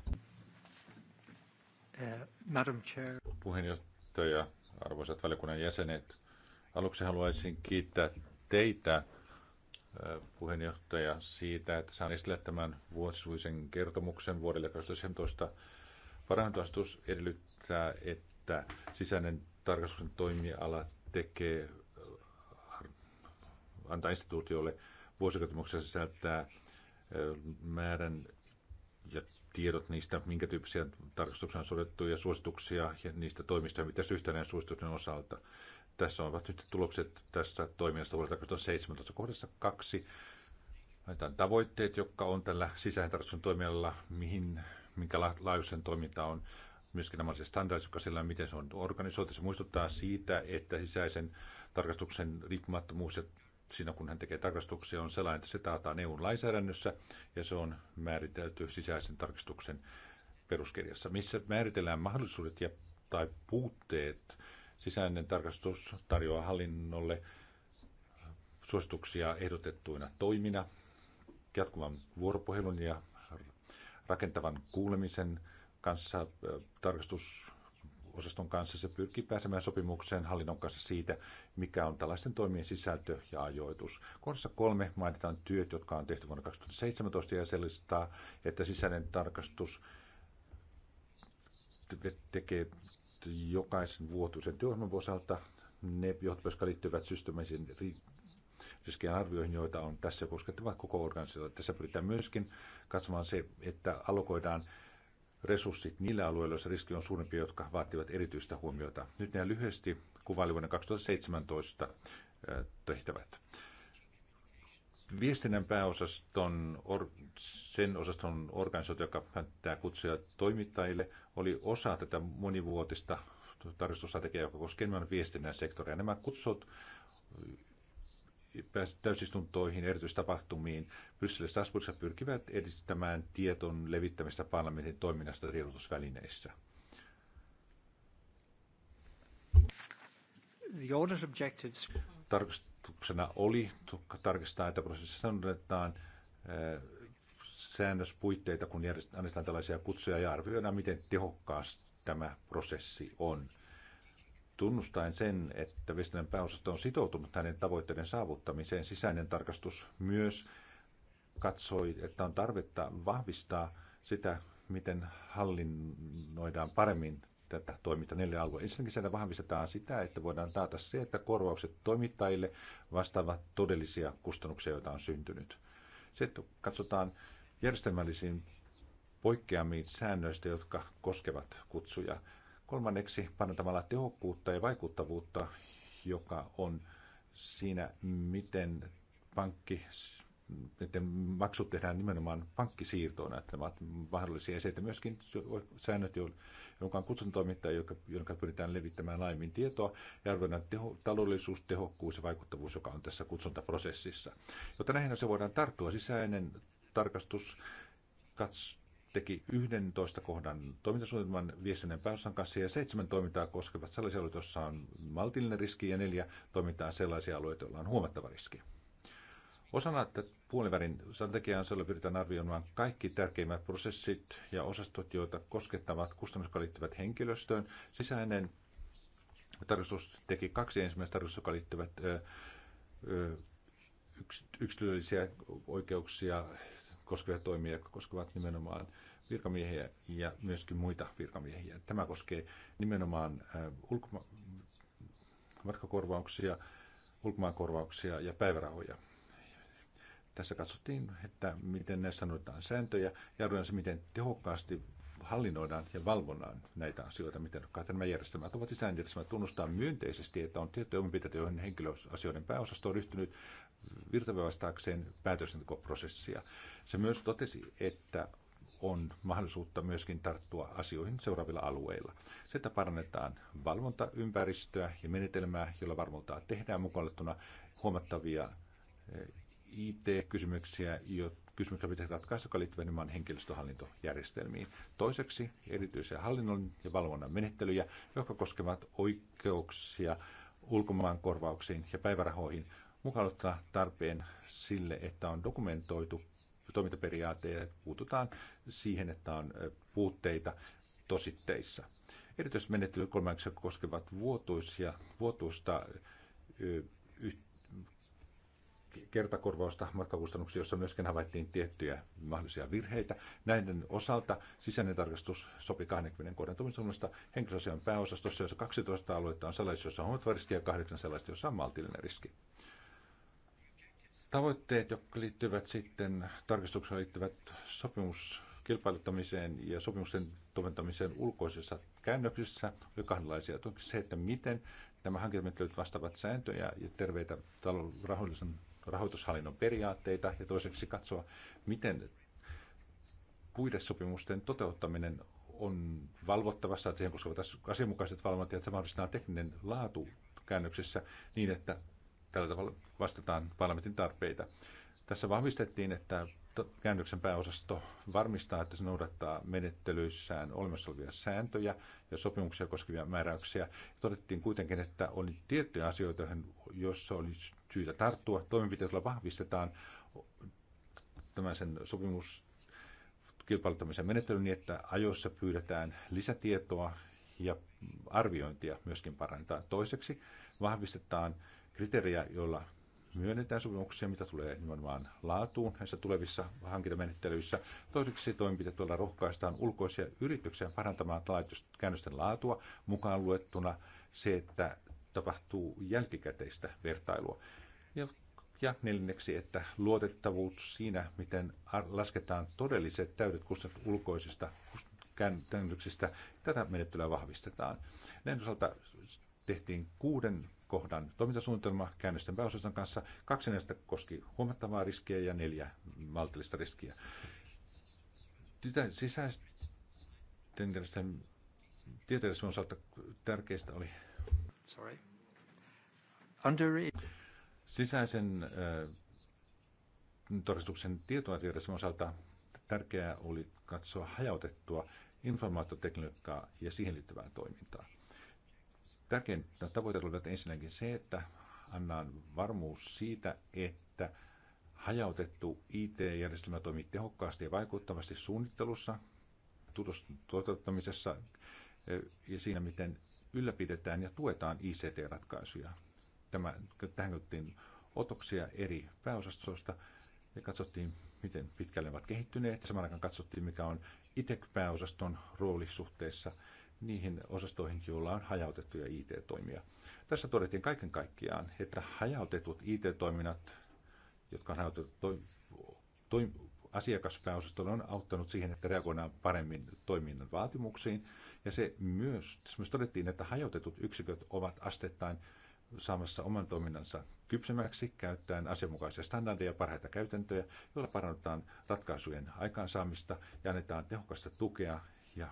Eh, Madam Chair. Puheenjohtaja, arvoisat valiokunnan jäsenet, aluksi haluaisin kiittää teitä äh, puheenjohtaja siitä, että saan esille tämän vuosisuisen kertomuksen vuodelle 2017. Varainhoitoasetus edellyttää, että sisäinen tarkastuksen toimiala tekee, antaa instituutiolle vuosikertomuksessa sisältää määrän ja tiedot niistä, minkä tyyppisiä tarkastuksia on sovittu ja suosituksia ja niistä toimista, mitä yhtenäinen suositusten osalta. Tässä ovat nyt tulokset tässä toiminnasta vuodelta 2017 kohdassa kaksi. Laitetaan tavoitteet, jotka on tällä sisäisen tarkastuksen toimialalla, mihin, minkä laajuisen toiminta on myöskin nämä standardit, jotka sillä miten se on organisoitu. Se muistuttaa siitä, että sisäisen tarkastuksen riippumattomuus ja siinä kun hän tekee tarkastuksia on sellainen, että se taataan EUn lainsäädännössä ja se on määritelty sisäisen tarkastuksen peruskirjassa, missä määritellään mahdollisuudet ja, tai puutteet. Sisäinen tarkastus tarjoaa hallinnolle suosituksia ehdotettuina toimina, jatkuvan vuoropuhelun ja rakentavan kuulemisen kanssa, tarkastusosaston kanssa. Se pyrkii pääsemään sopimukseen hallinnon kanssa siitä, mikä on tällaisten toimien sisältö ja ajoitus. Kohdassa kolme mainitaan työt, jotka on tehty vuonna 2017 ja sellistaa, että sisäinen tarkastus tekee jokaisen vuotuisen työohjelman osalta ne johtopäätökset, jotka liittyvät systeemisiin riskien arvioihin, joita on tässä koskettava koko organisaatio. Tässä pyritään myöskin katsomaan se, että allokoidaan resurssit niillä alueilla, joissa riski on suurempi, jotka vaativat erityistä huomiota. Nyt nämä lyhyesti kuvaili vuonna 2017 tehtävät. Viestinnän pääosaston, sen osaston organisaatio, joka tämä kutsuja toimittajille, oli osa tätä monivuotista tarkistusstrategiaa, joka koskee viestinnän sektoria. Nämä kutsut täysistuntoihin, erityistapahtumiin Brysselissä Strasbourgissa pyrkivät edistämään tieton levittämistä parlamentin toiminnasta tiedotusvälineissä. The audit objectives. Tarkastuksena oli tarkistaa, että prosessissa noudatetaan säännöspuitteita, kun annetaan tällaisia kutsuja ja arvioidaan, miten tehokkaasti tämä prosessi on tunnustaen sen, että Vestinen pääosasto on sitoutunut hänen tavoitteiden saavuttamiseen, sisäinen tarkastus myös katsoi, että on tarvetta vahvistaa sitä, miten hallinnoidaan paremmin tätä toiminta neljä alueella. Ensinnäkin siellä vahvistetaan sitä, että voidaan taata se, että korvaukset toimittajille vastaavat todellisia kustannuksia, joita on syntynyt. Sitten katsotaan järjestelmällisiin poikkeamiin säännöistä, jotka koskevat kutsuja. Kolmanneksi parantamalla tehokkuutta ja vaikuttavuutta, joka on siinä, miten pankki miten maksut tehdään nimenomaan pankkisiirtoon, että nämä ovat mahdollisia. Ja sitten myöskin säännöt, jonka on kutsuntoimittaja, jonka, jonka pyritään levittämään laajemmin tietoa, ja arvioidaan teho, taloudellisuus, tehokkuus ja vaikuttavuus, joka on tässä kutsuntaprosessissa. Jotta näihin se voidaan tarttua, sisäinen tarkastus kats, teki 11 kohdan toimintasuunnitelman viestinnän pääosan kanssa ja seitsemän toimintaa koskevat sellaisia alueita, joissa on maltillinen riski ja neljä toimintaa sellaisia alueita, joilla on huomattava riski. Osana että puolivärin strategiaan siellä pyritään arvioimaan kaikki tärkeimmät prosessit ja osastot, joita koskettavat kustannukset liittyvät henkilöstöön. Sisäinen tarkastus teki kaksi ensimmäistä tarkastusta, jotka liittyvät ö, yksilöllisiä oikeuksia koskevia toimia, jotka koskevat nimenomaan virkamiehiä ja myöskin muita virkamiehiä. Tämä koskee nimenomaan äh, ulkoma- matkakorvauksia, ulkomaankorvauksia ja päivärahoja. Tässä katsottiin, että miten näissä noudatetaan sääntöjä ja se, miten tehokkaasti hallinnoidaan ja valvonnaan näitä asioita, miten nämä järjestelmät ovat siis järjestelmät tunnustaa myönteisesti, että on tiettyjä toimenpiteitä, joihin henkilöasioiden pääosasto on ryhtynyt virtaviivastaakseen päätöksentekoprosessia. Se myös totesi, että on mahdollisuutta myöskin tarttua asioihin seuraavilla alueilla. Se, että parannetaan valvontaympäristöä ja menetelmää, jolla varmuutta tehdään mukaan huomattavia eh, IT-kysymyksiä, kysymyksiä pitäisi ratkaista, jotka liittyvät nimenomaan henkilöstöhallintojärjestelmiin. Toiseksi erityisiä hallinnon ja valvonnan menettelyjä, jotka koskevat oikeuksia ulkomaan korvauksiin ja päivärahoihin mukaan tarpeen sille, että on dokumentoitu toimintaperiaate ja puututaan siihen, että on puutteita tositteissa. Erityismenettelyt kolmanneksi koskevat vuotuisia, vuotuista kertakorvausta matkakustannuksia, jossa myöskin havaittiin tiettyjä mahdollisia virheitä. Näiden osalta sisäinen tarkastus sopi 20 kohdan tunnistamisesta henkilöasian pääosastossa, jossa 12 aluetta on sellaisia, joissa on huomattava riski ja 8 sellaista, joissa on maltillinen riski. Tavoitteet, jotka liittyvät sitten tarkistukseen liittyvät sopimuskilpailuttamiseen ja sopimusten toventamiseen ulkoisessa käännöksissä, oli kahdenlaisia. Toki se, että miten nämä hankintamenettelyt vastaavat sääntöjä ja terveitä talon rahoitushallinnon periaatteita ja toiseksi katsoa, miten puidesopimusten toteuttaminen on valvottavassa, että siihen koskevat asianmukaiset valvontajat, ja että se mahdollistaa tekninen laatu käännöksessä niin, että tällä tavalla vastataan parlamentin tarpeita. Tässä vahvistettiin, että käännöksen pääosasto varmistaa, että se noudattaa menettelyissään olemassa olevia sääntöjä ja sopimuksia koskevia määräyksiä. Todettiin kuitenkin, että oli tiettyjä asioita, joissa oli syytä tarttua. Toimenpiteillä vahvistetaan tämän sen sopimus kilpailuttamisen menettelyn niin, että ajoissa pyydetään lisätietoa ja arviointia myöskin parantaa. Toiseksi vahvistetaan kriteeriä, joilla myönnetään sopimuksia, mitä tulee nimenomaan laatuun näissä tulevissa hankintamenettelyissä. Toiseksi tuolla rohkaistaan ulkoisia yrityksiä parantamaan käännösten laatua mukaan luettuna se, että tapahtuu jälkikäteistä vertailua. Ja, ja neljänneksi, että luotettavuus siinä, miten lasketaan todelliset täydet kustannukset ulkoisista käännöksistä, tätä menettelyä vahvistetaan. Näin osalta tehtiin kuuden kohdan toimintasuunnitelma käännösten pääosaston kanssa. Kaksi näistä koski huomattavaa riskiä ja neljä maltillista riskiä. Tätä sisäisten tieteellisen osalta tärkeistä oli Sorry. Under... sisäisen äh, todistuksen tietoajärjestelmän osalta tärkeää oli katsoa hajautettua informaatiotekniikkaa ja siihen liittyvää toimintaa. Tärkeintä tavoite olivat ensinnäkin se, että annan varmuus siitä, että hajautettu IT-järjestelmä toimii tehokkaasti ja vaikuttavasti suunnittelussa, toteuttamisessa e, ja siinä, miten ylläpidetään ja tuetaan ICT-ratkaisuja. Tämä, tähän otettiin otoksia eri pääosastoista ja katsottiin, miten pitkälle ovat kehittyneet. Samaan aikaan katsottiin, mikä on ITEC-pääosaston rooli suhteessa niihin osastoihin, joilla on hajautettuja IT-toimia. Tässä todettiin kaiken kaikkiaan, että hajautetut IT-toiminnat, jotka on hajautettu toi, toi, asiakaspääosastolle, on auttanut siihen, että reagoidaan paremmin toiminnan vaatimuksiin. Ja se myös, tässä myös todettiin, että hajautetut yksiköt ovat astettain saamassa oman toiminnansa kypsemmäksi käyttäen asianmukaisia standardeja ja parhaita käytäntöjä, joilla parannetaan ratkaisujen aikaansaamista ja annetaan tehokasta tukea ja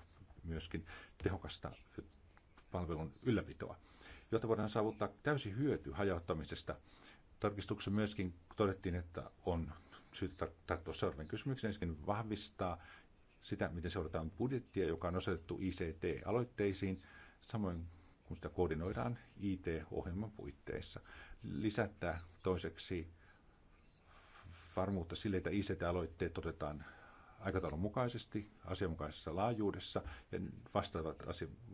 myöskin tehokasta palvelun ylläpitoa, jotta voidaan saavuttaa täysi hyöty hajauttamisesta. Tarkistuksessa myöskin todettiin, että on syytä tarttua seuraavien kysymykseen. ensinnäkin vahvistaa sitä, miten seurataan budjettia, joka on osoitettu ICT-aloitteisiin, samoin kun sitä koordinoidaan IT-ohjelman puitteissa. Lisätään toiseksi varmuutta sille, että ICT-aloitteet otetaan aikataulun mukaisesti, asianmukaisessa laajuudessa ja vastaavat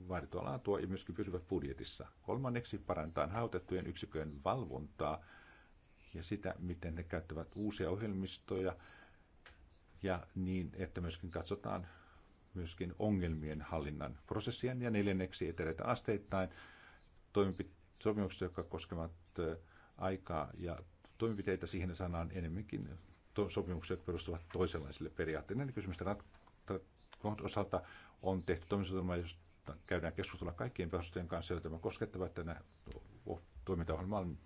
vaadittua laatua ja myöskin pysyvät budjetissa. Kolmanneksi parantaa hautettujen yksiköjen valvontaa ja sitä, miten ne käyttävät uusia ohjelmistoja ja niin, että myöskin katsotaan myöskin ongelmien hallinnan prosessien Ja neljänneksi eteletään asteittain sopimukset, jotka koskevat aikaa ja toimenpiteitä siihen saadaan enemmänkin sopimukset perustuvat toisenlaisille periaatteille. Näiden kysymysten osalta on tehty toimintasuunnitelma, josta käydään keskustelua kaikkien perustajien kanssa, joita koskettavat tänä on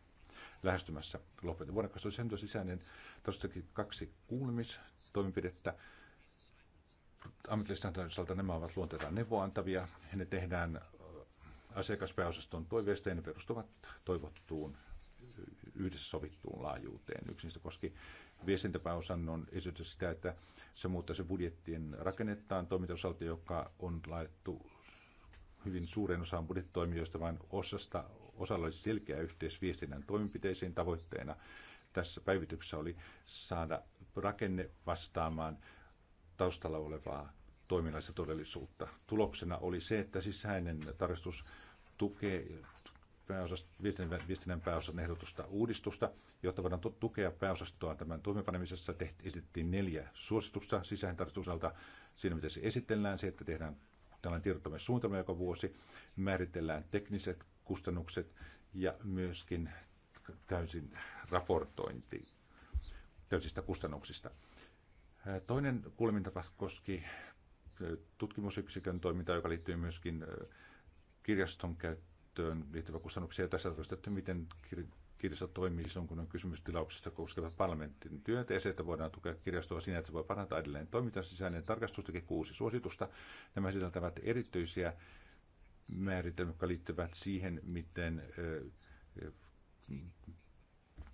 lähestymässä loppuun. Vuoden 2017 sisäinen tosiaankin kaksi kuulemistoimenpidettä. Ammatillisten osalta nämä ovat luonteeltaan neuvoantavia ne tehdään asiakaspääosaston toiveesta ja ne perustuvat toivottuun yhdessä sovittuun laajuuteen. Yksi niistä koski viestintäpääosannon esitys sitä, että se muuttaisi budjettien rakennettaan toimintaosalta, joka on laittu hyvin suuren osan budjettitoimijoista, vain osasta, osalla olisi selkeä yhteys viestinnän toimenpiteisiin tavoitteena. Tässä päivityksessä oli saada rakenne vastaamaan taustalla olevaa toiminnallista todellisuutta. Tuloksena oli se, että sisäinen tarkastus tukee viestinnän pääosaston ehdotusta uudistusta, jotta voidaan tukea pääosastoa tämän toimenpanemisessa, Tehti, esitettiin neljä suositusta sisäintarkastusalta siinä, miten se esitellään, se, että tehdään tällainen tiedottamissuunnitelma joka vuosi, määritellään tekniset kustannukset ja myöskin täysin raportointi täysistä kustannuksista. Toinen kuulemintapa koski tutkimusyksikön toimintaa, joka liittyy myöskin kirjaston käyttöön käyttöön liittyvä kustannuksia. Tässä että miten kirjasto toimii silloin, kun on kysymys tilauksista koskeva parlamentin työtä ja se, että voidaan tukea kirjastoa siinä, että se voi parantaa edelleen toimintaa sisäinen tarkastus teki kuusi suositusta. Nämä sisältävät erityisiä määritelmiä, jotka liittyvät siihen, miten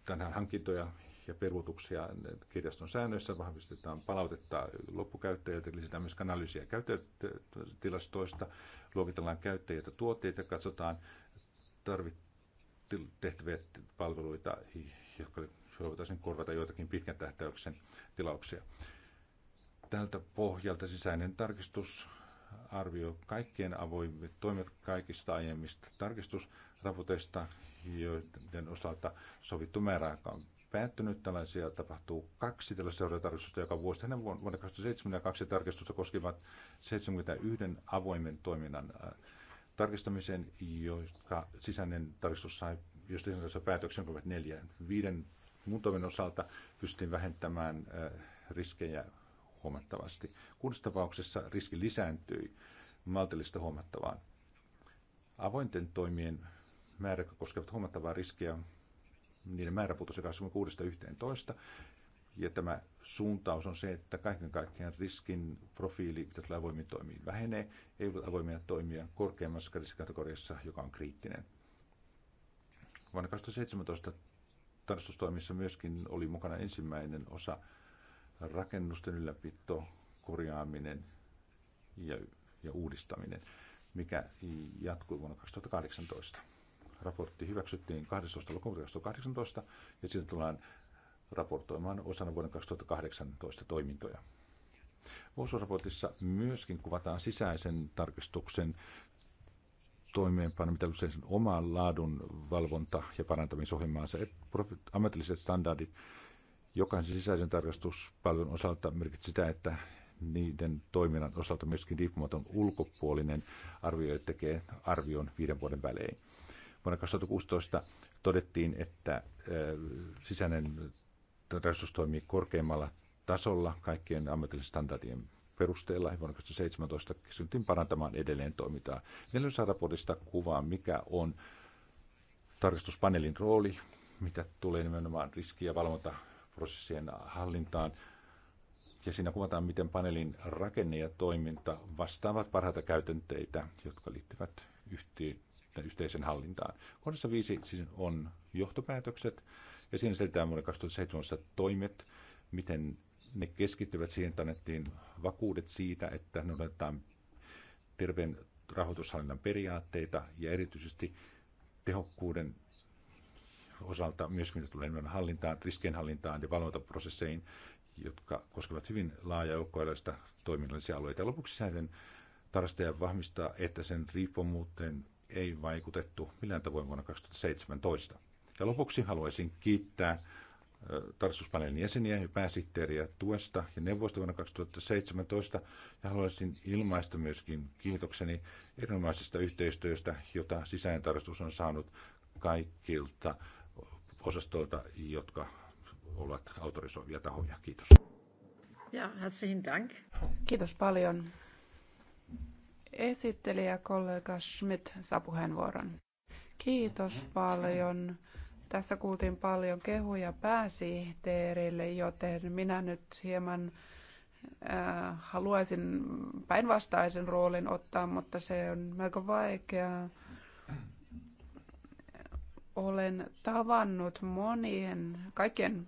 tänään hankintoja ja peruutuksia kirjaston säännöissä, vahvistetaan palautetta loppukäyttäjiltä, lisätään myös analyysiä käyttötilastoista, luokitellaan käyttäjiä tuotteita katsotaan tehtäviä palveluita, jotka voitaisiin korvata joitakin pitkän tähtäyksen tilauksia. Tältä pohjalta sisäinen tarkistus arvio kaikkien avoimet toimet kaikista aiemmista tarkistusraporteista, joiden osalta sovittu määräaika on päättynyt. Tällaisia tapahtuu kaksi tällaista seurantatarkistusta joka vuosi. Tänä vuonna 2007 kaksi tarkistusta koskivat 71 avoimen toiminnan äh, tarkistamisen, joka sisäinen tarkistus sai jos tarkistus päätöksen neljä Viiden muun toimen osalta pystyttiin vähentämään äh, riskejä huomattavasti. Kuudessa tapauksessa riski lisääntyi maltillista huomattavaan. Avointen toimien määrä koskevat huomattavaa riskiä niiden määrä putosi 26-11. Ja tämä suuntaus on se, että kaiken kaikkiaan riskin profiili, mitä tulee avoimiin toimiin, vähenee. Ei ole avoimia toimia korkeammassa riskikategoriassa, joka on kriittinen. Vuonna 2017 tarkastustoimissa myöskin oli mukana ensimmäinen osa rakennusten ylläpito, korjaaminen ja, ja uudistaminen, mikä jatkui vuonna 2018. Raportti hyväksyttiin 12. lokakuuta 2018 ja siitä tullaan raportoimaan osana vuoden 2018 toimintoja. Vuosiraportissa myöskin kuvataan sisäisen tarkistuksen toimeenpano, mitä sen oman laadun valvonta ja parantamisohjelmaansa, ammatilliset standardit, jokaisen sisäisen tarkastuspalvelun osalta merkitsee sitä, että niiden toiminnan osalta myöskin riippumaton ulkopuolinen arvioija tekee arvion viiden vuoden välein. Vuonna 2016 todettiin, että sisäinen resurssi toimii korkeimmalla tasolla kaikkien ammatillisen standardien perusteella vuonna 2017 keskityttiin parantamaan edelleen toimintaa. saada kuvaa, mikä on tarkastuspaneelin rooli, mitä tulee nimenomaan riski- ja valvontaprosessien hallintaan. Ja siinä kuvataan, miten paneelin rakenne ja toiminta vastaavat parhaita käytänteitä, jotka liittyvät yhtiön yhteisen hallintaan. Kohdassa viisi siis on johtopäätökset, ja siinä selitetään vuoden 2017 toimet, miten ne keskittyvät siihen, että annettiin vakuudet siitä, että otetaan terveen rahoitushallinnan periaatteita ja erityisesti tehokkuuden osalta myöskin tulee hallintaan, riskienhallintaan ja valvontaprosesseihin, jotka koskevat hyvin laaja joukkoa toiminnallisia alueita. Ja lopuksi säädön tarkastaja vahvistaa, että sen riippumuuteen ei vaikutettu millään tavoin vuonna 2017. Ja lopuksi haluaisin kiittää tarkastuspaneelin jäseniä ja pääsihteeriä tuesta ja neuvosta vuonna 2017 ja haluaisin ilmaista myöskin kiitokseni erinomaisesta yhteistyöstä, jota tarkastus on saanut kaikilta osastoilta, jotka ovat autorisoivia tahoja. Kiitos. Ja, herzlichen Dank. Kiitos paljon. Esittelijä kollega Schmidt saa puheenvuoron. Kiitos paljon. Tässä kuultiin paljon kehuja pääsihteerille, joten minä nyt hieman äh, haluaisin päinvastaisen roolin ottaa, mutta se on melko vaikeaa. Olen tavannut monien, kaikkien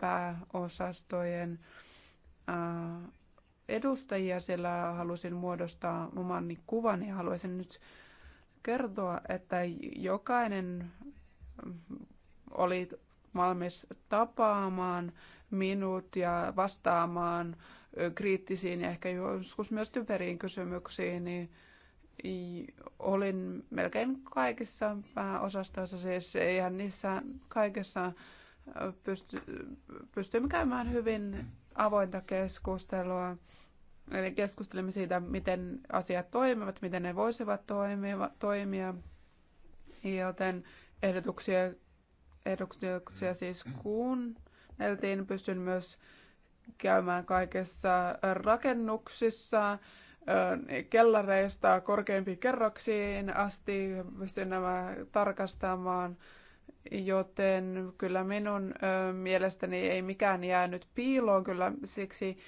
pääosastojen äh, edustajia, siellä halusin muodostaa oman kuvan ja haluaisin nyt kertoa, että jokainen oli valmis tapaamaan minut ja vastaamaan kriittisiin ja ehkä joskus myös typeriin kysymyksiin, niin olin melkein kaikissa pääosastoissa, siis eihän niissä kaikessa pysty, pystyimme käymään hyvin avointa keskustelua. Eli keskustelemme siitä, miten asiat toimivat, miten ne voisivat toimiva, toimia. Joten ehdotuksia, ehdotuksia siis kuunneltiin. Pystyn myös käymään kaikessa rakennuksissa, kellareista korkeimpiin kerroksiin asti. Pystyn nämä tarkastamaan Joten kyllä minun mielestäni ei mikään jäänyt piiloon, kyllä siksi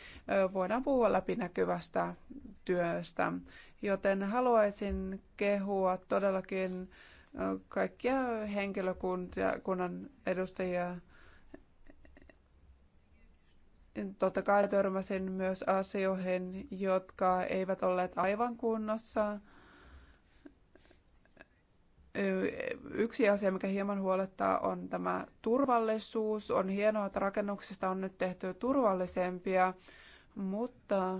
voidaan puhua läpinäkyvästä työstä. Joten haluaisin kehua todellakin kaikkia henkilökunnan edustajia. Totta kai törmäsin myös asioihin, jotka eivät olleet aivan kunnossa Yksi asia, mikä hieman huolettaa, on tämä turvallisuus. On hienoa, että rakennuksista on nyt tehty turvallisempia, mutta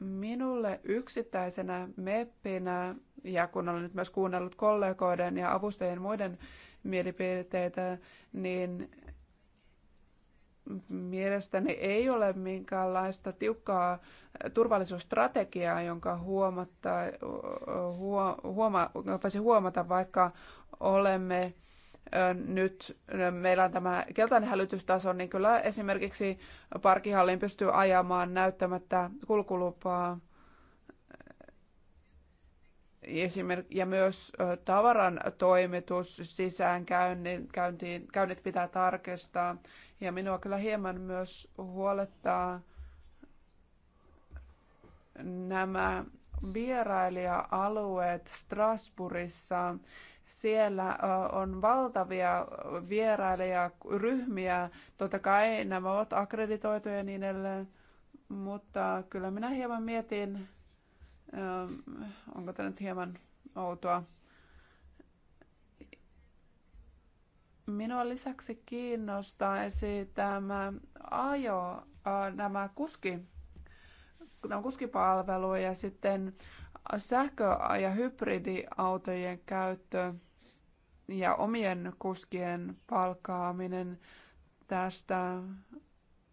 minulle yksittäisenä meppinä, ja kun olen nyt myös kuunnellut kollegoiden ja avustajien muiden mielipiteitä, niin mielestäni ei ole minkäänlaista tiukkaa turvallisuusstrategiaa, jonka huomatta, huoma, huomata, vaikka olemme nyt meillä on tämä keltainen hälytystaso, niin kyllä esimerkiksi parkihallin pystyy ajamaan näyttämättä kulkulupaa. ja myös tavaran toimitus sisäänkäyntiin, käynnit pitää tarkistaa. Ja minua kyllä hieman myös huolettaa nämä vierailija-alueet Strasbourgissa. Siellä on valtavia vierailijaryhmiä. Totta kai nämä ovat akkreditoituja ja niin edelleen, mutta kyllä minä hieman mietin, onko tämä nyt hieman outoa. Minua lisäksi kiinnostaisi tämä ajo, nämä kuski, nämä kuskipalvelu ja sitten sähkö- ja hybridiautojen käyttö ja omien kuskien palkaaminen Tästä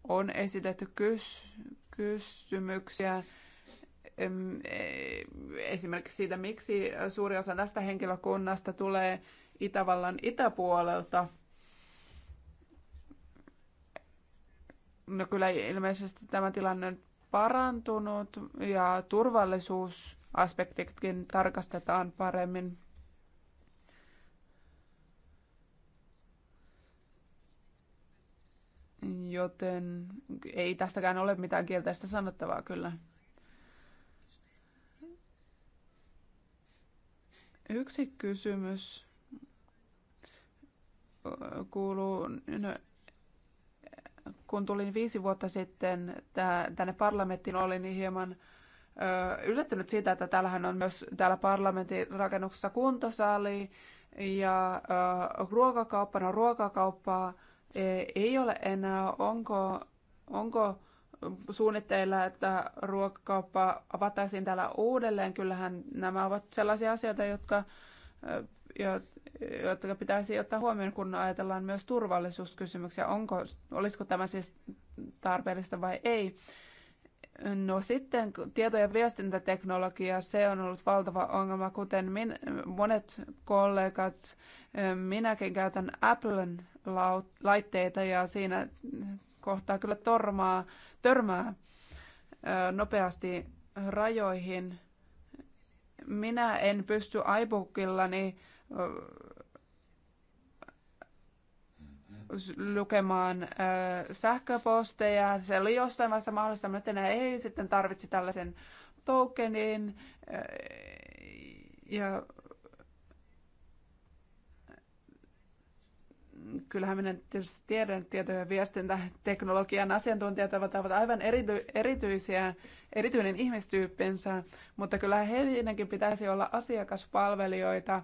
on esitetty kys- kysymyksiä esimerkiksi siitä, miksi suuri osa tästä henkilökunnasta tulee Itävallan itäpuolelta. No kyllä ilmeisesti tämä tilanne on parantunut ja turvallisuusaspektitkin tarkastetaan paremmin. Joten ei tästäkään ole mitään kielteistä sanottavaa kyllä. Yksi kysymys kuuluu, no, kun tulin viisi vuotta sitten tänne parlamenttiin, olin niin hieman yllättynyt siitä, että täällähän on myös täällä parlamentin rakennuksessa kuntosali ja ruokakauppa, no ruokakauppaa e, ei ole enää. Onko, onko suunnitteilla, että ruokakauppa avataisiin täällä uudelleen. Kyllähän nämä ovat sellaisia asioita, jotka, jo, jotka pitäisi ottaa huomioon, kun ajatellaan myös turvallisuuskysymyksiä. Onko, olisiko tämä siis tarpeellista vai ei? No sitten tieto- ja viestintäteknologia, se on ollut valtava ongelma, kuten min, monet kollegat, minäkin käytän Applen laitteita ja siinä kohtaa kyllä tormaa, törmää nopeasti rajoihin. Minä en pysty iBookillani lukemaan sähköposteja. Se oli jossain vaiheessa mahdollista, mutta enää ei sitten tarvitse tällaisen tokenin. Ja kyllähän minä tietysti tiedän, että tieto- ja viestintäteknologian asiantuntijat ovat, aivan erity, erityisiä, erityinen ihmistyyppinsä, mutta kyllä heidänkin pitäisi olla asiakaspalvelijoita.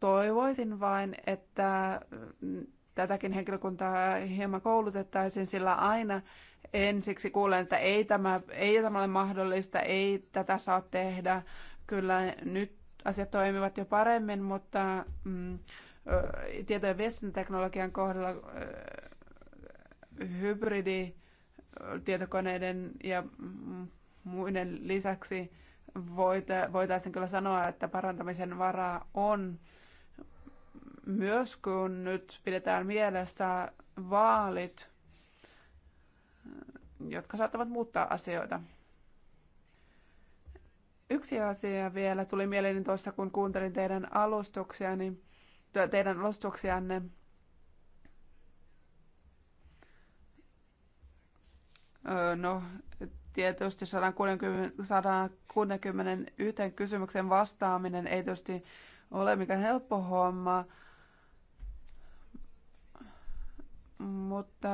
Toivoisin vain, että mm, tätäkin henkilökuntaa hieman koulutettaisiin, sillä aina ensiksi kuulen, että ei tämä, ei tämä ole mahdollista, ei tätä saa tehdä. Kyllä nyt asiat toimivat jo paremmin, mutta mm, tieto- ja viestintäteknologian kohdalla hybridi tietokoneiden ja muiden lisäksi voitaisiin kyllä sanoa, että parantamisen varaa on myös kun nyt pidetään mielessä vaalit, jotka saattavat muuttaa asioita. Yksi asia vielä tuli mieleeni tuossa, kun kuuntelin teidän alustuksia, niin teidän olosutuksianne. No, tietysti 160, 161 kysymyksen vastaaminen ei tietysti ole mikään helppo homma, mutta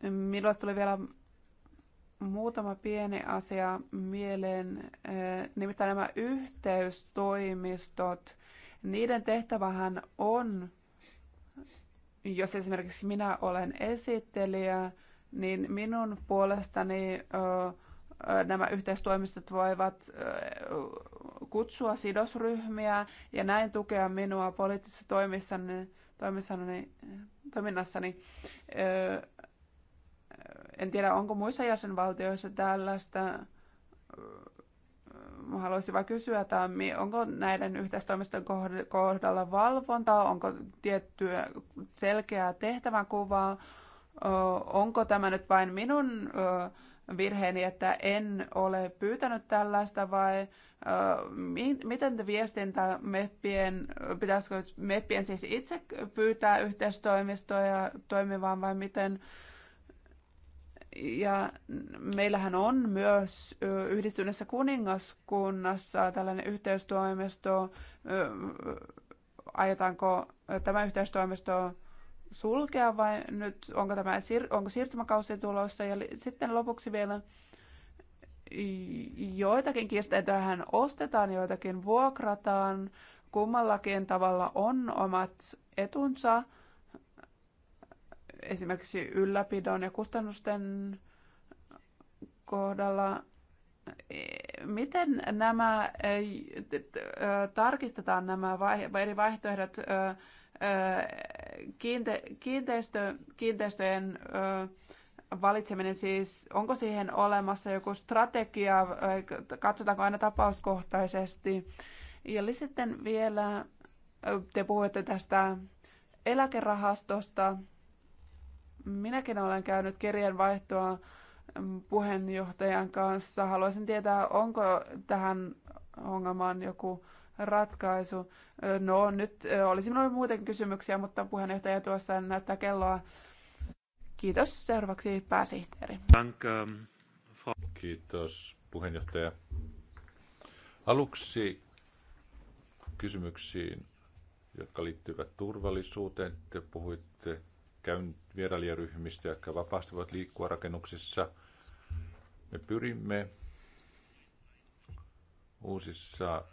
minulle tuli vielä muutama pieni asia mieleen, nimittäin nämä yhteystoimistot – niiden tehtävähän on, jos esimerkiksi minä olen esittelijä, niin minun puolestani nämä yhteistoimistot voivat kutsua sidosryhmiä ja näin tukea minua poliittisessa toimissani, toimissani, toiminnassani. En tiedä, onko muissa jäsenvaltioissa tällaista haluaisin vain kysyä, että onko näiden yhteistoimiston kohdalla valvontaa, onko tiettyä selkeää tehtävänkuvaa, onko tämä nyt vain minun virheeni, että en ole pyytänyt tällaista vai miten te viestintä meppien, pitäisikö meppien siis itse pyytää yhteistoimistoja toimivaan vai miten ja meillähän on myös yhdistyneessä kuningaskunnassa tällainen yhteystoimisto. Ajetaanko tämä yhteystoimisto sulkea vai nyt onko, tämä, onko siirtymäkausi tulossa? Ja sitten lopuksi vielä joitakin kiinteistöjähän ostetaan, joitakin vuokrataan. Kummallakin tavalla on omat etunsa esimerkiksi ylläpidon ja kustannusten kohdalla. E, miten nämä, e, e, tarkistetaan nämä eri vaihtoehdot kiinteistö, kiinteistöjen valitseminen siis, onko siihen olemassa joku strategia, katsotaanko aina tapauskohtaisesti. Ja sitten vielä te puhuitte tästä eläkerahastosta, Minäkin olen käynyt kirjeenvaihtoa mm, puheenjohtajan kanssa. Haluaisin tietää, onko tähän ongelmaan joku ratkaisu. No nyt olisi minulla muuten kysymyksiä, mutta puheenjohtaja tuossa näyttää kelloa. Kiitos. Seuraavaksi pääsihteeri. Ähm, Kiitos puheenjohtaja. Aluksi kysymyksiin, jotka liittyvät turvallisuuteen. Te puhuitte käyn vierailijaryhmistä, jotka vapaasti voivat liikkua rakennuksissa. Me pyrimme uusissa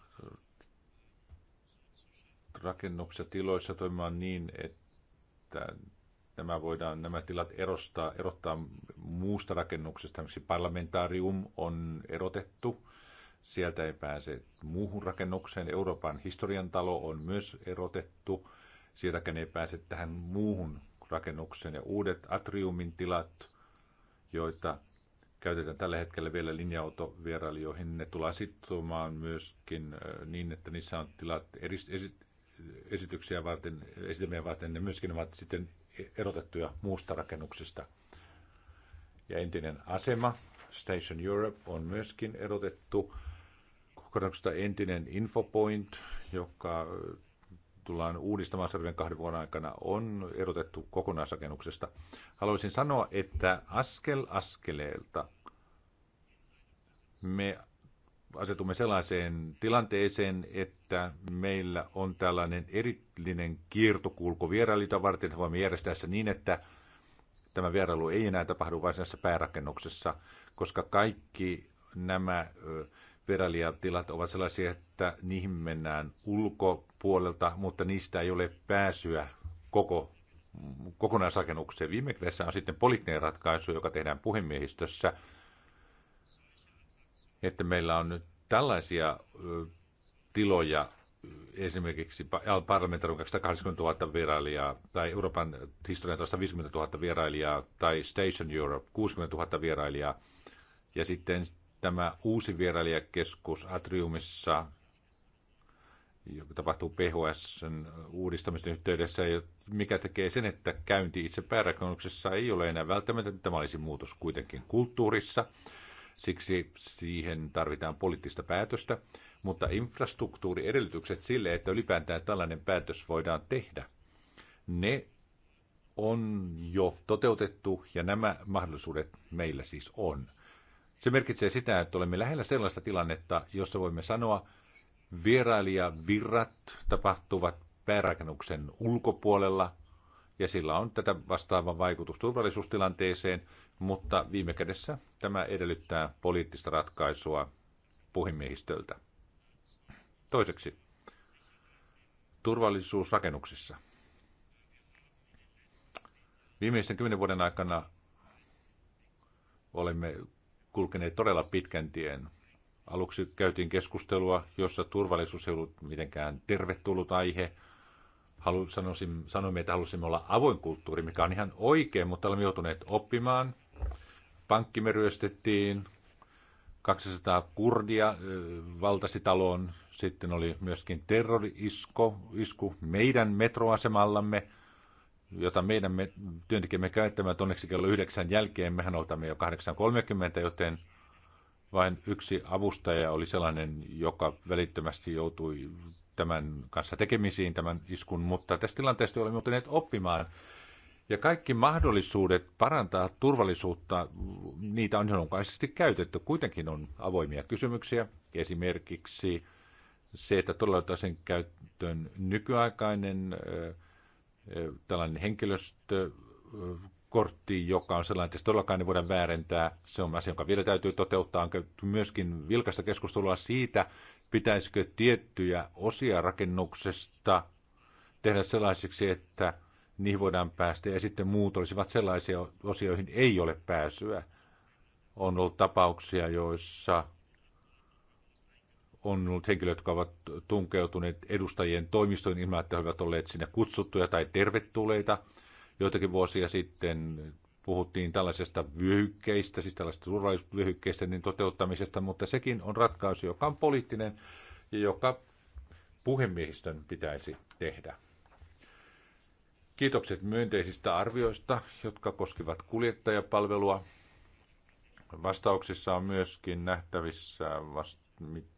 rakennuksissa, tiloissa toimimaan niin, että nämä, voidaan, nämä tilat erostaa, erottaa muusta rakennuksesta. Esimerkiksi parlamentaarium on erotettu. Sieltä ei pääse muuhun rakennukseen. Euroopan historian talo on myös erotettu. Sieltäkään ei pääse tähän muuhun rakennuksen ja uudet atriumin tilat, joita käytetään tällä hetkellä vielä linja-autovierailijoihin. Ne tullaan sittumaan myöskin niin, että niissä on tilat eri, esi, esityksiä varten, esitelmiä varten, ne myöskin ovat sitten erotettuja muusta rakennuksesta. Ja entinen asema, Station Europe, on myöskin erotettu. Kokonaisuudesta entinen Infopoint, joka tullaan uudistamaan seuraavien kahden vuoden aikana, on erotettu kokonaisrakennuksesta. Haluaisin sanoa, että askel askeleelta me asetumme sellaiseen tilanteeseen, että meillä on tällainen erillinen kiertokulku vierailijoita varten. Voimme järjestää se niin, että tämä vierailu ei enää tapahdu varsinaisessa päärakennuksessa, koska kaikki nämä virailijatilat ovat sellaisia, että niihin mennään ulkopuolelta, mutta niistä ei ole pääsyä koko kokonaisrakennukseen. Viime kädessä on sitten poliittinen ratkaisu, joka tehdään puhemiehistössä, että meillä on nyt tällaisia tiloja, esimerkiksi parlamentarun 280 000 vierailijaa, tai Euroopan historian 150 000 vierailijaa, tai Station Europe 60 000 vierailijaa, ja sitten tämä uusi vierailijakeskus Atriumissa, joka tapahtuu PHSn uudistamisen yhteydessä, mikä tekee sen, että käynti itse päärakennuksessa ei ole enää välttämättä. Tämä olisi muutos kuitenkin kulttuurissa, siksi siihen tarvitaan poliittista päätöstä, mutta infrastruktuuriedellytykset sille, että ylipäätään tällainen päätös voidaan tehdä, ne on jo toteutettu ja nämä mahdollisuudet meillä siis on. Se merkitsee sitä, että olemme lähellä sellaista tilannetta, jossa voimme sanoa, virrat tapahtuvat päärakennuksen ulkopuolella, ja sillä on tätä vastaava vaikutus turvallisuustilanteeseen, mutta viime kädessä tämä edellyttää poliittista ratkaisua puhimiehistöltä. Toiseksi, turvallisuus rakennuksissa. Viimeisten kymmenen vuoden aikana olemme kulkeneet todella pitkän tien. Aluksi käytiin keskustelua, jossa turvallisuus ei ollut mitenkään tervetullut aihe. Halu, sanoisin, sanoimme, että halusimme olla avoin kulttuuri, mikä on ihan oikein, mutta olemme joutuneet oppimaan. Pankkimme ryöstettiin, 200 kurdia valtasi taloon. Sitten oli myöskin terrori-isku isku meidän metroasemallamme jota meidän me, työntekijämme käyttämään onneksi kello yhdeksän jälkeen. Mehän oltamme jo 8.30, joten vain yksi avustaja oli sellainen, joka välittömästi joutui tämän kanssa tekemisiin, tämän iskun, mutta tästä tilanteesta olemme joutuneet oppimaan. Ja kaikki mahdollisuudet parantaa turvallisuutta, niitä on johdonmukaisesti käytetty. Kuitenkin on avoimia kysymyksiä, esimerkiksi se, että todella sen käyttöön nykyaikainen äh, tällainen henkilöstökortti, joka on sellainen, että se todellakaan ei voida väärentää. Se on asia, joka vielä täytyy toteuttaa. On myöskin vilkasta keskustelua siitä, pitäisikö tiettyjä osia rakennuksesta tehdä sellaisiksi, että niihin voidaan päästä, ja sitten muut olisivat sellaisia osioihin ei ole pääsyä. On ollut tapauksia, joissa on ollut henkilöitä, jotka ovat tunkeutuneet edustajien toimistoon ilman, että he ovat olleet sinne kutsuttuja tai tervetulleita. Joitakin vuosia sitten puhuttiin tällaisesta vyöhykkeistä, siis tällaisesta turvallisuusvyöhykkeistä, niin toteuttamisesta, mutta sekin on ratkaisu, joka on poliittinen ja joka puhemiehistön pitäisi tehdä. Kiitokset myönteisistä arvioista, jotka koskivat kuljettajapalvelua. Vastauksissa on myöskin nähtävissä vasta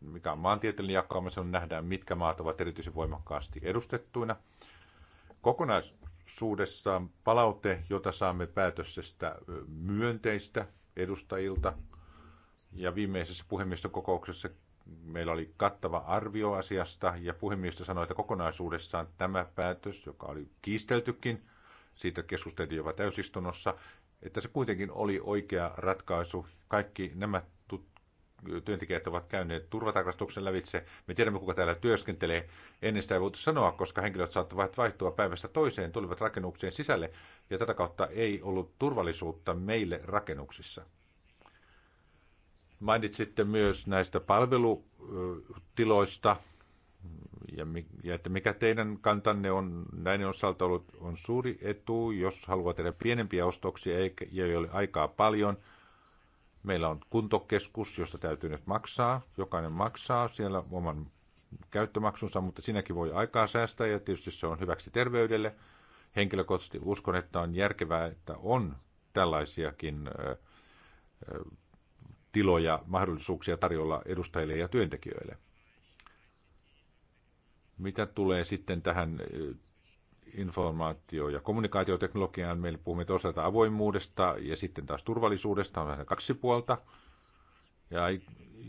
mikä on maantieteellinen jakauma, se on nähdään, mitkä maat ovat erityisen voimakkaasti edustettuina. Kokonaisuudessaan palaute, jota saamme päätöksestä myönteistä edustajilta, ja viimeisessä puhemiesten kokouksessa meillä oli kattava arvio asiasta, ja puhemiestä sanoi, että kokonaisuudessaan tämä päätös, joka oli kiisteltykin, siitä keskusteltiin jopa täysistunnossa, että se kuitenkin oli oikea ratkaisu. Kaikki nämä työntekijät ovat käyneet turvatarkastuksen lävitse. Me tiedämme, kuka täällä työskentelee. Ennen sitä ei voitu sanoa, koska henkilöt saattavat vaihtua päivästä toiseen, tulivat rakennuksien sisälle, ja tätä kautta ei ollut turvallisuutta meille rakennuksissa. Mainitsitte myös näistä palvelutiloista, ja, ja että mikä teidän kantanne on näiden osalta ollut on suuri etu, jos haluaa tehdä pienempiä ostoksia eikä, ja ei ole aikaa paljon – Meillä on kuntokeskus, josta täytyy nyt maksaa. Jokainen maksaa siellä oman käyttömaksunsa, mutta siinäkin voi aikaa säästää ja tietysti se on hyväksi terveydelle. Henkilökohtaisesti uskon, että on järkevää, että on tällaisiakin tiloja, mahdollisuuksia tarjolla edustajille ja työntekijöille. Mitä tulee sitten tähän informaatio- ja kommunikaatioteknologiaan. Meillä puhumme toisaalta avoimuudesta ja sitten taas turvallisuudesta on vähän kaksi puolta. Ja,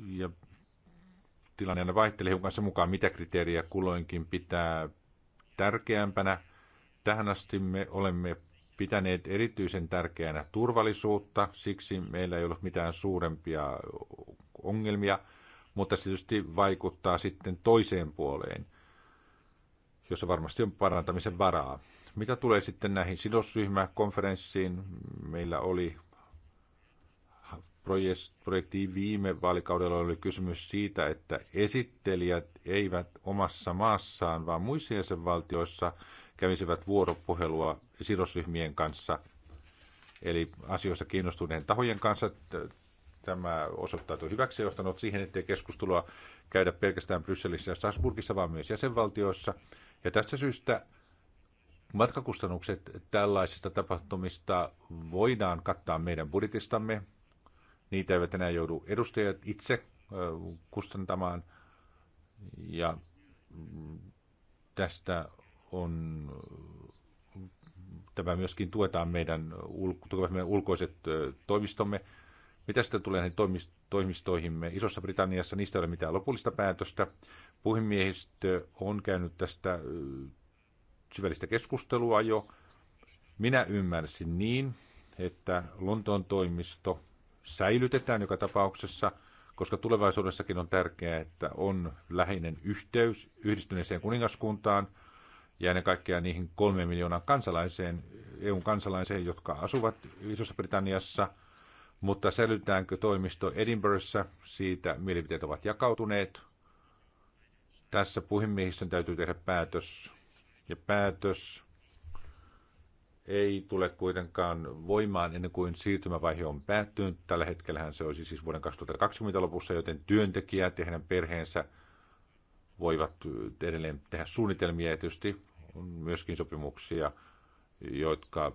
ja tilanne aina vaihtelee hiukan sen mukaan, mitä kriteeriä kulloinkin pitää tärkeämpänä. Tähän asti me olemme pitäneet erityisen tärkeänä turvallisuutta, siksi meillä ei ole mitään suurempia ongelmia, mutta se tietysti vaikuttaa sitten toiseen puoleen – jossa varmasti on parantamisen varaa. Mitä tulee sitten näihin sidosryhmäkonferenssiin, meillä oli projekti viime vaalikaudella oli kysymys siitä, että esittelijät eivät omassa maassaan, vaan muissa jäsenvaltioissa kävisivät vuoropuhelua sidosryhmien kanssa, eli asioissa kiinnostuneen tahojen kanssa. Tämä osoittautui hyväksi johtanut siihen, ettei keskustelua käydä pelkästään Brysselissä ja Strasbourgissa, vaan myös jäsenvaltioissa – ja tästä syystä matkakustannukset tällaisista tapahtumista voidaan kattaa meidän budjetistamme. Niitä eivät enää joudu edustajat itse kustantamaan. Ja mm, tästä on tämä myöskin tuetaan meidän, meidän ulkoiset toimistomme. Mitä sitten tulee näihin toimist- toimistoihimme Isossa Britanniassa. Niistä ei ole mitään lopullista päätöstä. Puhemiehistö on käynyt tästä syvällistä keskustelua jo. Minä ymmärsin niin, että Lontoon toimisto säilytetään joka tapauksessa, koska tulevaisuudessakin on tärkeää, että on läheinen yhteys yhdistyneeseen kuningaskuntaan ja ennen kaikkea niihin kolme miljoonaan kansalaiseen, EUn kansalaiseen, jotka asuvat Isossa Britanniassa – mutta säilytäänkö toimisto Edinburghissa, siitä mielipiteet ovat jakautuneet. Tässä puhemiehistön täytyy tehdä päätös. Ja päätös ei tule kuitenkaan voimaan ennen kuin siirtymävaihe on päättynyt. Tällä hetkellä se olisi siis vuoden 2020 lopussa, joten työntekijät ja heidän perheensä voivat edelleen tehdä suunnitelmia. Ja tietysti on myöskin sopimuksia jotka,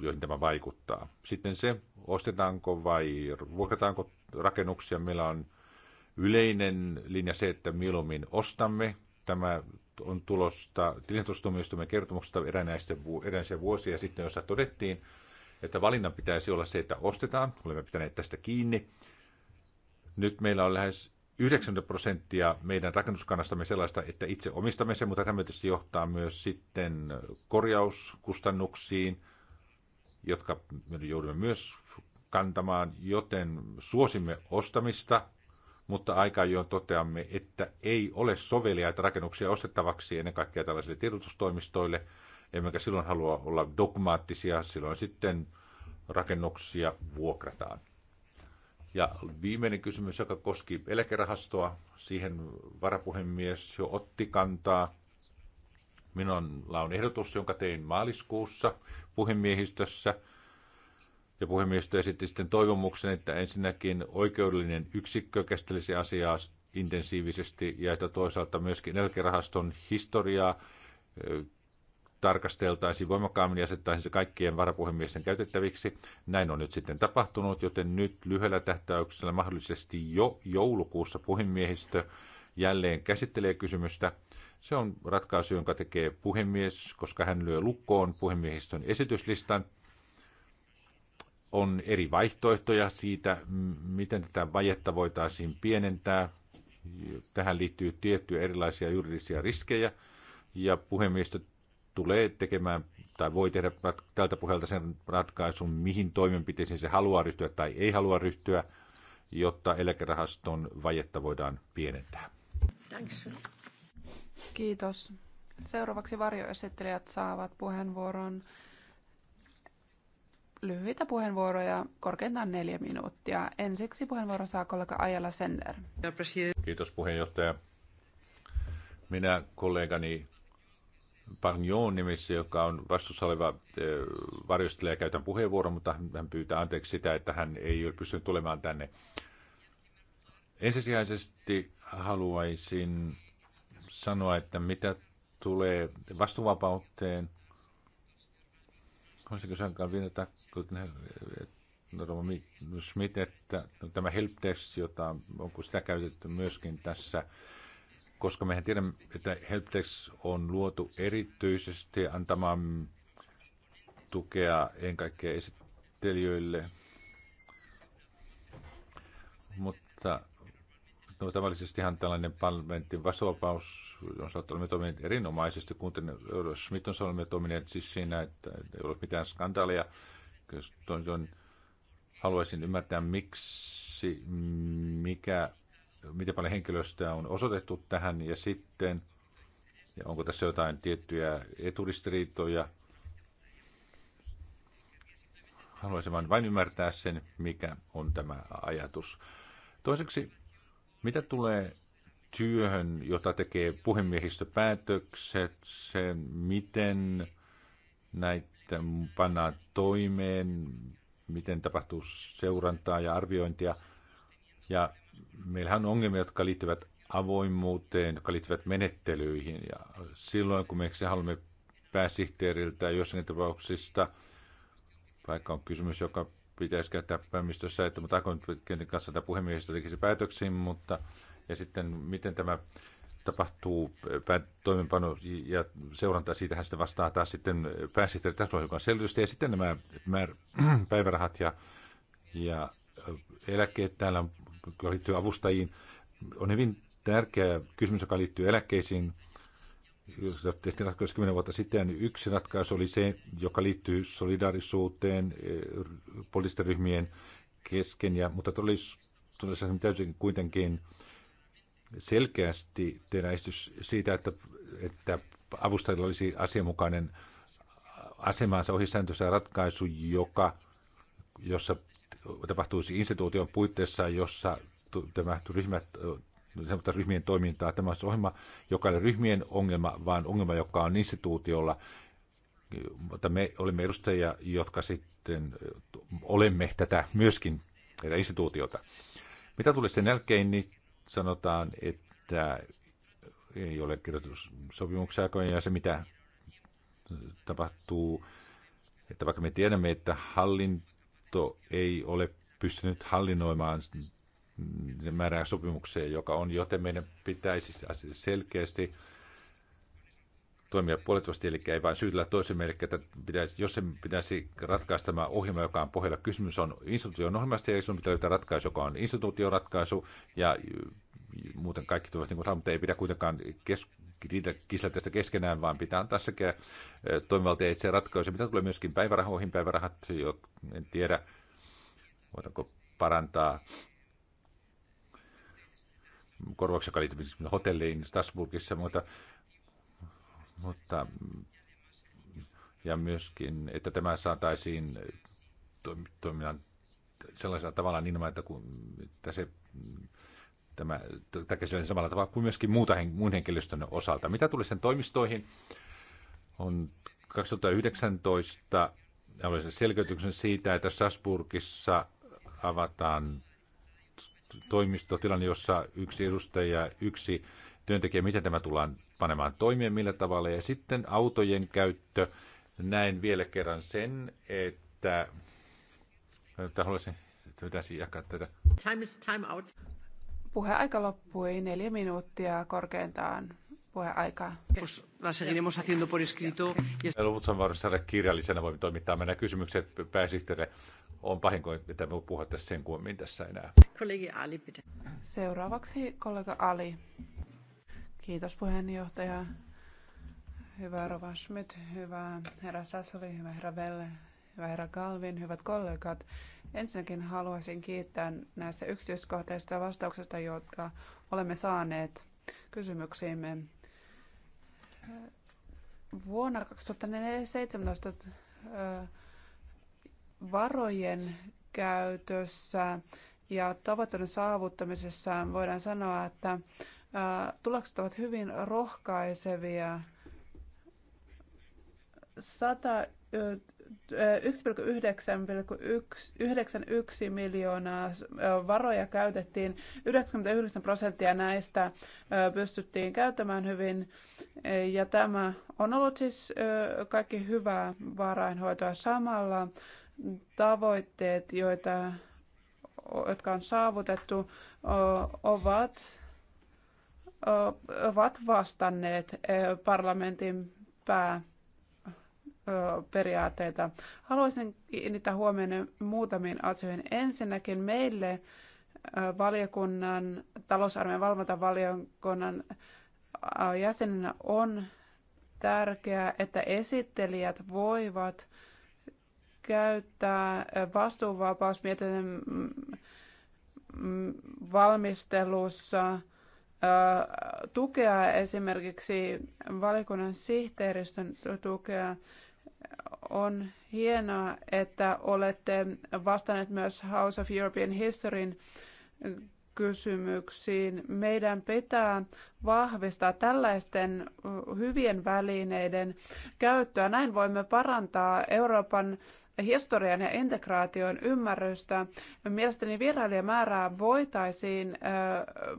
joihin tämä vaikuttaa. Sitten se, ostetaanko vai vuokrataanko rakennuksia. Meillä on yleinen linja se, että mieluummin ostamme. Tämä on tulosta tilintustuomioistuimen kertomuksesta eräisiä vuosia sitten, jossa todettiin, että valinnan pitäisi olla se, että ostetaan. Olemme pitäneet tästä kiinni. Nyt meillä on lähes 90 prosenttia meidän rakennuskannastamme sellaista, että itse omistamme sen, mutta tämä tietysti johtaa myös sitten korjauskustannuksiin, jotka me joudumme myös kantamaan, joten suosimme ostamista, mutta aika jo toteamme, että ei ole soveliaita rakennuksia ostettavaksi ennen kaikkea tällaisille tiedotustoimistoille, emmekä silloin halua olla dogmaattisia, silloin sitten rakennuksia vuokrataan. Ja viimeinen kysymys, joka koski eläkerahastoa, siihen varapuhemies jo otti kantaa. Minulla on ehdotus, jonka tein maaliskuussa puhemiehistössä. Ja puhemiehistö esitti sitten toivomuksen, että ensinnäkin oikeudellinen yksikkö kestelisi asiaa intensiivisesti ja että toisaalta myöskin eläkerahaston historiaa tarkasteltaisiin voimakkaammin ja asettaisiin se kaikkien varapuhemiesten käytettäviksi. Näin on nyt sitten tapahtunut, joten nyt lyhyellä tähtäyksellä mahdollisesti jo joulukuussa puhemiehistö jälleen käsittelee kysymystä. Se on ratkaisu, jonka tekee puhemies, koska hän lyö lukkoon puhemiehistön esityslistan. On eri vaihtoehtoja siitä, miten tätä vajetta voitaisiin pienentää. Tähän liittyy tiettyjä erilaisia juridisia riskejä, ja puhemiehistö tulee tekemään tai voi tehdä tältä pohjalta sen ratkaisun, mihin toimenpiteisiin se haluaa ryhtyä tai ei halua ryhtyä, jotta eläkerahaston vajetta voidaan pienentää. Thanks. Kiitos. Seuraavaksi varjoesittelijät saavat puheenvuoron. Lyhyitä puheenvuoroja, korkeintaan neljä minuuttia. Ensiksi puheenvuoro saa kollega Ajala Sender. Kiitos puheenjohtaja. Minä kollegani Pagnon nimissä, joka on vastuussa oleva eh, varjostelija, käytän puheenvuoron, mutta hän pyytää anteeksi sitä, että hän ei ole pystynyt tulemaan tänne. Ensisijaisesti haluaisin sanoa, että mitä tulee vastuuvapauteen, voisiko sankaan viitata, Schmidt, että tämä helpdesk, jota onko sitä käytetty myöskin tässä koska mehän tiedämme, että Helpdex on luotu erityisesti antamaan tukea en kaikkea esittelijöille, mutta no, tavallisestihan tällainen parlamentin vastuvapaus on saattanut toimineet erinomaisesti, kuten Schmidt on saanut toimineet siis siinä, että ei ole mitään skandaalia. Jos haluaisin ymmärtää, miksi, mikä miten paljon henkilöstöä on osoitettu tähän ja sitten ja onko tässä jotain tiettyjä eturistiriitoja. Haluaisin vain, vain ymmärtää sen, mikä on tämä ajatus. Toiseksi, mitä tulee työhön, jota tekee puhemiehistöpäätökset, se miten näitä pannaan toimeen, miten tapahtuu seurantaa ja arviointia. Ja meillähän on ongelmia, jotka liittyvät avoimuuteen, jotka liittyvät menettelyihin. Ja silloin, kun me haluamme pääsihteeriltä jossain tapauksista, vaikka on kysymys, joka pitäisi käyttää päämistössä, että mutta aikoin kanssa tämä puhemiehistö tekisi päätöksiin, mutta ja sitten miten tämä tapahtuu toimenpano ja seuranta, siitähän sitten vastaa taas sitten pääsihteeri tasolla, joka on selvitystä, ja sitten nämä määr, päivärahat ja, ja eläkkeet, täällä on joka liittyy avustajiin, on hyvin tärkeä kysymys, joka liittyy eläkkeisiin. Jos tehtiin ratkaisu 10 vuotta sitten, niin yksi ratkaisu oli se, joka liittyy solidaarisuuteen eh, poliittisten ryhmien kesken, ja, mutta todellisuudessa täysin kuitenkin selkeästi tehdä esitys siitä, että, että avustajilla olisi asianmukainen asemansa sääntössä ratkaisu, joka, jossa tapahtuisi instituution puitteissa, jossa tämä ryhmät, ryhmien toimintaa. Tämä on ohjelma, joka ei ole ryhmien ongelma, vaan ongelma, joka on instituutiolla. Mutta me olemme edustajia, jotka sitten olemme tätä myöskin, tätä instituutiota. Mitä tulee sen jälkeen, niin sanotaan, että ei ole kirjoitussopimuksia ja se mitä tapahtuu, että vaikka me tiedämme, että hallin, liitto ei ole pystynyt hallinnoimaan määrää sopimukseen, joka on, joten meidän pitäisi selkeästi toimia puolettavasti, eli ei vain syytellä toisemme, eli että pitäisi, jos se pitäisi ratkaista tämä ohjelma, joka on pohjalla, kysymys on instituution ohjelmasta, ja sinun pitää löytää ratkaisu, joka on instituution ratkaisu, ja muuten kaikki tulevat niin kuin mutta ei pidä kuitenkaan kes, tästä keskenään, vaan pitää antaa sekä toimivalta itse ratkaisuja. Mitä tulee myöskin päivärahoihin, päivärahat, jo, en tiedä, voidaanko parantaa korvauksia, joka liittyy hotelliin Strasbourgissa, mutta, mutta ja myöskin, että tämä saataisiin toiminnan sellaisella tavalla niin, että, kun, että se tämä, tämä samalla tavalla kuin myöskin muuta, muun henkilöstön osalta. Mitä tulee sen toimistoihin, on 2019 selkeytyksen siitä, että Sasburgissa avataan toimistotilanne, jossa yksi edustaja, yksi työntekijä, miten tämä tullaan panemaan toimeen, millä tavalla. Ja sitten autojen käyttö. näin vielä kerran sen, että, että haluaisin pitäisi jakaa tätä. Time is time out. Puheaika loppui neljä minuuttia korkeintaan haciendo por puheaikaa. Luvut on varmasti saada kirjallisena, voimme toimittaa meidän kysymykset pääsihteerille. On pahinkoin, että me puhua tässä sen kuin tässä enää. Kollegi Ali, pitää. Seuraavaksi kollega Ali. Kiitos puheenjohtaja. Hyvä Rova Schmidt, hyvä herra Sassoli, hyvä herra Velle, hyvä herra Kalvin, hyvät kollegat. Ensinnäkin haluaisin kiittää näistä yksityiskohtaisista vastauksista, joita olemme saaneet kysymyksiimme. Vuonna 2017 varojen käytössä ja tavoitteiden saavuttamisessa voidaan sanoa, että tulokset ovat hyvin rohkaisevia. 100 1,91 miljoonaa varoja käytettiin. 99 prosenttia näistä pystyttiin käyttämään hyvin. E, ja tämä on ollut siis kaikki hyvää varainhoitoa samalla. Tavoitteet, joita, jotka on saavutettu, ovat ovat vastanneet parlamentin pää periaatteita. Haluaisin kiinnittää huomioon muutamiin asioihin. Ensinnäkin meille valiokunnan, talousarvion valvontavaliokunnan jäsenenä on tärkeää, että esittelijät voivat käyttää vastuuvapausmietinnön mm, valmistelussa tukea esimerkiksi valiokunnan sihteeristön tukea on hienoa, että olette vastanneet myös House of European Historyn kysymyksiin. Meidän pitää vahvistaa tällaisten hyvien välineiden käyttöä. Näin voimme parantaa Euroopan historian ja integraation ymmärrystä. Mielestäni vierailijamäärää voitaisiin,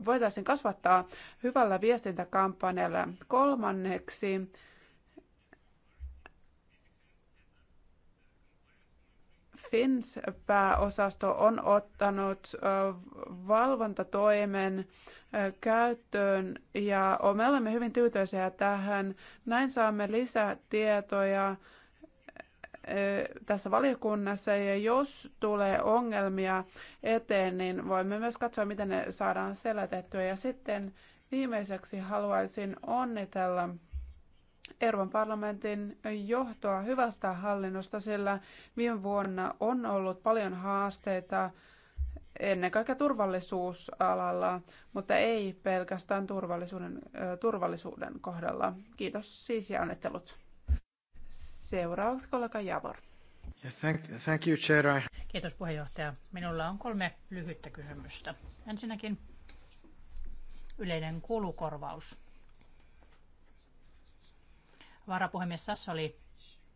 voitaisiin kasvattaa hyvällä viestintäkampanjalla. Kolmanneksi Fins pääosasto on ottanut valvontatoimen käyttöön ja me olemme hyvin tyytyväisiä tähän. Näin saamme lisätietoja tässä valiokunnassa ja jos tulee ongelmia eteen, niin voimme myös katsoa, miten ne saadaan selätettyä. Ja sitten viimeiseksi haluaisin onnitella Euroopan parlamentin johtoa hyvästä hallinnosta, sillä viime vuonna on ollut paljon haasteita ennen kaikkea turvallisuusalalla, mutta ei pelkästään turvallisuuden, turvallisuuden kohdalla. Kiitos siis ja annettelut. Seuraavaksi kollega Javor. Thank, thank you, Chair. Kiitos puheenjohtaja. Minulla on kolme lyhyttä kysymystä. Ensinnäkin yleinen kulukorvaus varapuhemies oli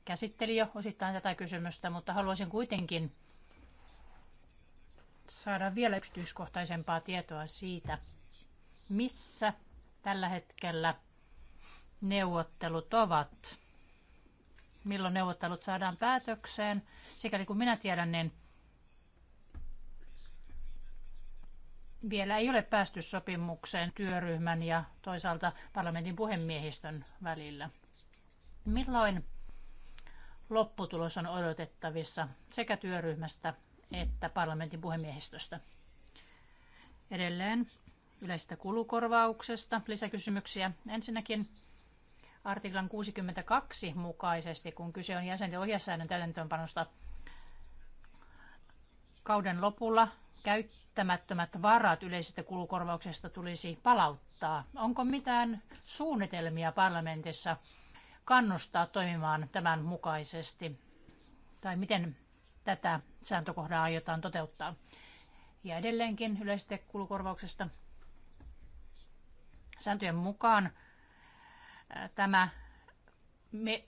käsitteli jo osittain tätä kysymystä, mutta haluaisin kuitenkin saada vielä yksityiskohtaisempaa tietoa siitä, missä tällä hetkellä neuvottelut ovat. Milloin neuvottelut saadaan päätökseen? Sikäli kun minä tiedän, niin vielä ei ole päästy sopimukseen työryhmän ja toisaalta parlamentin puhemiehistön välillä. Milloin lopputulos on odotettavissa sekä työryhmästä että parlamentin puhemiehistöstä? Edelleen yleistä kulukorvauksesta lisäkysymyksiä. Ensinnäkin artiklan 62 mukaisesti, kun kyse on jäsenten ohjesäännön täytäntöönpanosta kauden lopulla käyttämättömät varat yleisestä kulukorvauksesta tulisi palauttaa. Onko mitään suunnitelmia parlamentissa kannustaa toimimaan tämän mukaisesti? Tai miten tätä sääntökohdaa aiotaan toteuttaa? Ja edelleenkin yleisesti kulukorvauksesta sääntöjen mukaan tämä me,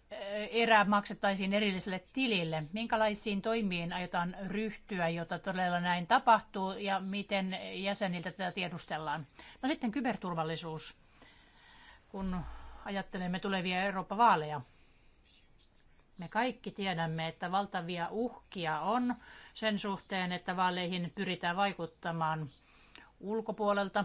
erä maksettaisiin erilliselle tilille. Minkälaisiin toimiin aiotaan ryhtyä, jotta todella näin tapahtuu ja miten jäseniltä tätä tiedustellaan? No sitten kyberturvallisuus. Kun ajattelemme tulevia Euroopan vaaleja Me kaikki tiedämme, että valtavia uhkia on sen suhteen, että vaaleihin pyritään vaikuttamaan ulkopuolelta.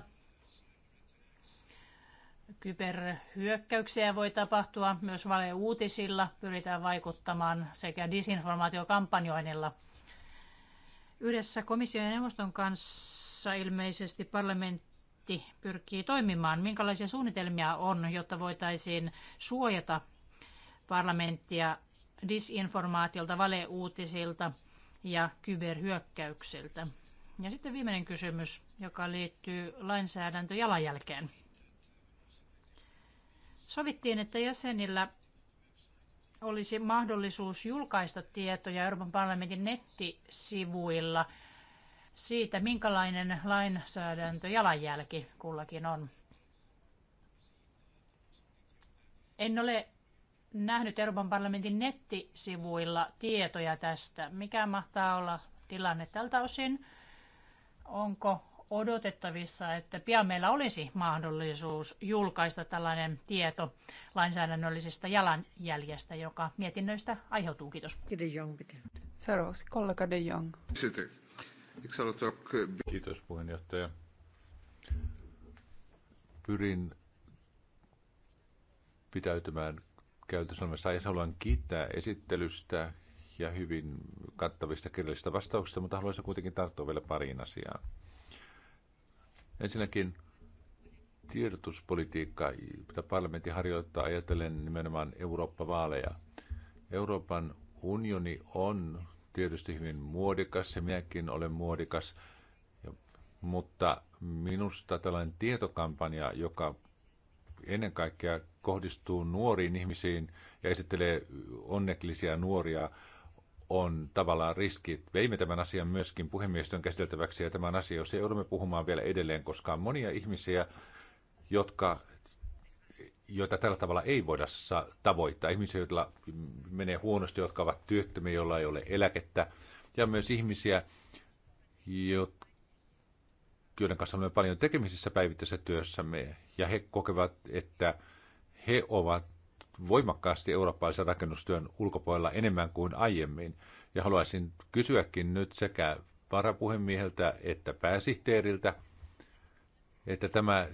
Kyberhyökkäyksiä voi tapahtua, myös valeuutisilla pyritään vaikuttamaan sekä disinformaatiokampanjoinnilla. Yhdessä komission ja neuvoston kanssa ilmeisesti parlamentti netti pyrkii toimimaan? Minkälaisia suunnitelmia on, jotta voitaisiin suojata parlamenttia disinformaatiolta, valeuutisilta ja kyberhyökkäyksiltä? Ja sitten viimeinen kysymys, joka liittyy lainsäädäntöjalanjälkeen. Sovittiin, että jäsenillä olisi mahdollisuus julkaista tietoja Euroopan parlamentin nettisivuilla – siitä, minkälainen lainsäädäntö jalanjälki kullakin on. En ole nähnyt Euroopan parlamentin nettisivuilla tietoja tästä. Mikä mahtaa olla tilanne tältä osin? Onko odotettavissa, että pian meillä olisi mahdollisuus julkaista tällainen tieto lainsäädännöllisestä jalanjäljestä, joka mietinnöistä aiheutuu. Kiitos. Seuraavaksi kollega De Jong. Sitten. Kiitos puheenjohtaja. Pyrin pitäytymään käytösongelmassa. Ja haluan kiittää esittelystä ja hyvin kattavista kirjallisista vastauksista, mutta haluaisin kuitenkin tarttua vielä pariin asiaan. Ensinnäkin tiedotuspolitiikka, mitä parlamentti harjoittaa, ajatellen nimenomaan Eurooppa-vaaleja. Euroopan unioni on tietysti hyvin muodikas ja minäkin olen muodikas, mutta minusta tällainen tietokampanja, joka ennen kaikkea kohdistuu nuoriin ihmisiin ja esittelee onnellisia nuoria, on tavallaan riski. Veimme tämän asian myöskin puhemiestön käsiteltäväksi ja tämän asian, jos joudumme puhumaan vielä edelleen, koska on monia ihmisiä, jotka joita tällä tavalla ei voida tavoittaa. Ihmisiä, joilla menee huonosti, jotka ovat työttömiä, joilla ei ole eläkettä. Ja myös ihmisiä, joiden kanssa olemme paljon tekemisissä päivittäisessä työssämme. Ja he kokevat, että he ovat voimakkaasti eurooppalaisen rakennustyön ulkopuolella enemmän kuin aiemmin. Ja haluaisin kysyäkin nyt sekä varapuhemieheltä että pääsihteeriltä, että tämä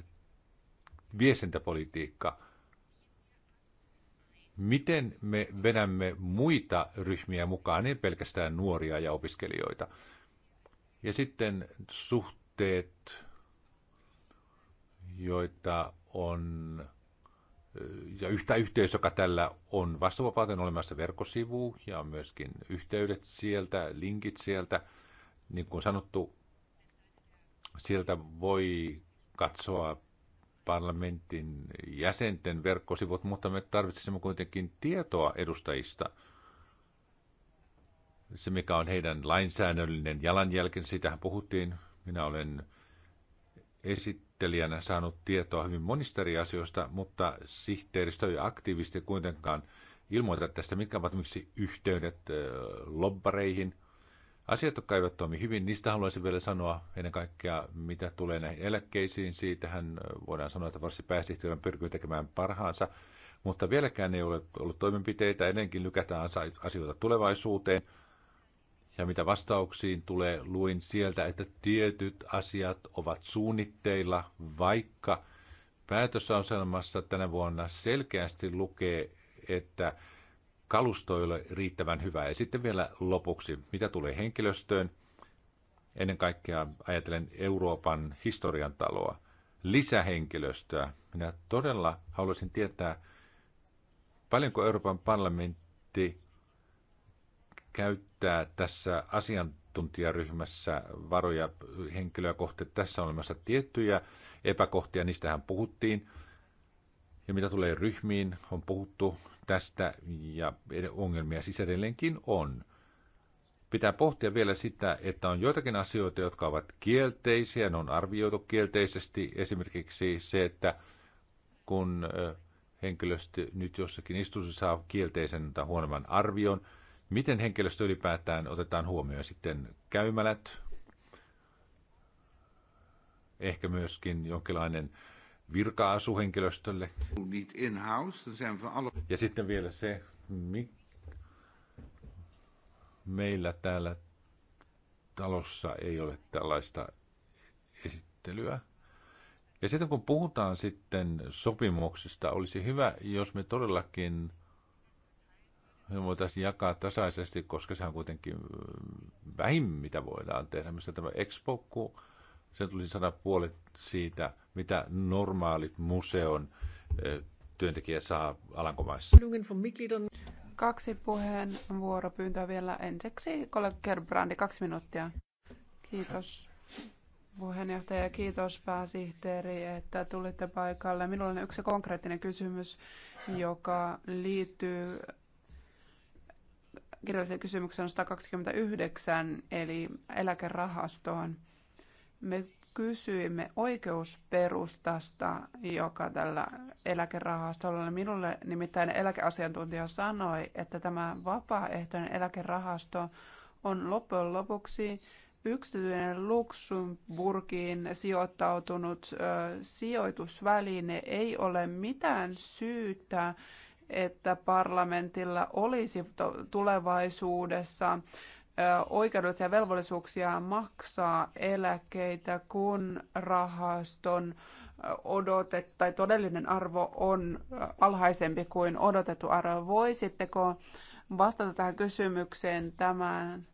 viestintäpolitiikka, miten me vedämme muita ryhmiä mukaan, ei pelkästään nuoria ja opiskelijoita. Ja sitten suhteet, joita on, ja yhtä yhteys, joka tällä on vastuvapauten olemassa verkkosivu ja myöskin yhteydet sieltä, linkit sieltä. Niin kuin sanottu, sieltä voi katsoa parlamentin jäsenten verkkosivut, mutta me tarvitsemme kuitenkin tietoa edustajista. Se, mikä on heidän lainsäädännöllinen jalanjälkensä, sitähän puhuttiin. Minä olen esittelijänä saanut tietoa hyvin monista eri asioista, mutta sihteeristö ei aktiivisesti kuitenkaan ilmoita tästä, mitkä ovat miksi yhteydet lobbareihin – Asiat, jotka eivät toimi hyvin, niistä haluaisin vielä sanoa ennen kaikkea, mitä tulee näihin eläkkeisiin. Siitähän voidaan sanoa, että varsin pääsihteeri pyrkii tekemään parhaansa, mutta vieläkään ei ole ollut toimenpiteitä. Ennenkin lykätään asioita tulevaisuuteen. Ja mitä vastauksiin tulee, luin sieltä, että tietyt asiat ovat suunnitteilla, vaikka päätösasemassa tänä vuonna selkeästi lukee, että kalustoille riittävän hyvää. Ja sitten vielä lopuksi, mitä tulee henkilöstöön, ennen kaikkea ajatellen Euroopan historian taloa, lisähenkilöstöä. Minä todella haluaisin tietää, paljonko Euroopan parlamentti käyttää tässä asiantuntijaryhmässä varoja henkilöä kohti. Tässä on olemassa tiettyjä epäkohtia, niistähän puhuttiin. Ja mitä tulee ryhmiin, on puhuttu tästä ja ongelmia siis edelleenkin on. Pitää pohtia vielä sitä, että on joitakin asioita, jotka ovat kielteisiä, ne on arvioitu kielteisesti. Esimerkiksi se, että kun henkilöstö nyt jossakin istuisi saa kielteisen tai huonomman arvion, miten henkilöstö ylipäätään otetaan huomioon sitten käymälät, ehkä myöskin jonkinlainen äh, virka-asuhenkilöstölle. Ja sitten vielä se, mi- meillä täällä talossa ei ole tällaista esittelyä. Ja sitten kun puhutaan sitten sopimuksista, olisi hyvä, jos me todellakin me voitaisiin jakaa tasaisesti, koska se on kuitenkin mm, vähin, mitä voidaan tehdä. Mistä tämä expo se tuli sana puolet siitä, mitä normaalit museon työntekijä saa Alankomaissa. Kaksi vuoropyyntöä? vielä ensiksi. Kollega Brandi, kaksi minuuttia. Kiitos puheenjohtaja ja kiitos pääsihteeri, että tulitte paikalle. Minulla on yksi konkreettinen kysymys, joka liittyy kirjalliseen kysymykseen 129, eli eläkerahastoon me kysyimme oikeusperustasta, joka tällä eläkerahastolla. Minulle nimittäin eläkeasiantuntija sanoi, että tämä vapaaehtoinen eläkerahasto on loppujen lopuksi yksityinen Luxemburgiin sijoittautunut ö, sijoitusväline. Ei ole mitään syytä, että parlamentilla olisi tulevaisuudessa ja velvollisuuksia maksaa eläkkeitä, kun rahaston odotet tai todellinen arvo on alhaisempi kuin odotettu arvo. Voisitteko vastata tähän kysymykseen tämän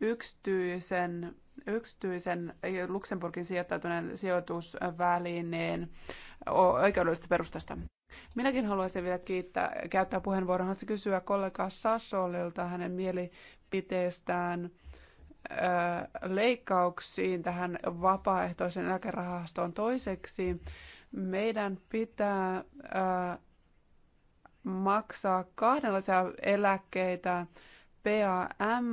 yksityisen, yksityisen Luxemburgin sijoittautuneen sijoitusvälineen oikeudellisesta perustasta? Minäkin haluaisin vielä kiittää, käyttää puheenvuoron kysyä kollega Sassolilta hänen mieli, mielipiteestään leikkauksiin tähän vapaaehtoisen eläkerahastoon toiseksi. Meidän pitää maksaa kahdenlaisia eläkkeitä PAM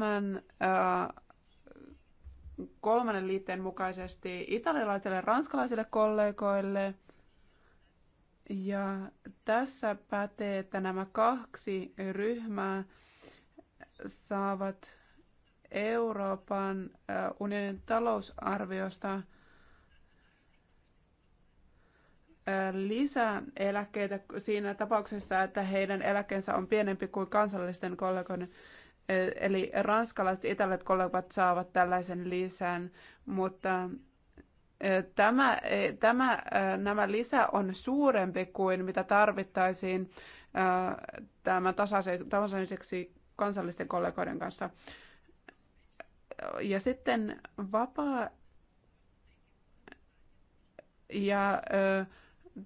kolmannen liitteen mukaisesti italialaisille ja ranskalaisille kollegoille. Ja tässä pätee, että nämä kaksi ryhmää saavat Euroopan unionin talousarviosta lisää eläkkeitä siinä tapauksessa, että heidän eläkkeensä on pienempi kuin kansallisten kollegoiden. Eli ranskalaiset ja italialaiset kollegat saavat tällaisen lisän, mutta tämä, e, tämä, nämä lisä on suurempi kuin mitä tarvittaisiin tämän tasaiseksi kansallisten kollegoiden kanssa. Ja sitten vapaa ja ö,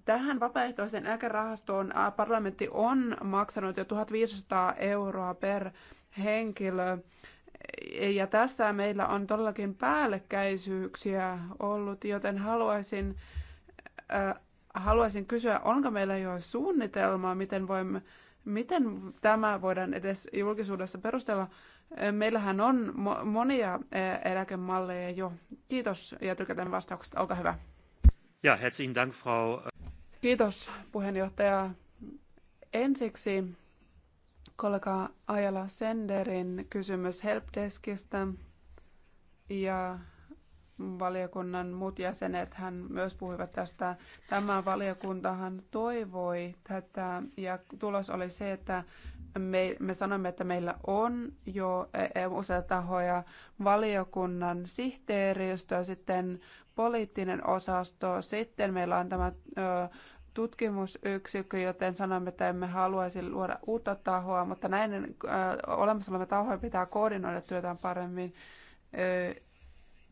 tähän vapaaehtoiseen eläkerahastoon parlamentti on maksanut jo 1500 euroa per henkilö. Ja tässä meillä on todellakin päällekkäisyyksiä ollut, joten haluaisin, ö, haluaisin kysyä, onko meillä jo suunnitelma, miten voimme Miten tämä voidaan edes julkisuudessa perustella? Meillähän on mo- monia eläkemalleja jo. Kiitos ja tykätän vastauksesta. Olkaa hyvä. Ja, herzlichen Dank, Frau. Kiitos puheenjohtaja. Ensiksi kollega Ajala Senderin kysymys helpdeskistä ja valiokunnan muut jäsenet hän myös puhuivat tästä. Tämä valiokuntahan toivoi tätä ja tulos oli se, että me, me sanomme, että meillä on jo e, e, useita tahoja, valiokunnan sihteeristö, sitten poliittinen osasto, sitten meillä on tämä ö, tutkimusyksikkö, joten sanomme, että emme haluaisi luoda uutta tahoa, mutta näiden ö, olemassa olevien tahojen pitää koordinoida työtään paremmin. Ö,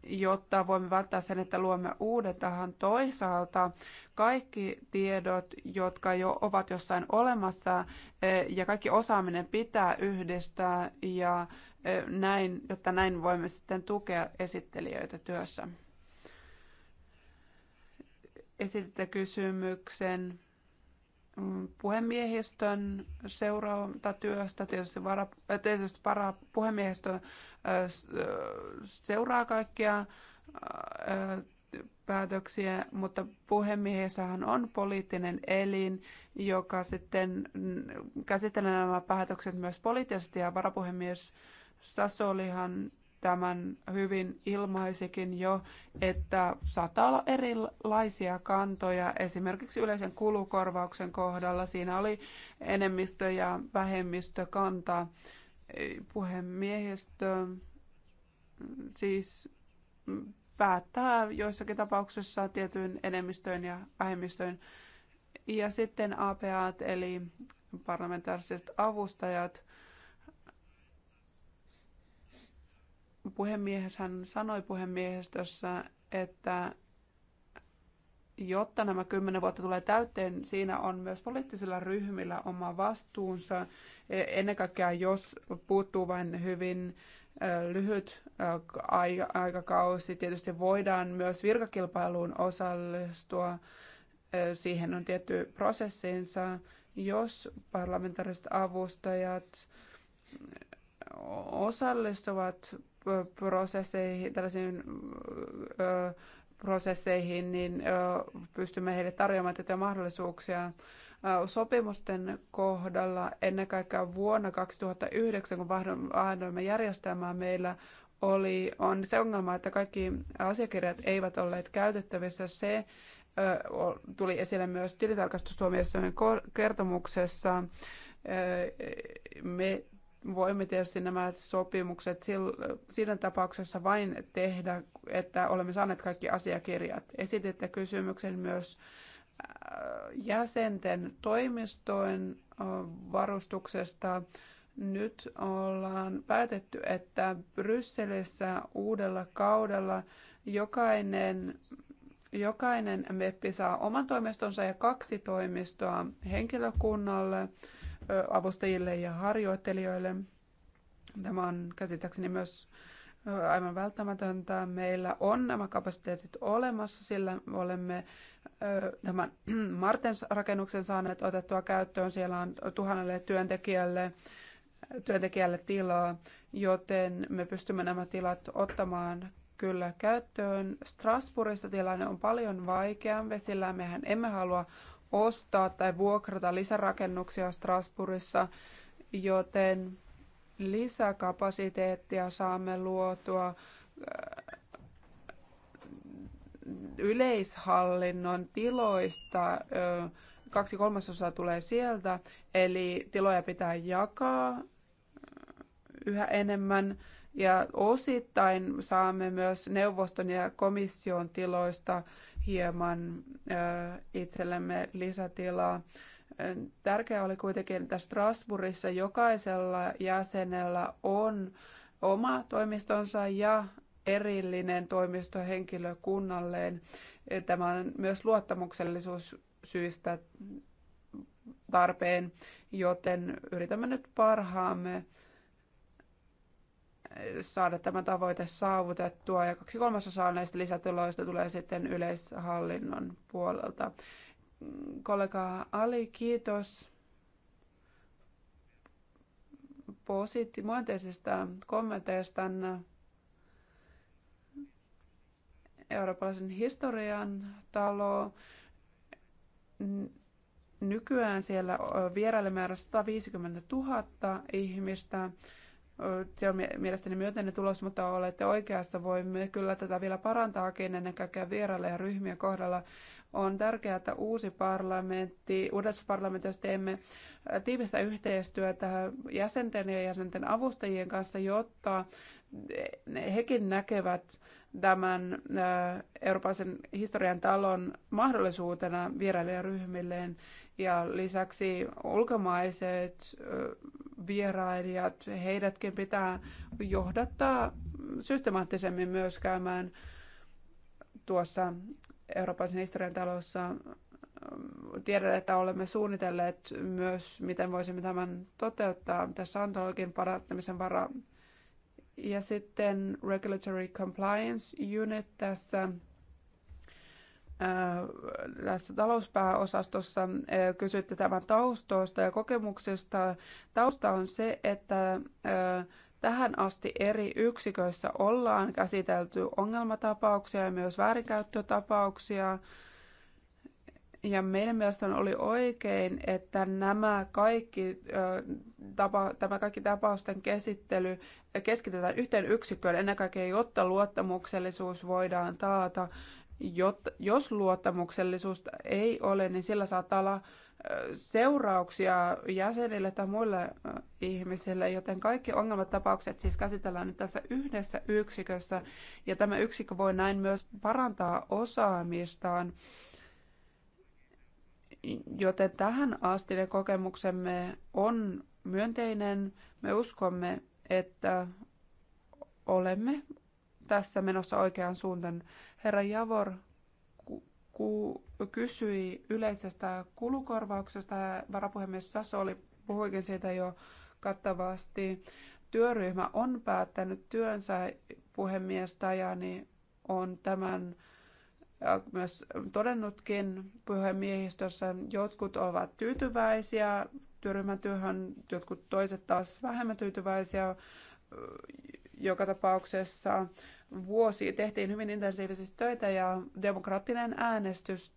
jotta voimme välttää sen, että luomme uudet tähän. Toisaalta kaikki tiedot, jotka jo ovat jossain olemassa e, ja kaikki osaaminen pitää yhdistää ja e, näin, jotta näin voimme sitten tukea esittelijöitä työssä. Esititte kysymyksen puhemiehistön seurantatyöstä. Tietysti, vara, äh, tietysti para, puhemiehistö äh, äh, seuraa kaikkia päätöksiä, mutta puhemiehissähän on poliittinen elin, joka sitten käsittelee nämä päätökset myös poliittisesti ja varapuhemies Sassolihan tämän hyvin ilmaisikin jo, että saattaa olla erilaisia kantoja. Esimerkiksi yleisen kulukorvauksen kohdalla siinä oli enemmistö ja vähemmistökanta puhemiehistö mm, siis mm, päättää joissakin tapauksissa tietyn enemmistöön ja vähemmistöön. Ja sitten APAt eli parlamentaariset avustajat – puhemiehes hän sanoi puhemiehistössä, että jotta nämä kymmenen vuotta tulee täyteen, siinä on myös poliittisilla ryhmillä oma vastuunsa. E, ennen kaikkea, jos puuttuu vain hyvin lyhyt aikakausi, tietysti voidaan myös virkakilpailuun osallistua. Siihen on tietty prosessinsa. Jos parlamentaariset avustajat osallistuvat prosesseihin, tällaisiin ö, prosesseihin, niin ö, pystymme heille tarjoamaan tätä mahdollisuuksia sopimusten kohdalla ennen kaikkea vuonna 2009, kun vaihdoimme järjestelmää, meillä oli, on se ongelma, että kaikki asiakirjat eivät olleet käytettävissä. Se tuli esille myös tilitarkastustuomioistuimen kertomuksessa. Me voimme tietysti nämä sopimukset siinä tapauksessa vain tehdä, että olemme saaneet kaikki asiakirjat. Esititte kysymyksen myös äh, jäsenten toimistojen äh, varustuksesta. Nyt ollaan päätetty, että Brysselissä uudella kaudella jokainen, jokainen meppi saa oman toimistonsa ja kaksi toimistoa henkilökunnalle – avustajille ja harjoittelijoille. Tämä on käsittääkseni myös aivan välttämätöntä. Meillä on nämä kapasiteetit olemassa, sillä olemme tämän Martens-rakennuksen saaneet otettua käyttöön. Siellä on tuhannelle työntekijälle, työntekijälle tilaa, joten me pystymme nämä tilat ottamaan kyllä käyttöön. Strasbourgista tilanne on paljon vaikeampi, sillä mehän emme halua ostaa tai vuokrata lisärakennuksia Strasbourgissa, joten lisäkapasiteettia saamme luotua äh, yleishallinnon tiloista. Äh, kaksi kolmasosaa tulee sieltä, eli tiloja pitää jakaa äh, yhä enemmän. Ja osittain saamme myös neuvoston ja komission tiloista hieman itsellemme lisätilaa. Tärkeää oli kuitenkin, että Strasbourgissa jokaisella jäsenellä on oma toimistonsa ja erillinen toimisto henkilökunnalleen. Tämä on myös luottamuksellisuussyistä tarpeen, joten yritämme nyt parhaamme saada tämä tavoite saavutettua ja kaksi kolmasosaa näistä lisätuloista tulee sitten yleishallinnon puolelta. Kollega Ali, kiitos positi- myönteisistä kommenteista eurooppalaisen historian talo. Nykyään siellä vierailemäärä 150 000 ihmistä se on mielestäni myönteinen tulos, mutta olette oikeassa. Voimme kyllä tätä vielä parantaakin ennen kaikkea vieraille ja ryhmien kohdalla. On tärkeää, että uusi parlamentti, uudessa parlamentissa teemme tiivistä yhteistyötä jäsenten ja jäsenten avustajien kanssa, jotta hekin näkevät tämän Euroopan historian talon mahdollisuutena ryhmilleen. Ja lisäksi ulkomaiset vierailijat, heidätkin pitää johdattaa systemaattisemmin myös käymään tuossa Euroopan historian talossa. Tiedän, että olemme suunnitelleet myös, miten voisimme tämän toteuttaa. Tässä on todellakin parantamisen varaa. Ja sitten Regulatory Compliance Unit tässä tässä talouspääosastossa kysytte tämän taustoista ja kokemuksesta. Tausta on se, että tähän asti eri yksiköissä ollaan käsitelty ongelmatapauksia ja myös väärinkäyttötapauksia. Ja meidän mielestämme oli oikein, että nämä kaikki, tapa, tämä kaikki tapausten käsittely keskitetään yhteen yksikköön ennen kaikkea, jotta luottamuksellisuus voidaan taata Jot, jos luottamuksellisuus ei ole, niin sillä saattaa olla seurauksia jäsenille tai muille ihmisille, joten kaikki ongelmatapaukset siis käsitellään nyt tässä yhdessä yksikössä, ja tämä yksikkö voi näin myös parantaa osaamistaan. Joten tähän asti ne kokemuksemme on myönteinen. Me uskomme, että olemme tässä menossa oikeaan suuntaan. Herra Javor ku- kysyi yleisestä kulukorvauksesta. Varapuhemies Sasso oli, puhuikin siitä jo kattavasti. Työryhmä on päättänyt työnsä. Puhemies Tajani niin on tämän myös todennutkin puhemiehistössä. Jotkut ovat tyytyväisiä työryhmän työhön, jotkut toiset taas vähemmän tyytyväisiä. Joka tapauksessa vuosi tehtiin hyvin intensiivisesti töitä ja demokraattinen äänestys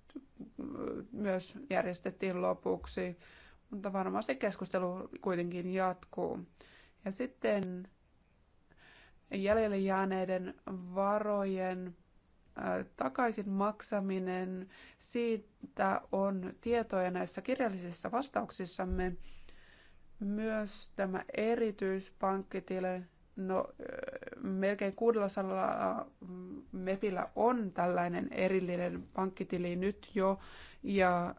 mm, myös järjestettiin lopuksi, mutta varmasti keskustelu kuitenkin jatkuu. Ja sitten jäljelle jääneiden varojen takaisin maksaminen, siitä on tietoja näissä kirjallisissa vastauksissamme. Myös tämä erityispankkitile No, melkein 600 MEPillä on tällainen erillinen pankkitili nyt jo, ja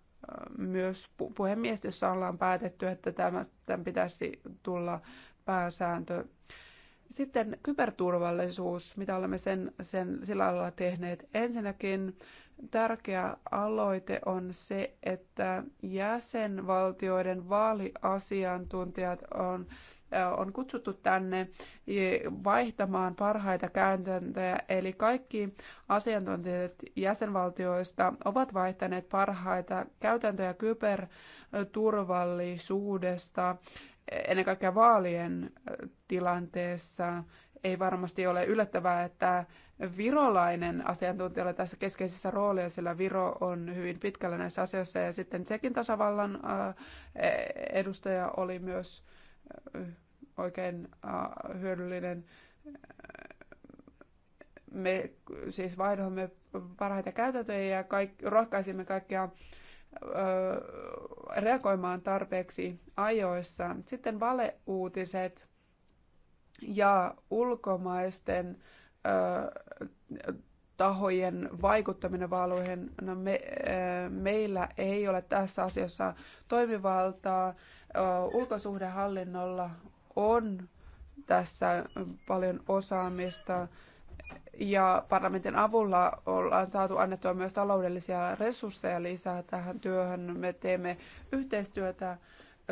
myös puhemiestössä ollaan päätetty, että tämän pitäisi tulla pääsääntö. Sitten kyberturvallisuus, mitä olemme sen, sen sillä alalla tehneet. Ensinnäkin tärkeä aloite on se, että jäsenvaltioiden vaaliasiantuntijat on on kutsuttu tänne e, vaihtamaan parhaita käytäntöjä, eli kaikki asiantuntijat jäsenvaltioista ovat vaihtaneet parhaita käytäntöjä kyberturvallisuudesta, e, ennen kaikkea vaalien tilanteessa. Ei varmasti ole yllättävää, että virolainen asiantuntija on tässä keskeisessä roolissa, sillä Viro on hyvin pitkällä näissä asioissa. Ja sitten Tsekin tasavallan e, edustaja oli myös oikein äh, hyödyllinen. Me siis vaihdoimme parhaita käytäntöjä ja kaik, rohkaisimme kaikkia äh, reagoimaan tarpeeksi ajoissa. Sitten valeuutiset ja ulkomaisten äh, tahojen vaikuttaminen vaaluihin. No me, meillä ei ole tässä asiassa toimivaltaa. ulkosuhdehallinnolla on tässä paljon osaamista ja parlamentin avulla ollaan saatu annettua myös taloudellisia resursseja lisää tähän työhön. Me teemme yhteistyötä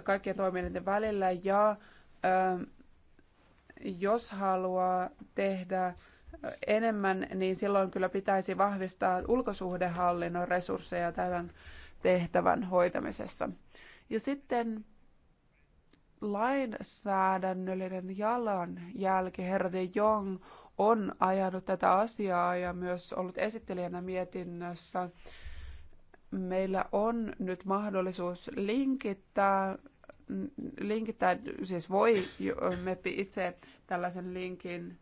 kaikkien toimijoiden välillä ja ähm, jos haluaa tehdä äh, enemmän, niin silloin kyllä pitäisi vahvistaa ulkosuhdehallinnon resursseja tämän tehtävän hoitamisessa. Ja sitten lainsäädännöllinen jalanjälki. Herra de Jong on ajanut tätä asiaa ja myös ollut esittelijänä mietinnössä. Meillä on nyt mahdollisuus linkittää linkittää, siis voi me itse tällaisen linkin,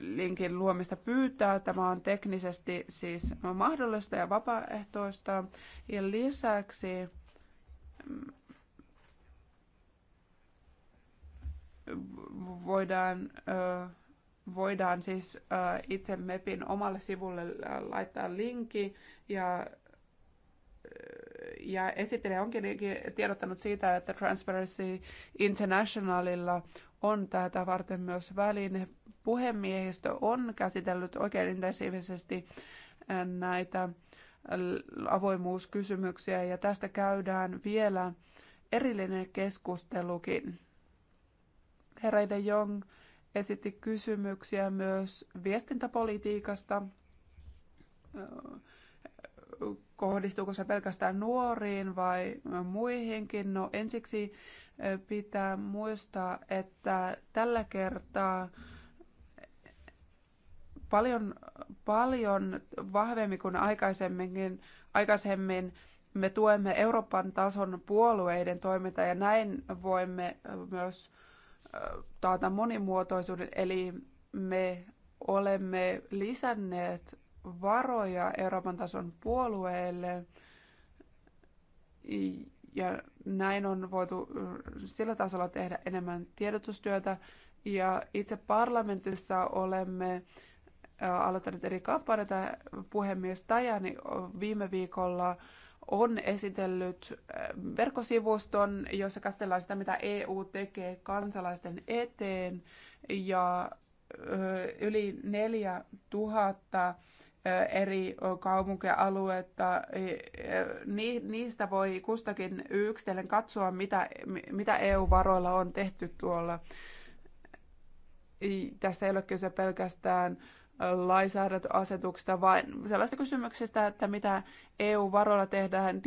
linkin luomista pyytää. Tämä on teknisesti siis mahdollista ja vapaaehtoista. Ja lisäksi voidaan, voidaan siis itse MEPin omalle sivulle laittaa linkki ja ja esittelijä onkin tiedottanut siitä, että Transparency Internationalilla on tätä varten myös väline. Puhemiehistö on käsitellyt oikein intensiivisesti näitä avoimuuskysymyksiä ja tästä käydään vielä erillinen keskustelukin. Herra De Jong esitti kysymyksiä myös viestintäpolitiikasta. Kohdistuuko se pelkästään nuoriin vai muihinkin? No ensiksi pitää muistaa, että tällä kertaa paljon, paljon vahvemmin kuin aikaisemminkin, aikaisemmin me tuemme Euroopan tason puolueiden toimintaa ja näin voimme myös taata monimuotoisuuden, eli me olemme lisänneet varoja Euroopan tason puolueille ja näin on voitu sillä tasolla tehdä enemmän tiedotustyötä. Ja itse parlamentissa olemme aloittaneet eri kampanjoita. Puhemies Tajani viime viikolla on esitellyt äh, verkkosivuston, jossa käsitellään sitä, mitä EU tekee kansalaisten eteen. Ja äh, yli 4000 äh, eri kaupunkialuetta. Niistä voi kustakin yksitellen katsoa, mitä, mitä EU-varoilla on tehty tuolla. Tässä ei ole kyse pelkästään lainsäädäntöasetuksesta, vaan sellaista kysymyksestä, että mitä EU-varoilla tehdään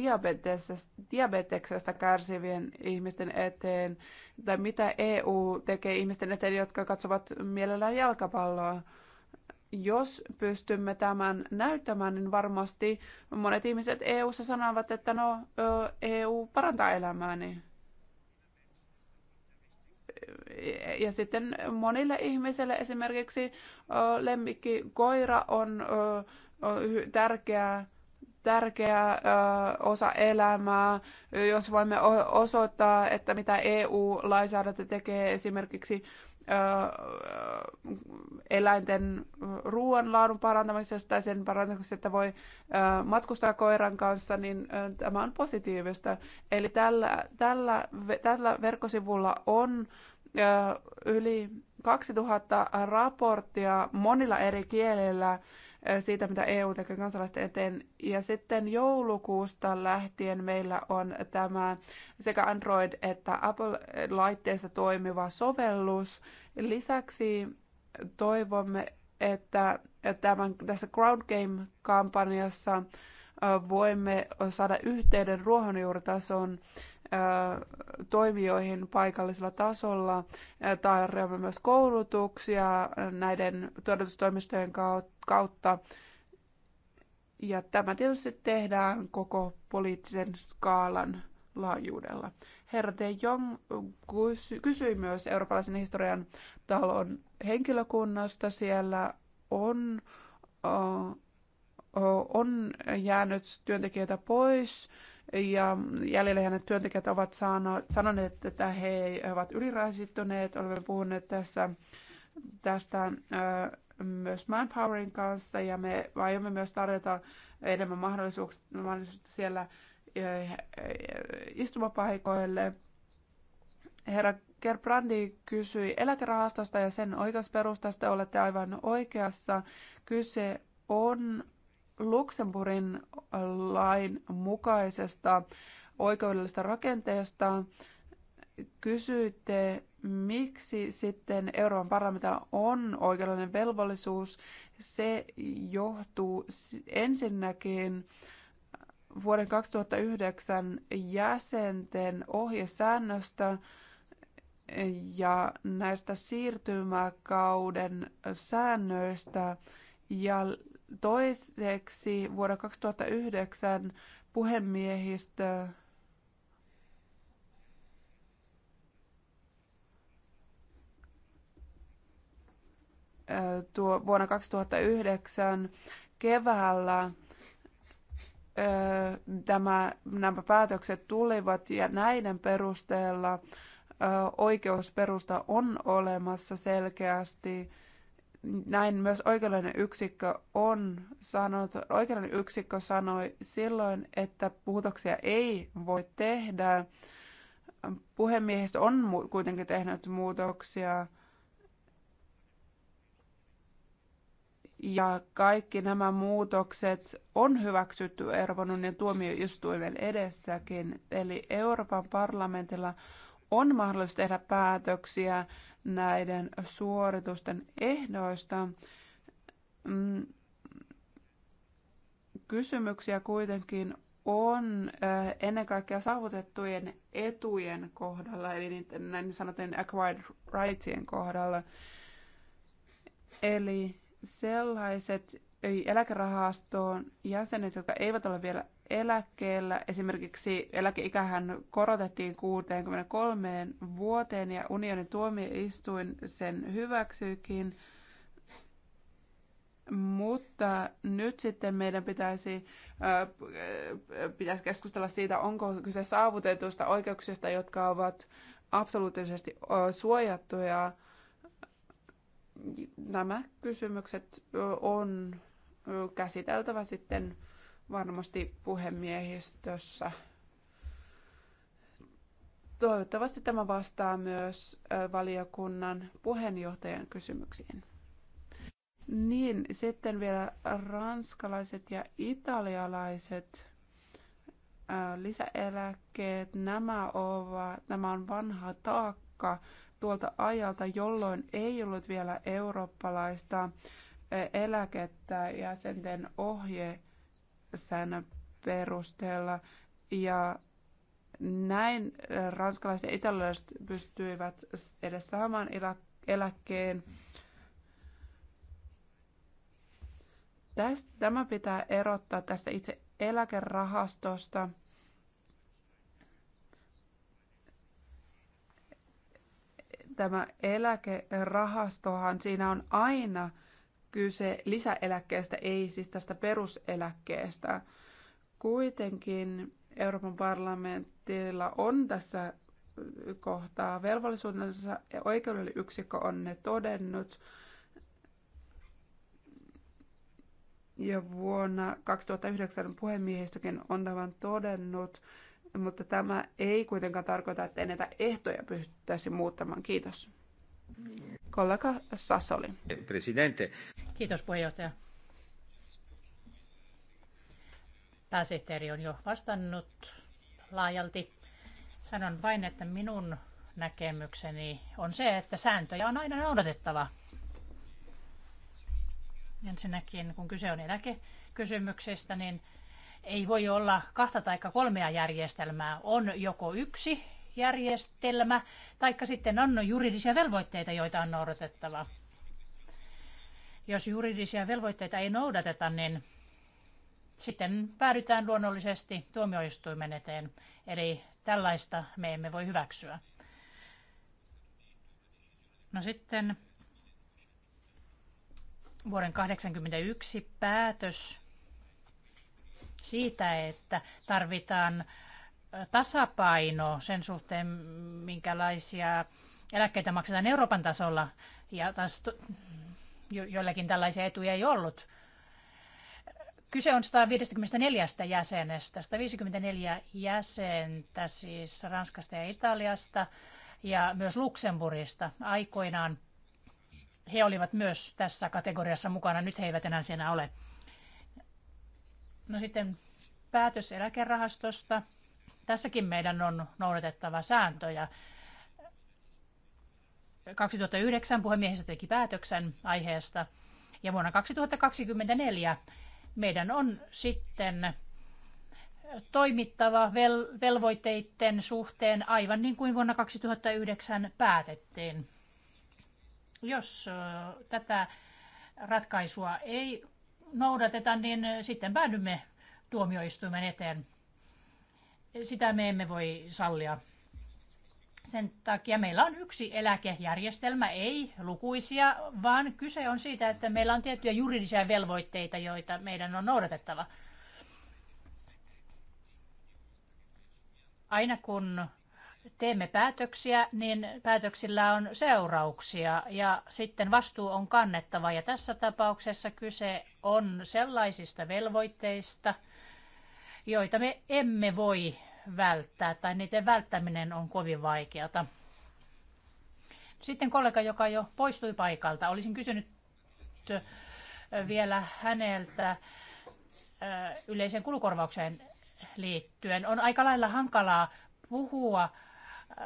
diabeteksestä kärsivien ihmisten eteen, tai mitä EU tekee ihmisten eteen, jotka katsovat mielellään jalkapalloa. Jos pystymme tämän näyttämään, niin varmasti monet ihmiset EU-ssa sanovat, että no, EU parantaa elämääni. Niin ja sitten monille ihmisille esimerkiksi lemmikki koira on tärkeä, tärkeä osa elämää. Jos voimme osoittaa, että mitä EU-lainsäädäntö tekee esimerkiksi eläinten ruoanlaadun parantamisesta tai sen parantamisesta, että voi matkustaa koiran kanssa, niin tämä on positiivista. Eli tällä, tällä, tällä verkkosivulla on yli 2000 raporttia monilla eri kielillä eh, siitä, mitä EU tekee kansalaisten eteen. Ja sitten joulukuusta lähtien meillä on tämä sekä Android- että Apple-laitteessa toimiva sovellus. Lisäksi toivomme, että tämän, tässä Ground Game-kampanjassa eh, voimme saada yhteyden ruohonjuuritason toimijoihin paikallisella tasolla. Tarjoamme myös koulutuksia näiden tiedotustoimistojen kautta. Ja tämä tietysti tehdään koko poliittisen skaalan laajuudella. Herra de Jong kysyi myös eurooppalaisen historian talon henkilökunnasta. Siellä on, on jäänyt työntekijöitä pois ja jäljellä hänet työntekijät ovat sanoneet, että he ovat ylirasittuneet. Olemme puhuneet tässä tästä myös Manpowerin kanssa ja me aiomme myös tarjota enemmän mahdollisuuksia, mahdollisuuksia siellä istumapaikoille. Herra Gerbrandi kysyi eläkerahastosta ja sen oikeusperustasta. Olette aivan oikeassa. Kyse on Luxemburgin lain mukaisesta oikeudellisesta rakenteesta. Kysyitte, miksi sitten Euroopan parlamentilla on oikeudellinen velvollisuus. Se johtuu ensinnäkin vuoden 2009 jäsenten ohjesäännöstä ja näistä siirtymäkauden säännöistä ja Toiseksi vuonna 2009 puhemiehistö tuo vuonna 2009 keväällä tämä, nämä päätökset tulivat ja näiden perusteella oikeusperusta on olemassa selkeästi näin myös oikeudellinen yksikkö on sanonut, oikeudellinen yksikkö sanoi silloin, että muutoksia ei voi tehdä. Puhemiehistö on kuitenkin tehnyt muutoksia. Ja kaikki nämä muutokset on hyväksytty Euroopan unionin tuomioistuimen edessäkin. Eli Euroopan parlamentilla on mahdollisuus tehdä päätöksiä näiden suoritusten ehdoista. Mm, kysymyksiä kuitenkin on eh, ennen kaikkea saavutettujen etujen kohdalla, eli niiden näin sanotujen acquired rightsien kohdalla. Eli sellaiset eläkerahastoon jäsenet, jotka eivät ole vielä eläkkeellä. Esimerkiksi eläkeikähän korotettiin 63 vuoteen ja unionin tuomioistuin sen hyväksyikin. Mutta nyt sitten meidän pitäisi, pitäisi keskustella siitä, onko kyse saavutetuista oikeuksista, jotka ovat absoluuttisesti suojattuja. Nämä kysymykset on käsiteltävä sitten varmasti puhemiehistössä. Toivottavasti tämä vastaa myös valiokunnan puheenjohtajan kysymyksiin. Niin, sitten vielä ranskalaiset ja italialaiset lisäeläkkeet. Nämä, ovat, nämä on vanha taakka tuolta ajalta, jolloin ei ollut vielä eurooppalaista eläkettä jäsenten ohje sen perusteella. Ja näin ranskalaiset ja italialaiset pystyivät edes saamaan eläkkeen. Tästä, tämä pitää erottaa tästä itse eläkerahastosta. Tämä eläkerahastohan, siinä on aina – kyse lisäeläkkeestä, ei siis tästä peruseläkkeestä. Kuitenkin Euroopan parlamentilla on tässä kohtaa velvollisuudensa ja oikeudellinen yksikkö on ne todennut. Ja vuonna 2009 puhemiehistökin on tämän todennut, mutta tämä ei kuitenkaan tarkoita, että ei näitä ehtoja pystyttäisi muuttamaan. Kiitos. Kollega Sassoli. Presidente. Kiitos puheenjohtaja. Pääsihteeri on jo vastannut laajalti. Sanon vain, että minun näkemykseni on se, että sääntöjä on aina noudatettava. Ensinnäkin, kun kyse on eläkekysymyksistä, niin ei voi olla kahta tai kolmea järjestelmää. On joko yksi järjestelmä, tai sitten on juridisia velvoitteita, joita on noudatettava. Jos juridisia velvoitteita ei noudateta, niin sitten päädytään luonnollisesti tuomioistuimen eteen. Eli tällaista me emme voi hyväksyä. No sitten vuoden 1981 päätös siitä, että tarvitaan tasapaino sen suhteen, minkälaisia eläkkeitä maksetaan Euroopan tasolla ja taas joillakin tällaisia etuja ei ollut. Kyse on 154 jäsenestä, 154 jäsentä siis Ranskasta ja Italiasta ja myös Luxemburgista aikoinaan. He olivat myös tässä kategoriassa mukana, nyt he eivät enää siinä ole. No sitten päätös eläkerahastosta. Tässäkin meidän on noudatettava sääntöjä. 2009 puhemiehistö teki päätöksen aiheesta ja vuonna 2024 meidän on sitten toimittava vel- velvoitteiden suhteen aivan niin kuin vuonna 2009 päätettiin. Jos tätä ratkaisua ei noudateta, niin sitten päädymme tuomioistuimen eteen. Sitä me emme voi sallia. Sen takia meillä on yksi eläkejärjestelmä, ei lukuisia, vaan kyse on siitä, että meillä on tiettyjä juridisia velvoitteita, joita meidän on noudatettava. Aina kun teemme päätöksiä, niin päätöksillä on seurauksia ja sitten vastuu on kannettava. Ja tässä tapauksessa kyse on sellaisista velvoitteista, joita me emme voi välttää tai niiden välttäminen on kovin vaikeata. Sitten kollega, joka jo poistui paikalta, olisin kysynyt vielä häneltä yleisen kulukorvaukseen liittyen. On aika lailla hankalaa puhua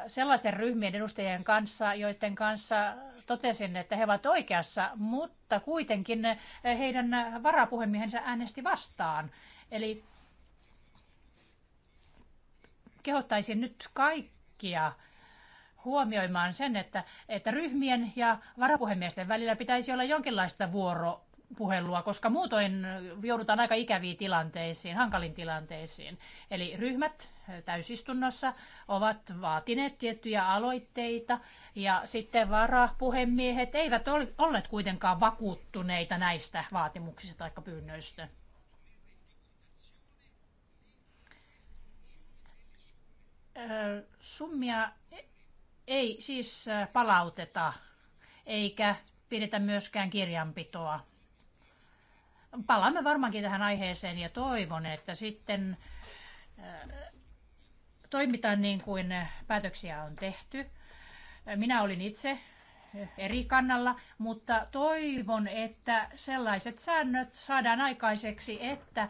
sellaisten ryhmien edustajien kanssa, joiden kanssa totesin, että he ovat oikeassa, mutta kuitenkin heidän varapuhemiehensä äänesti vastaan. Eli kehottaisin nyt kaikkia huomioimaan sen, että, että ryhmien ja varapuhemiesten välillä pitäisi olla jonkinlaista vuoropuhelua, koska muutoin joudutaan aika ikäviin tilanteisiin, hankalin tilanteisiin. Eli ryhmät täysistunnossa ovat vaatineet tiettyjä aloitteita ja sitten varapuhemiehet eivät olleet kuitenkaan vakuuttuneita näistä vaatimuksista tai pyynnöistä. Summia ei siis palauteta eikä pidetä myöskään kirjanpitoa. Palaamme varmaankin tähän aiheeseen ja toivon, että sitten toimitaan niin kuin päätöksiä on tehty. Minä olin itse eri kannalla, mutta toivon, että sellaiset säännöt saadaan aikaiseksi, että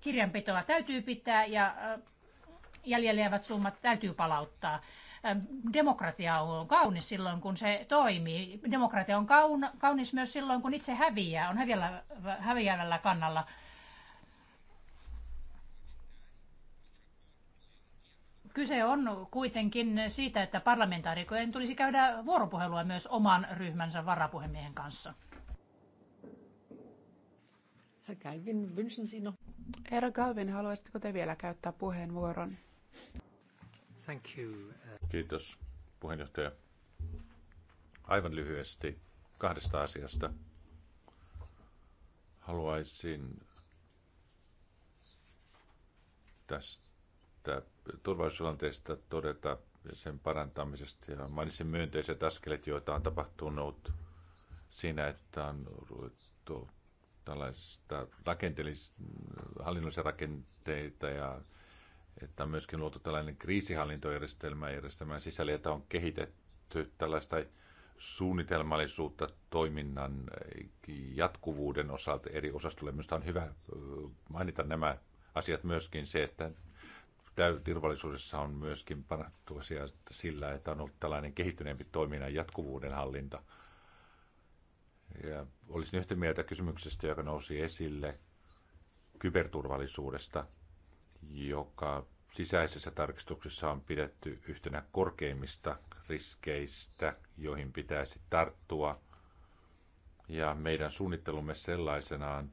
kirjanpitoa täytyy pitää ja jäljellä jäävät summat täytyy palauttaa. Demokratia on kaunis silloin, kun se toimii. Demokratia on kaunis myös silloin, kun itse häviää, on häviävällä, häviävällä kannalla. kyse on kuitenkin siitä, että parlamentaarikojen tulisi käydä vuoropuhelua myös oman ryhmänsä varapuhemiehen kanssa. Herra wünschen Sie noch... Herra Galvin, haluaisitteko te vielä käyttää puheenvuoron? Thank you. Uh, Kiitos puheenjohtaja. Aivan lyhyesti kahdesta asiasta. Haluaisin tästä turvallisuustilanteesta todeta sen parantamisesta ja mainitsin myönteiset askelet, joita on tapahtunut siinä, että on ruvettu tällaista hallinnollisia rakenteita ja että on myöskin luotu tällainen kriisihallintojärjestelmä järjestelmän sisällä, että on kehitetty tällaista suunnitelmallisuutta toiminnan eh, jatkuvuuden osalta eri osastolle. Minusta on hyvä eh, mainita nämä asiat myöskin se, että turvallisuudessa on myöskin parantu asia sillä, että on ollut tällainen kehittyneempi toiminnan jatkuvuuden hallinta. Ja olisin yhtä mieltä kysymyksestä, joka nousi esille kyberturvallisuudesta – joka sisäisessä tarkistuksessa on pidetty yhtenä korkeimmista riskeistä, joihin pitäisi tarttua. Ja meidän suunnittelumme sellaisenaan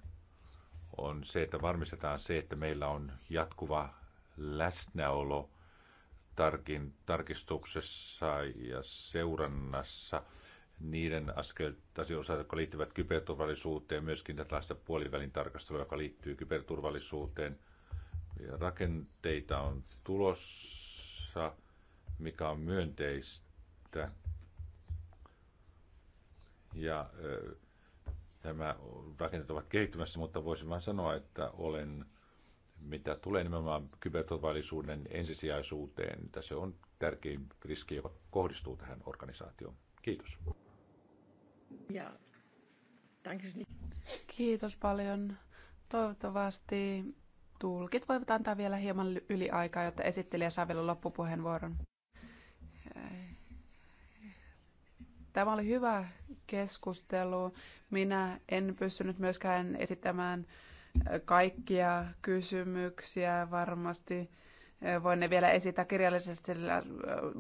on se, että varmistetaan se, että meillä on jatkuva läsnäolo tarkin, tarkistuksessa ja seurannassa niiden askeltasioita, jotka liittyvät kyberturvallisuuteen, myöskin tällaista puolivälin tarkastelua, joka liittyy kyberturvallisuuteen – rakenteita on tulossa, mikä on myönteistä. Ja nämä rakenteet ovat kehittymässä, mutta voisin vain sanoa, että olen, mitä tulee nimenomaan kyberturvallisuuden ensisijaisuuteen, että se on tärkein riski, joka kohdistuu tähän organisaatioon. Kiitos. Ja, Kiitos paljon. Toivottavasti Tulkit voivat antaa vielä hieman yli aikaa, jotta esittelijä saa vielä loppupuheenvuoron. Tämä oli hyvä keskustelu. Minä en pystynyt myöskään esittämään eh, kaikkia kysymyksiä varmasti. Eh, voin ne vielä esittää kirjallisesti, sillä eh,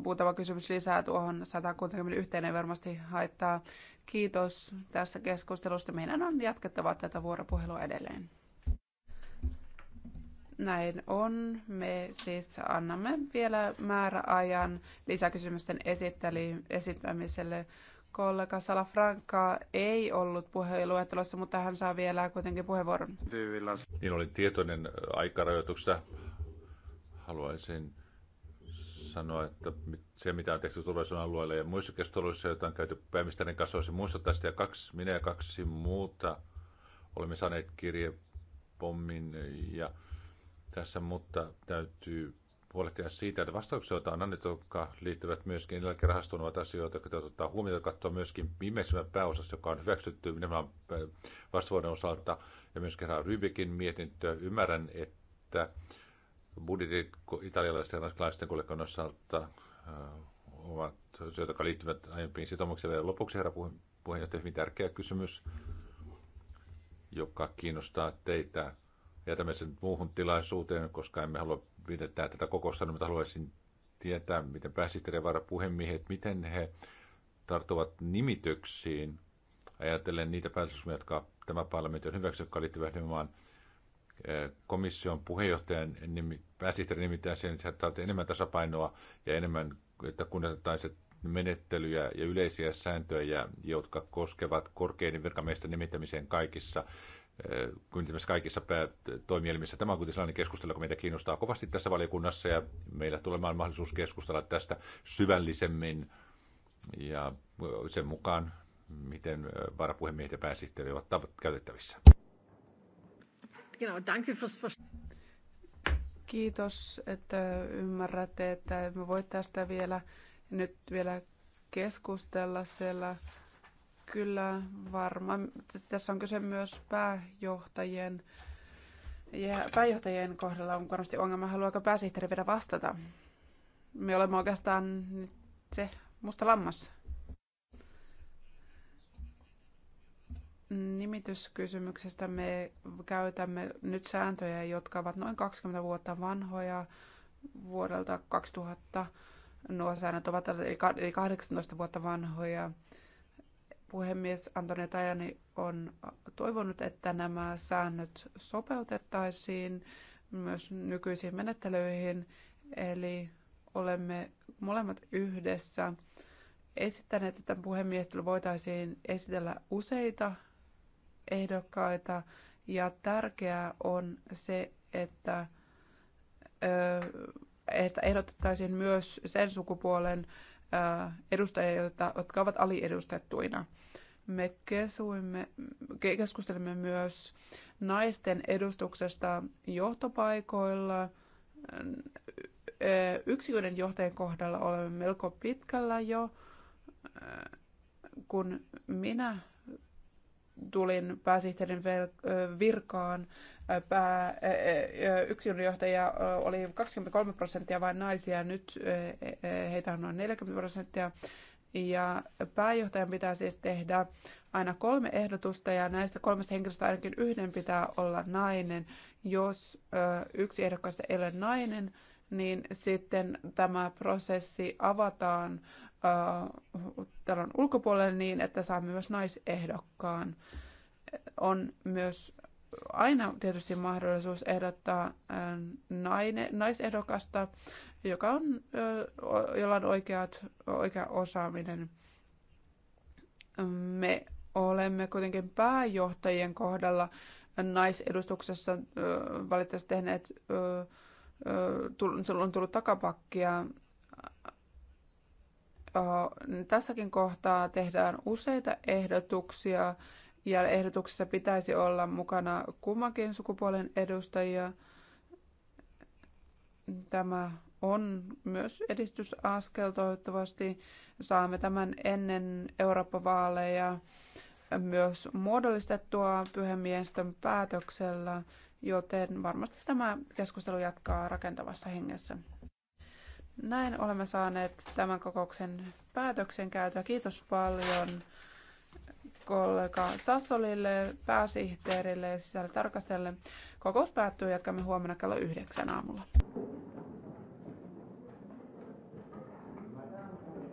muutama kysymys lisää tuohon 161 ei varmasti haittaa. Kiitos tässä keskustelusta. Meidän on jatkettava tätä vuoropuhelua edelleen. Näin on. Me siis annamme vielä määräajan lisäkysymysten esittämiselle. Kollega Salafranca ei ollut puheluettelossa, mutta hän saa vielä kuitenkin puheenvuoron. Niin oli tietoinen aikarajoituksesta. Haluaisin sanoa, että se mitä on tehty turvallisuuden alueella ja muissa keskusteluissa, joita on käyty pääministerin kanssa, olisi muistuttaa sitä. Ja kaksi, minä ja kaksi muuta olemme saaneet kirjepommin ja tässä, mutta täytyy huolehtia siitä, että vastauksia, joita on annettu, jotka liittyvät myöskin eläkerahastoon, ovat asioita, jotka täytyy ottaa huomioon ja katsoa myöskin viimeisimmän pääosassa, joka on hyväksytty nimenomaan äh, vastavuoden osalta, ja myöskin Rybikin mietintö. Ymmärrän, että budjetit italialaisten ja ranskalaisten kollegan osalta äh, ovat asioita, jotka liittyvät aiempiin sitoumuksiin. Ja lopuksi, herra puheenjohtaja, hyvin tärkeä kysymys, joka kiinnostaa teitä jätämme sen muuhun tilaisuuteen, koska emme halua pidetä tätä kokousta, mutta haluaisin tietää, miten pääsihteeri ja varapuhemiehet, miten he tarttuvat nimityksiin, ajatellen niitä päätöksiä, jotka tämä parlamentti on hyväksynyt, jotka liittyvät nimenomaan eh, komission puheenjohtajan nimi, pääsihteeri nimittäin siihen, että tarvitsee enemmän tasapainoa ja enemmän, että kunnioitetaan se menettelyjä ja yleisiä sääntöjä, jotka koskevat korkeiden virkamiesten nimittämiseen kaikissa kuin kaikissa toimielimissä. Tämä on kuitenkin sellainen keskustelu, joka meitä kiinnostaa kovasti tässä valiokunnassa ja meillä tulee mahdollisuus keskustella tästä syvällisemmin ja sen mukaan, miten varapuhemiehet ja pääsihteeri ovat käytettävissä. Kiitos, että ymmärrätte, että me voit tästä vielä nyt vielä keskustella siellä kyllä varma. Tässä on kyse myös pääjohtajien ja pääjohtajien kohdalla on varmasti ongelma, haluaako pääsihteeri vielä vastata? Me olemme oikeastaan nyt se musta lammas. Nimityskysymyksestä me käytämme nyt sääntöjä, jotka ovat noin 20 vuotta vanhoja vuodelta 2000. Nuo säännöt ovat eli 18 vuotta vanhoja. Puhemies antone Tajani on toivonut, että nämä säännöt sopeutettaisiin myös nykyisiin menettelyihin, eli olemme molemmat yhdessä esittäneet, että puhemiestelu voitaisiin esitellä useita ehdokkaita, ja tärkeää on se, että, että ehdotettaisiin myös sen sukupuolen edustajia, jotka ovat aliedustettuina. Me kesuimme, keskustelimme myös naisten edustuksesta johtopaikoilla. Yksiköiden johtajan kohdalla olemme melko pitkällä jo. Kun minä tulin pääsihteerin virkaan, pää, yksilönjohtaja oli 23 prosenttia vain naisia, nyt e, e, heitä on noin 40 prosenttia. Ja pääjohtajan pitää siis tehdä aina kolme ehdotusta ja näistä kolmesta henkilöstä ainakin yhden pitää olla nainen. Jos yksi ehdokkaista ei ole nainen, niin sitten tämä prosessi avataan Äh, talon ulkopuolelle niin, että saamme myös naisehdokkaan. On myös aina tietysti mahdollisuus ehdottaa äh, naine, naisehdokasta, joka on, äh, jolla on oikeat, oikea osaaminen. Me olemme kuitenkin pääjohtajien kohdalla naisedustuksessa valitettavasti tehneet, on tullut takapakkia tässäkin kohtaa tehdään useita ehdotuksia ja ehdotuksessa pitäisi olla mukana kummankin sukupuolen edustajia. Tämä on myös edistysaskel. Toivottavasti saamme tämän ennen Eurooppa-vaaleja myös muodollistettua pyhemiestön päätöksellä, joten varmasti tämä keskustelu jatkaa rakentavassa hengessä. Näin olemme saaneet tämän kokouksen päätöksen käytyä. Kiitos paljon kollega Sassolille, pääsihteerille ja sisällä Kokous päättyy, jatkamme huomenna kello yhdeksän aamulla.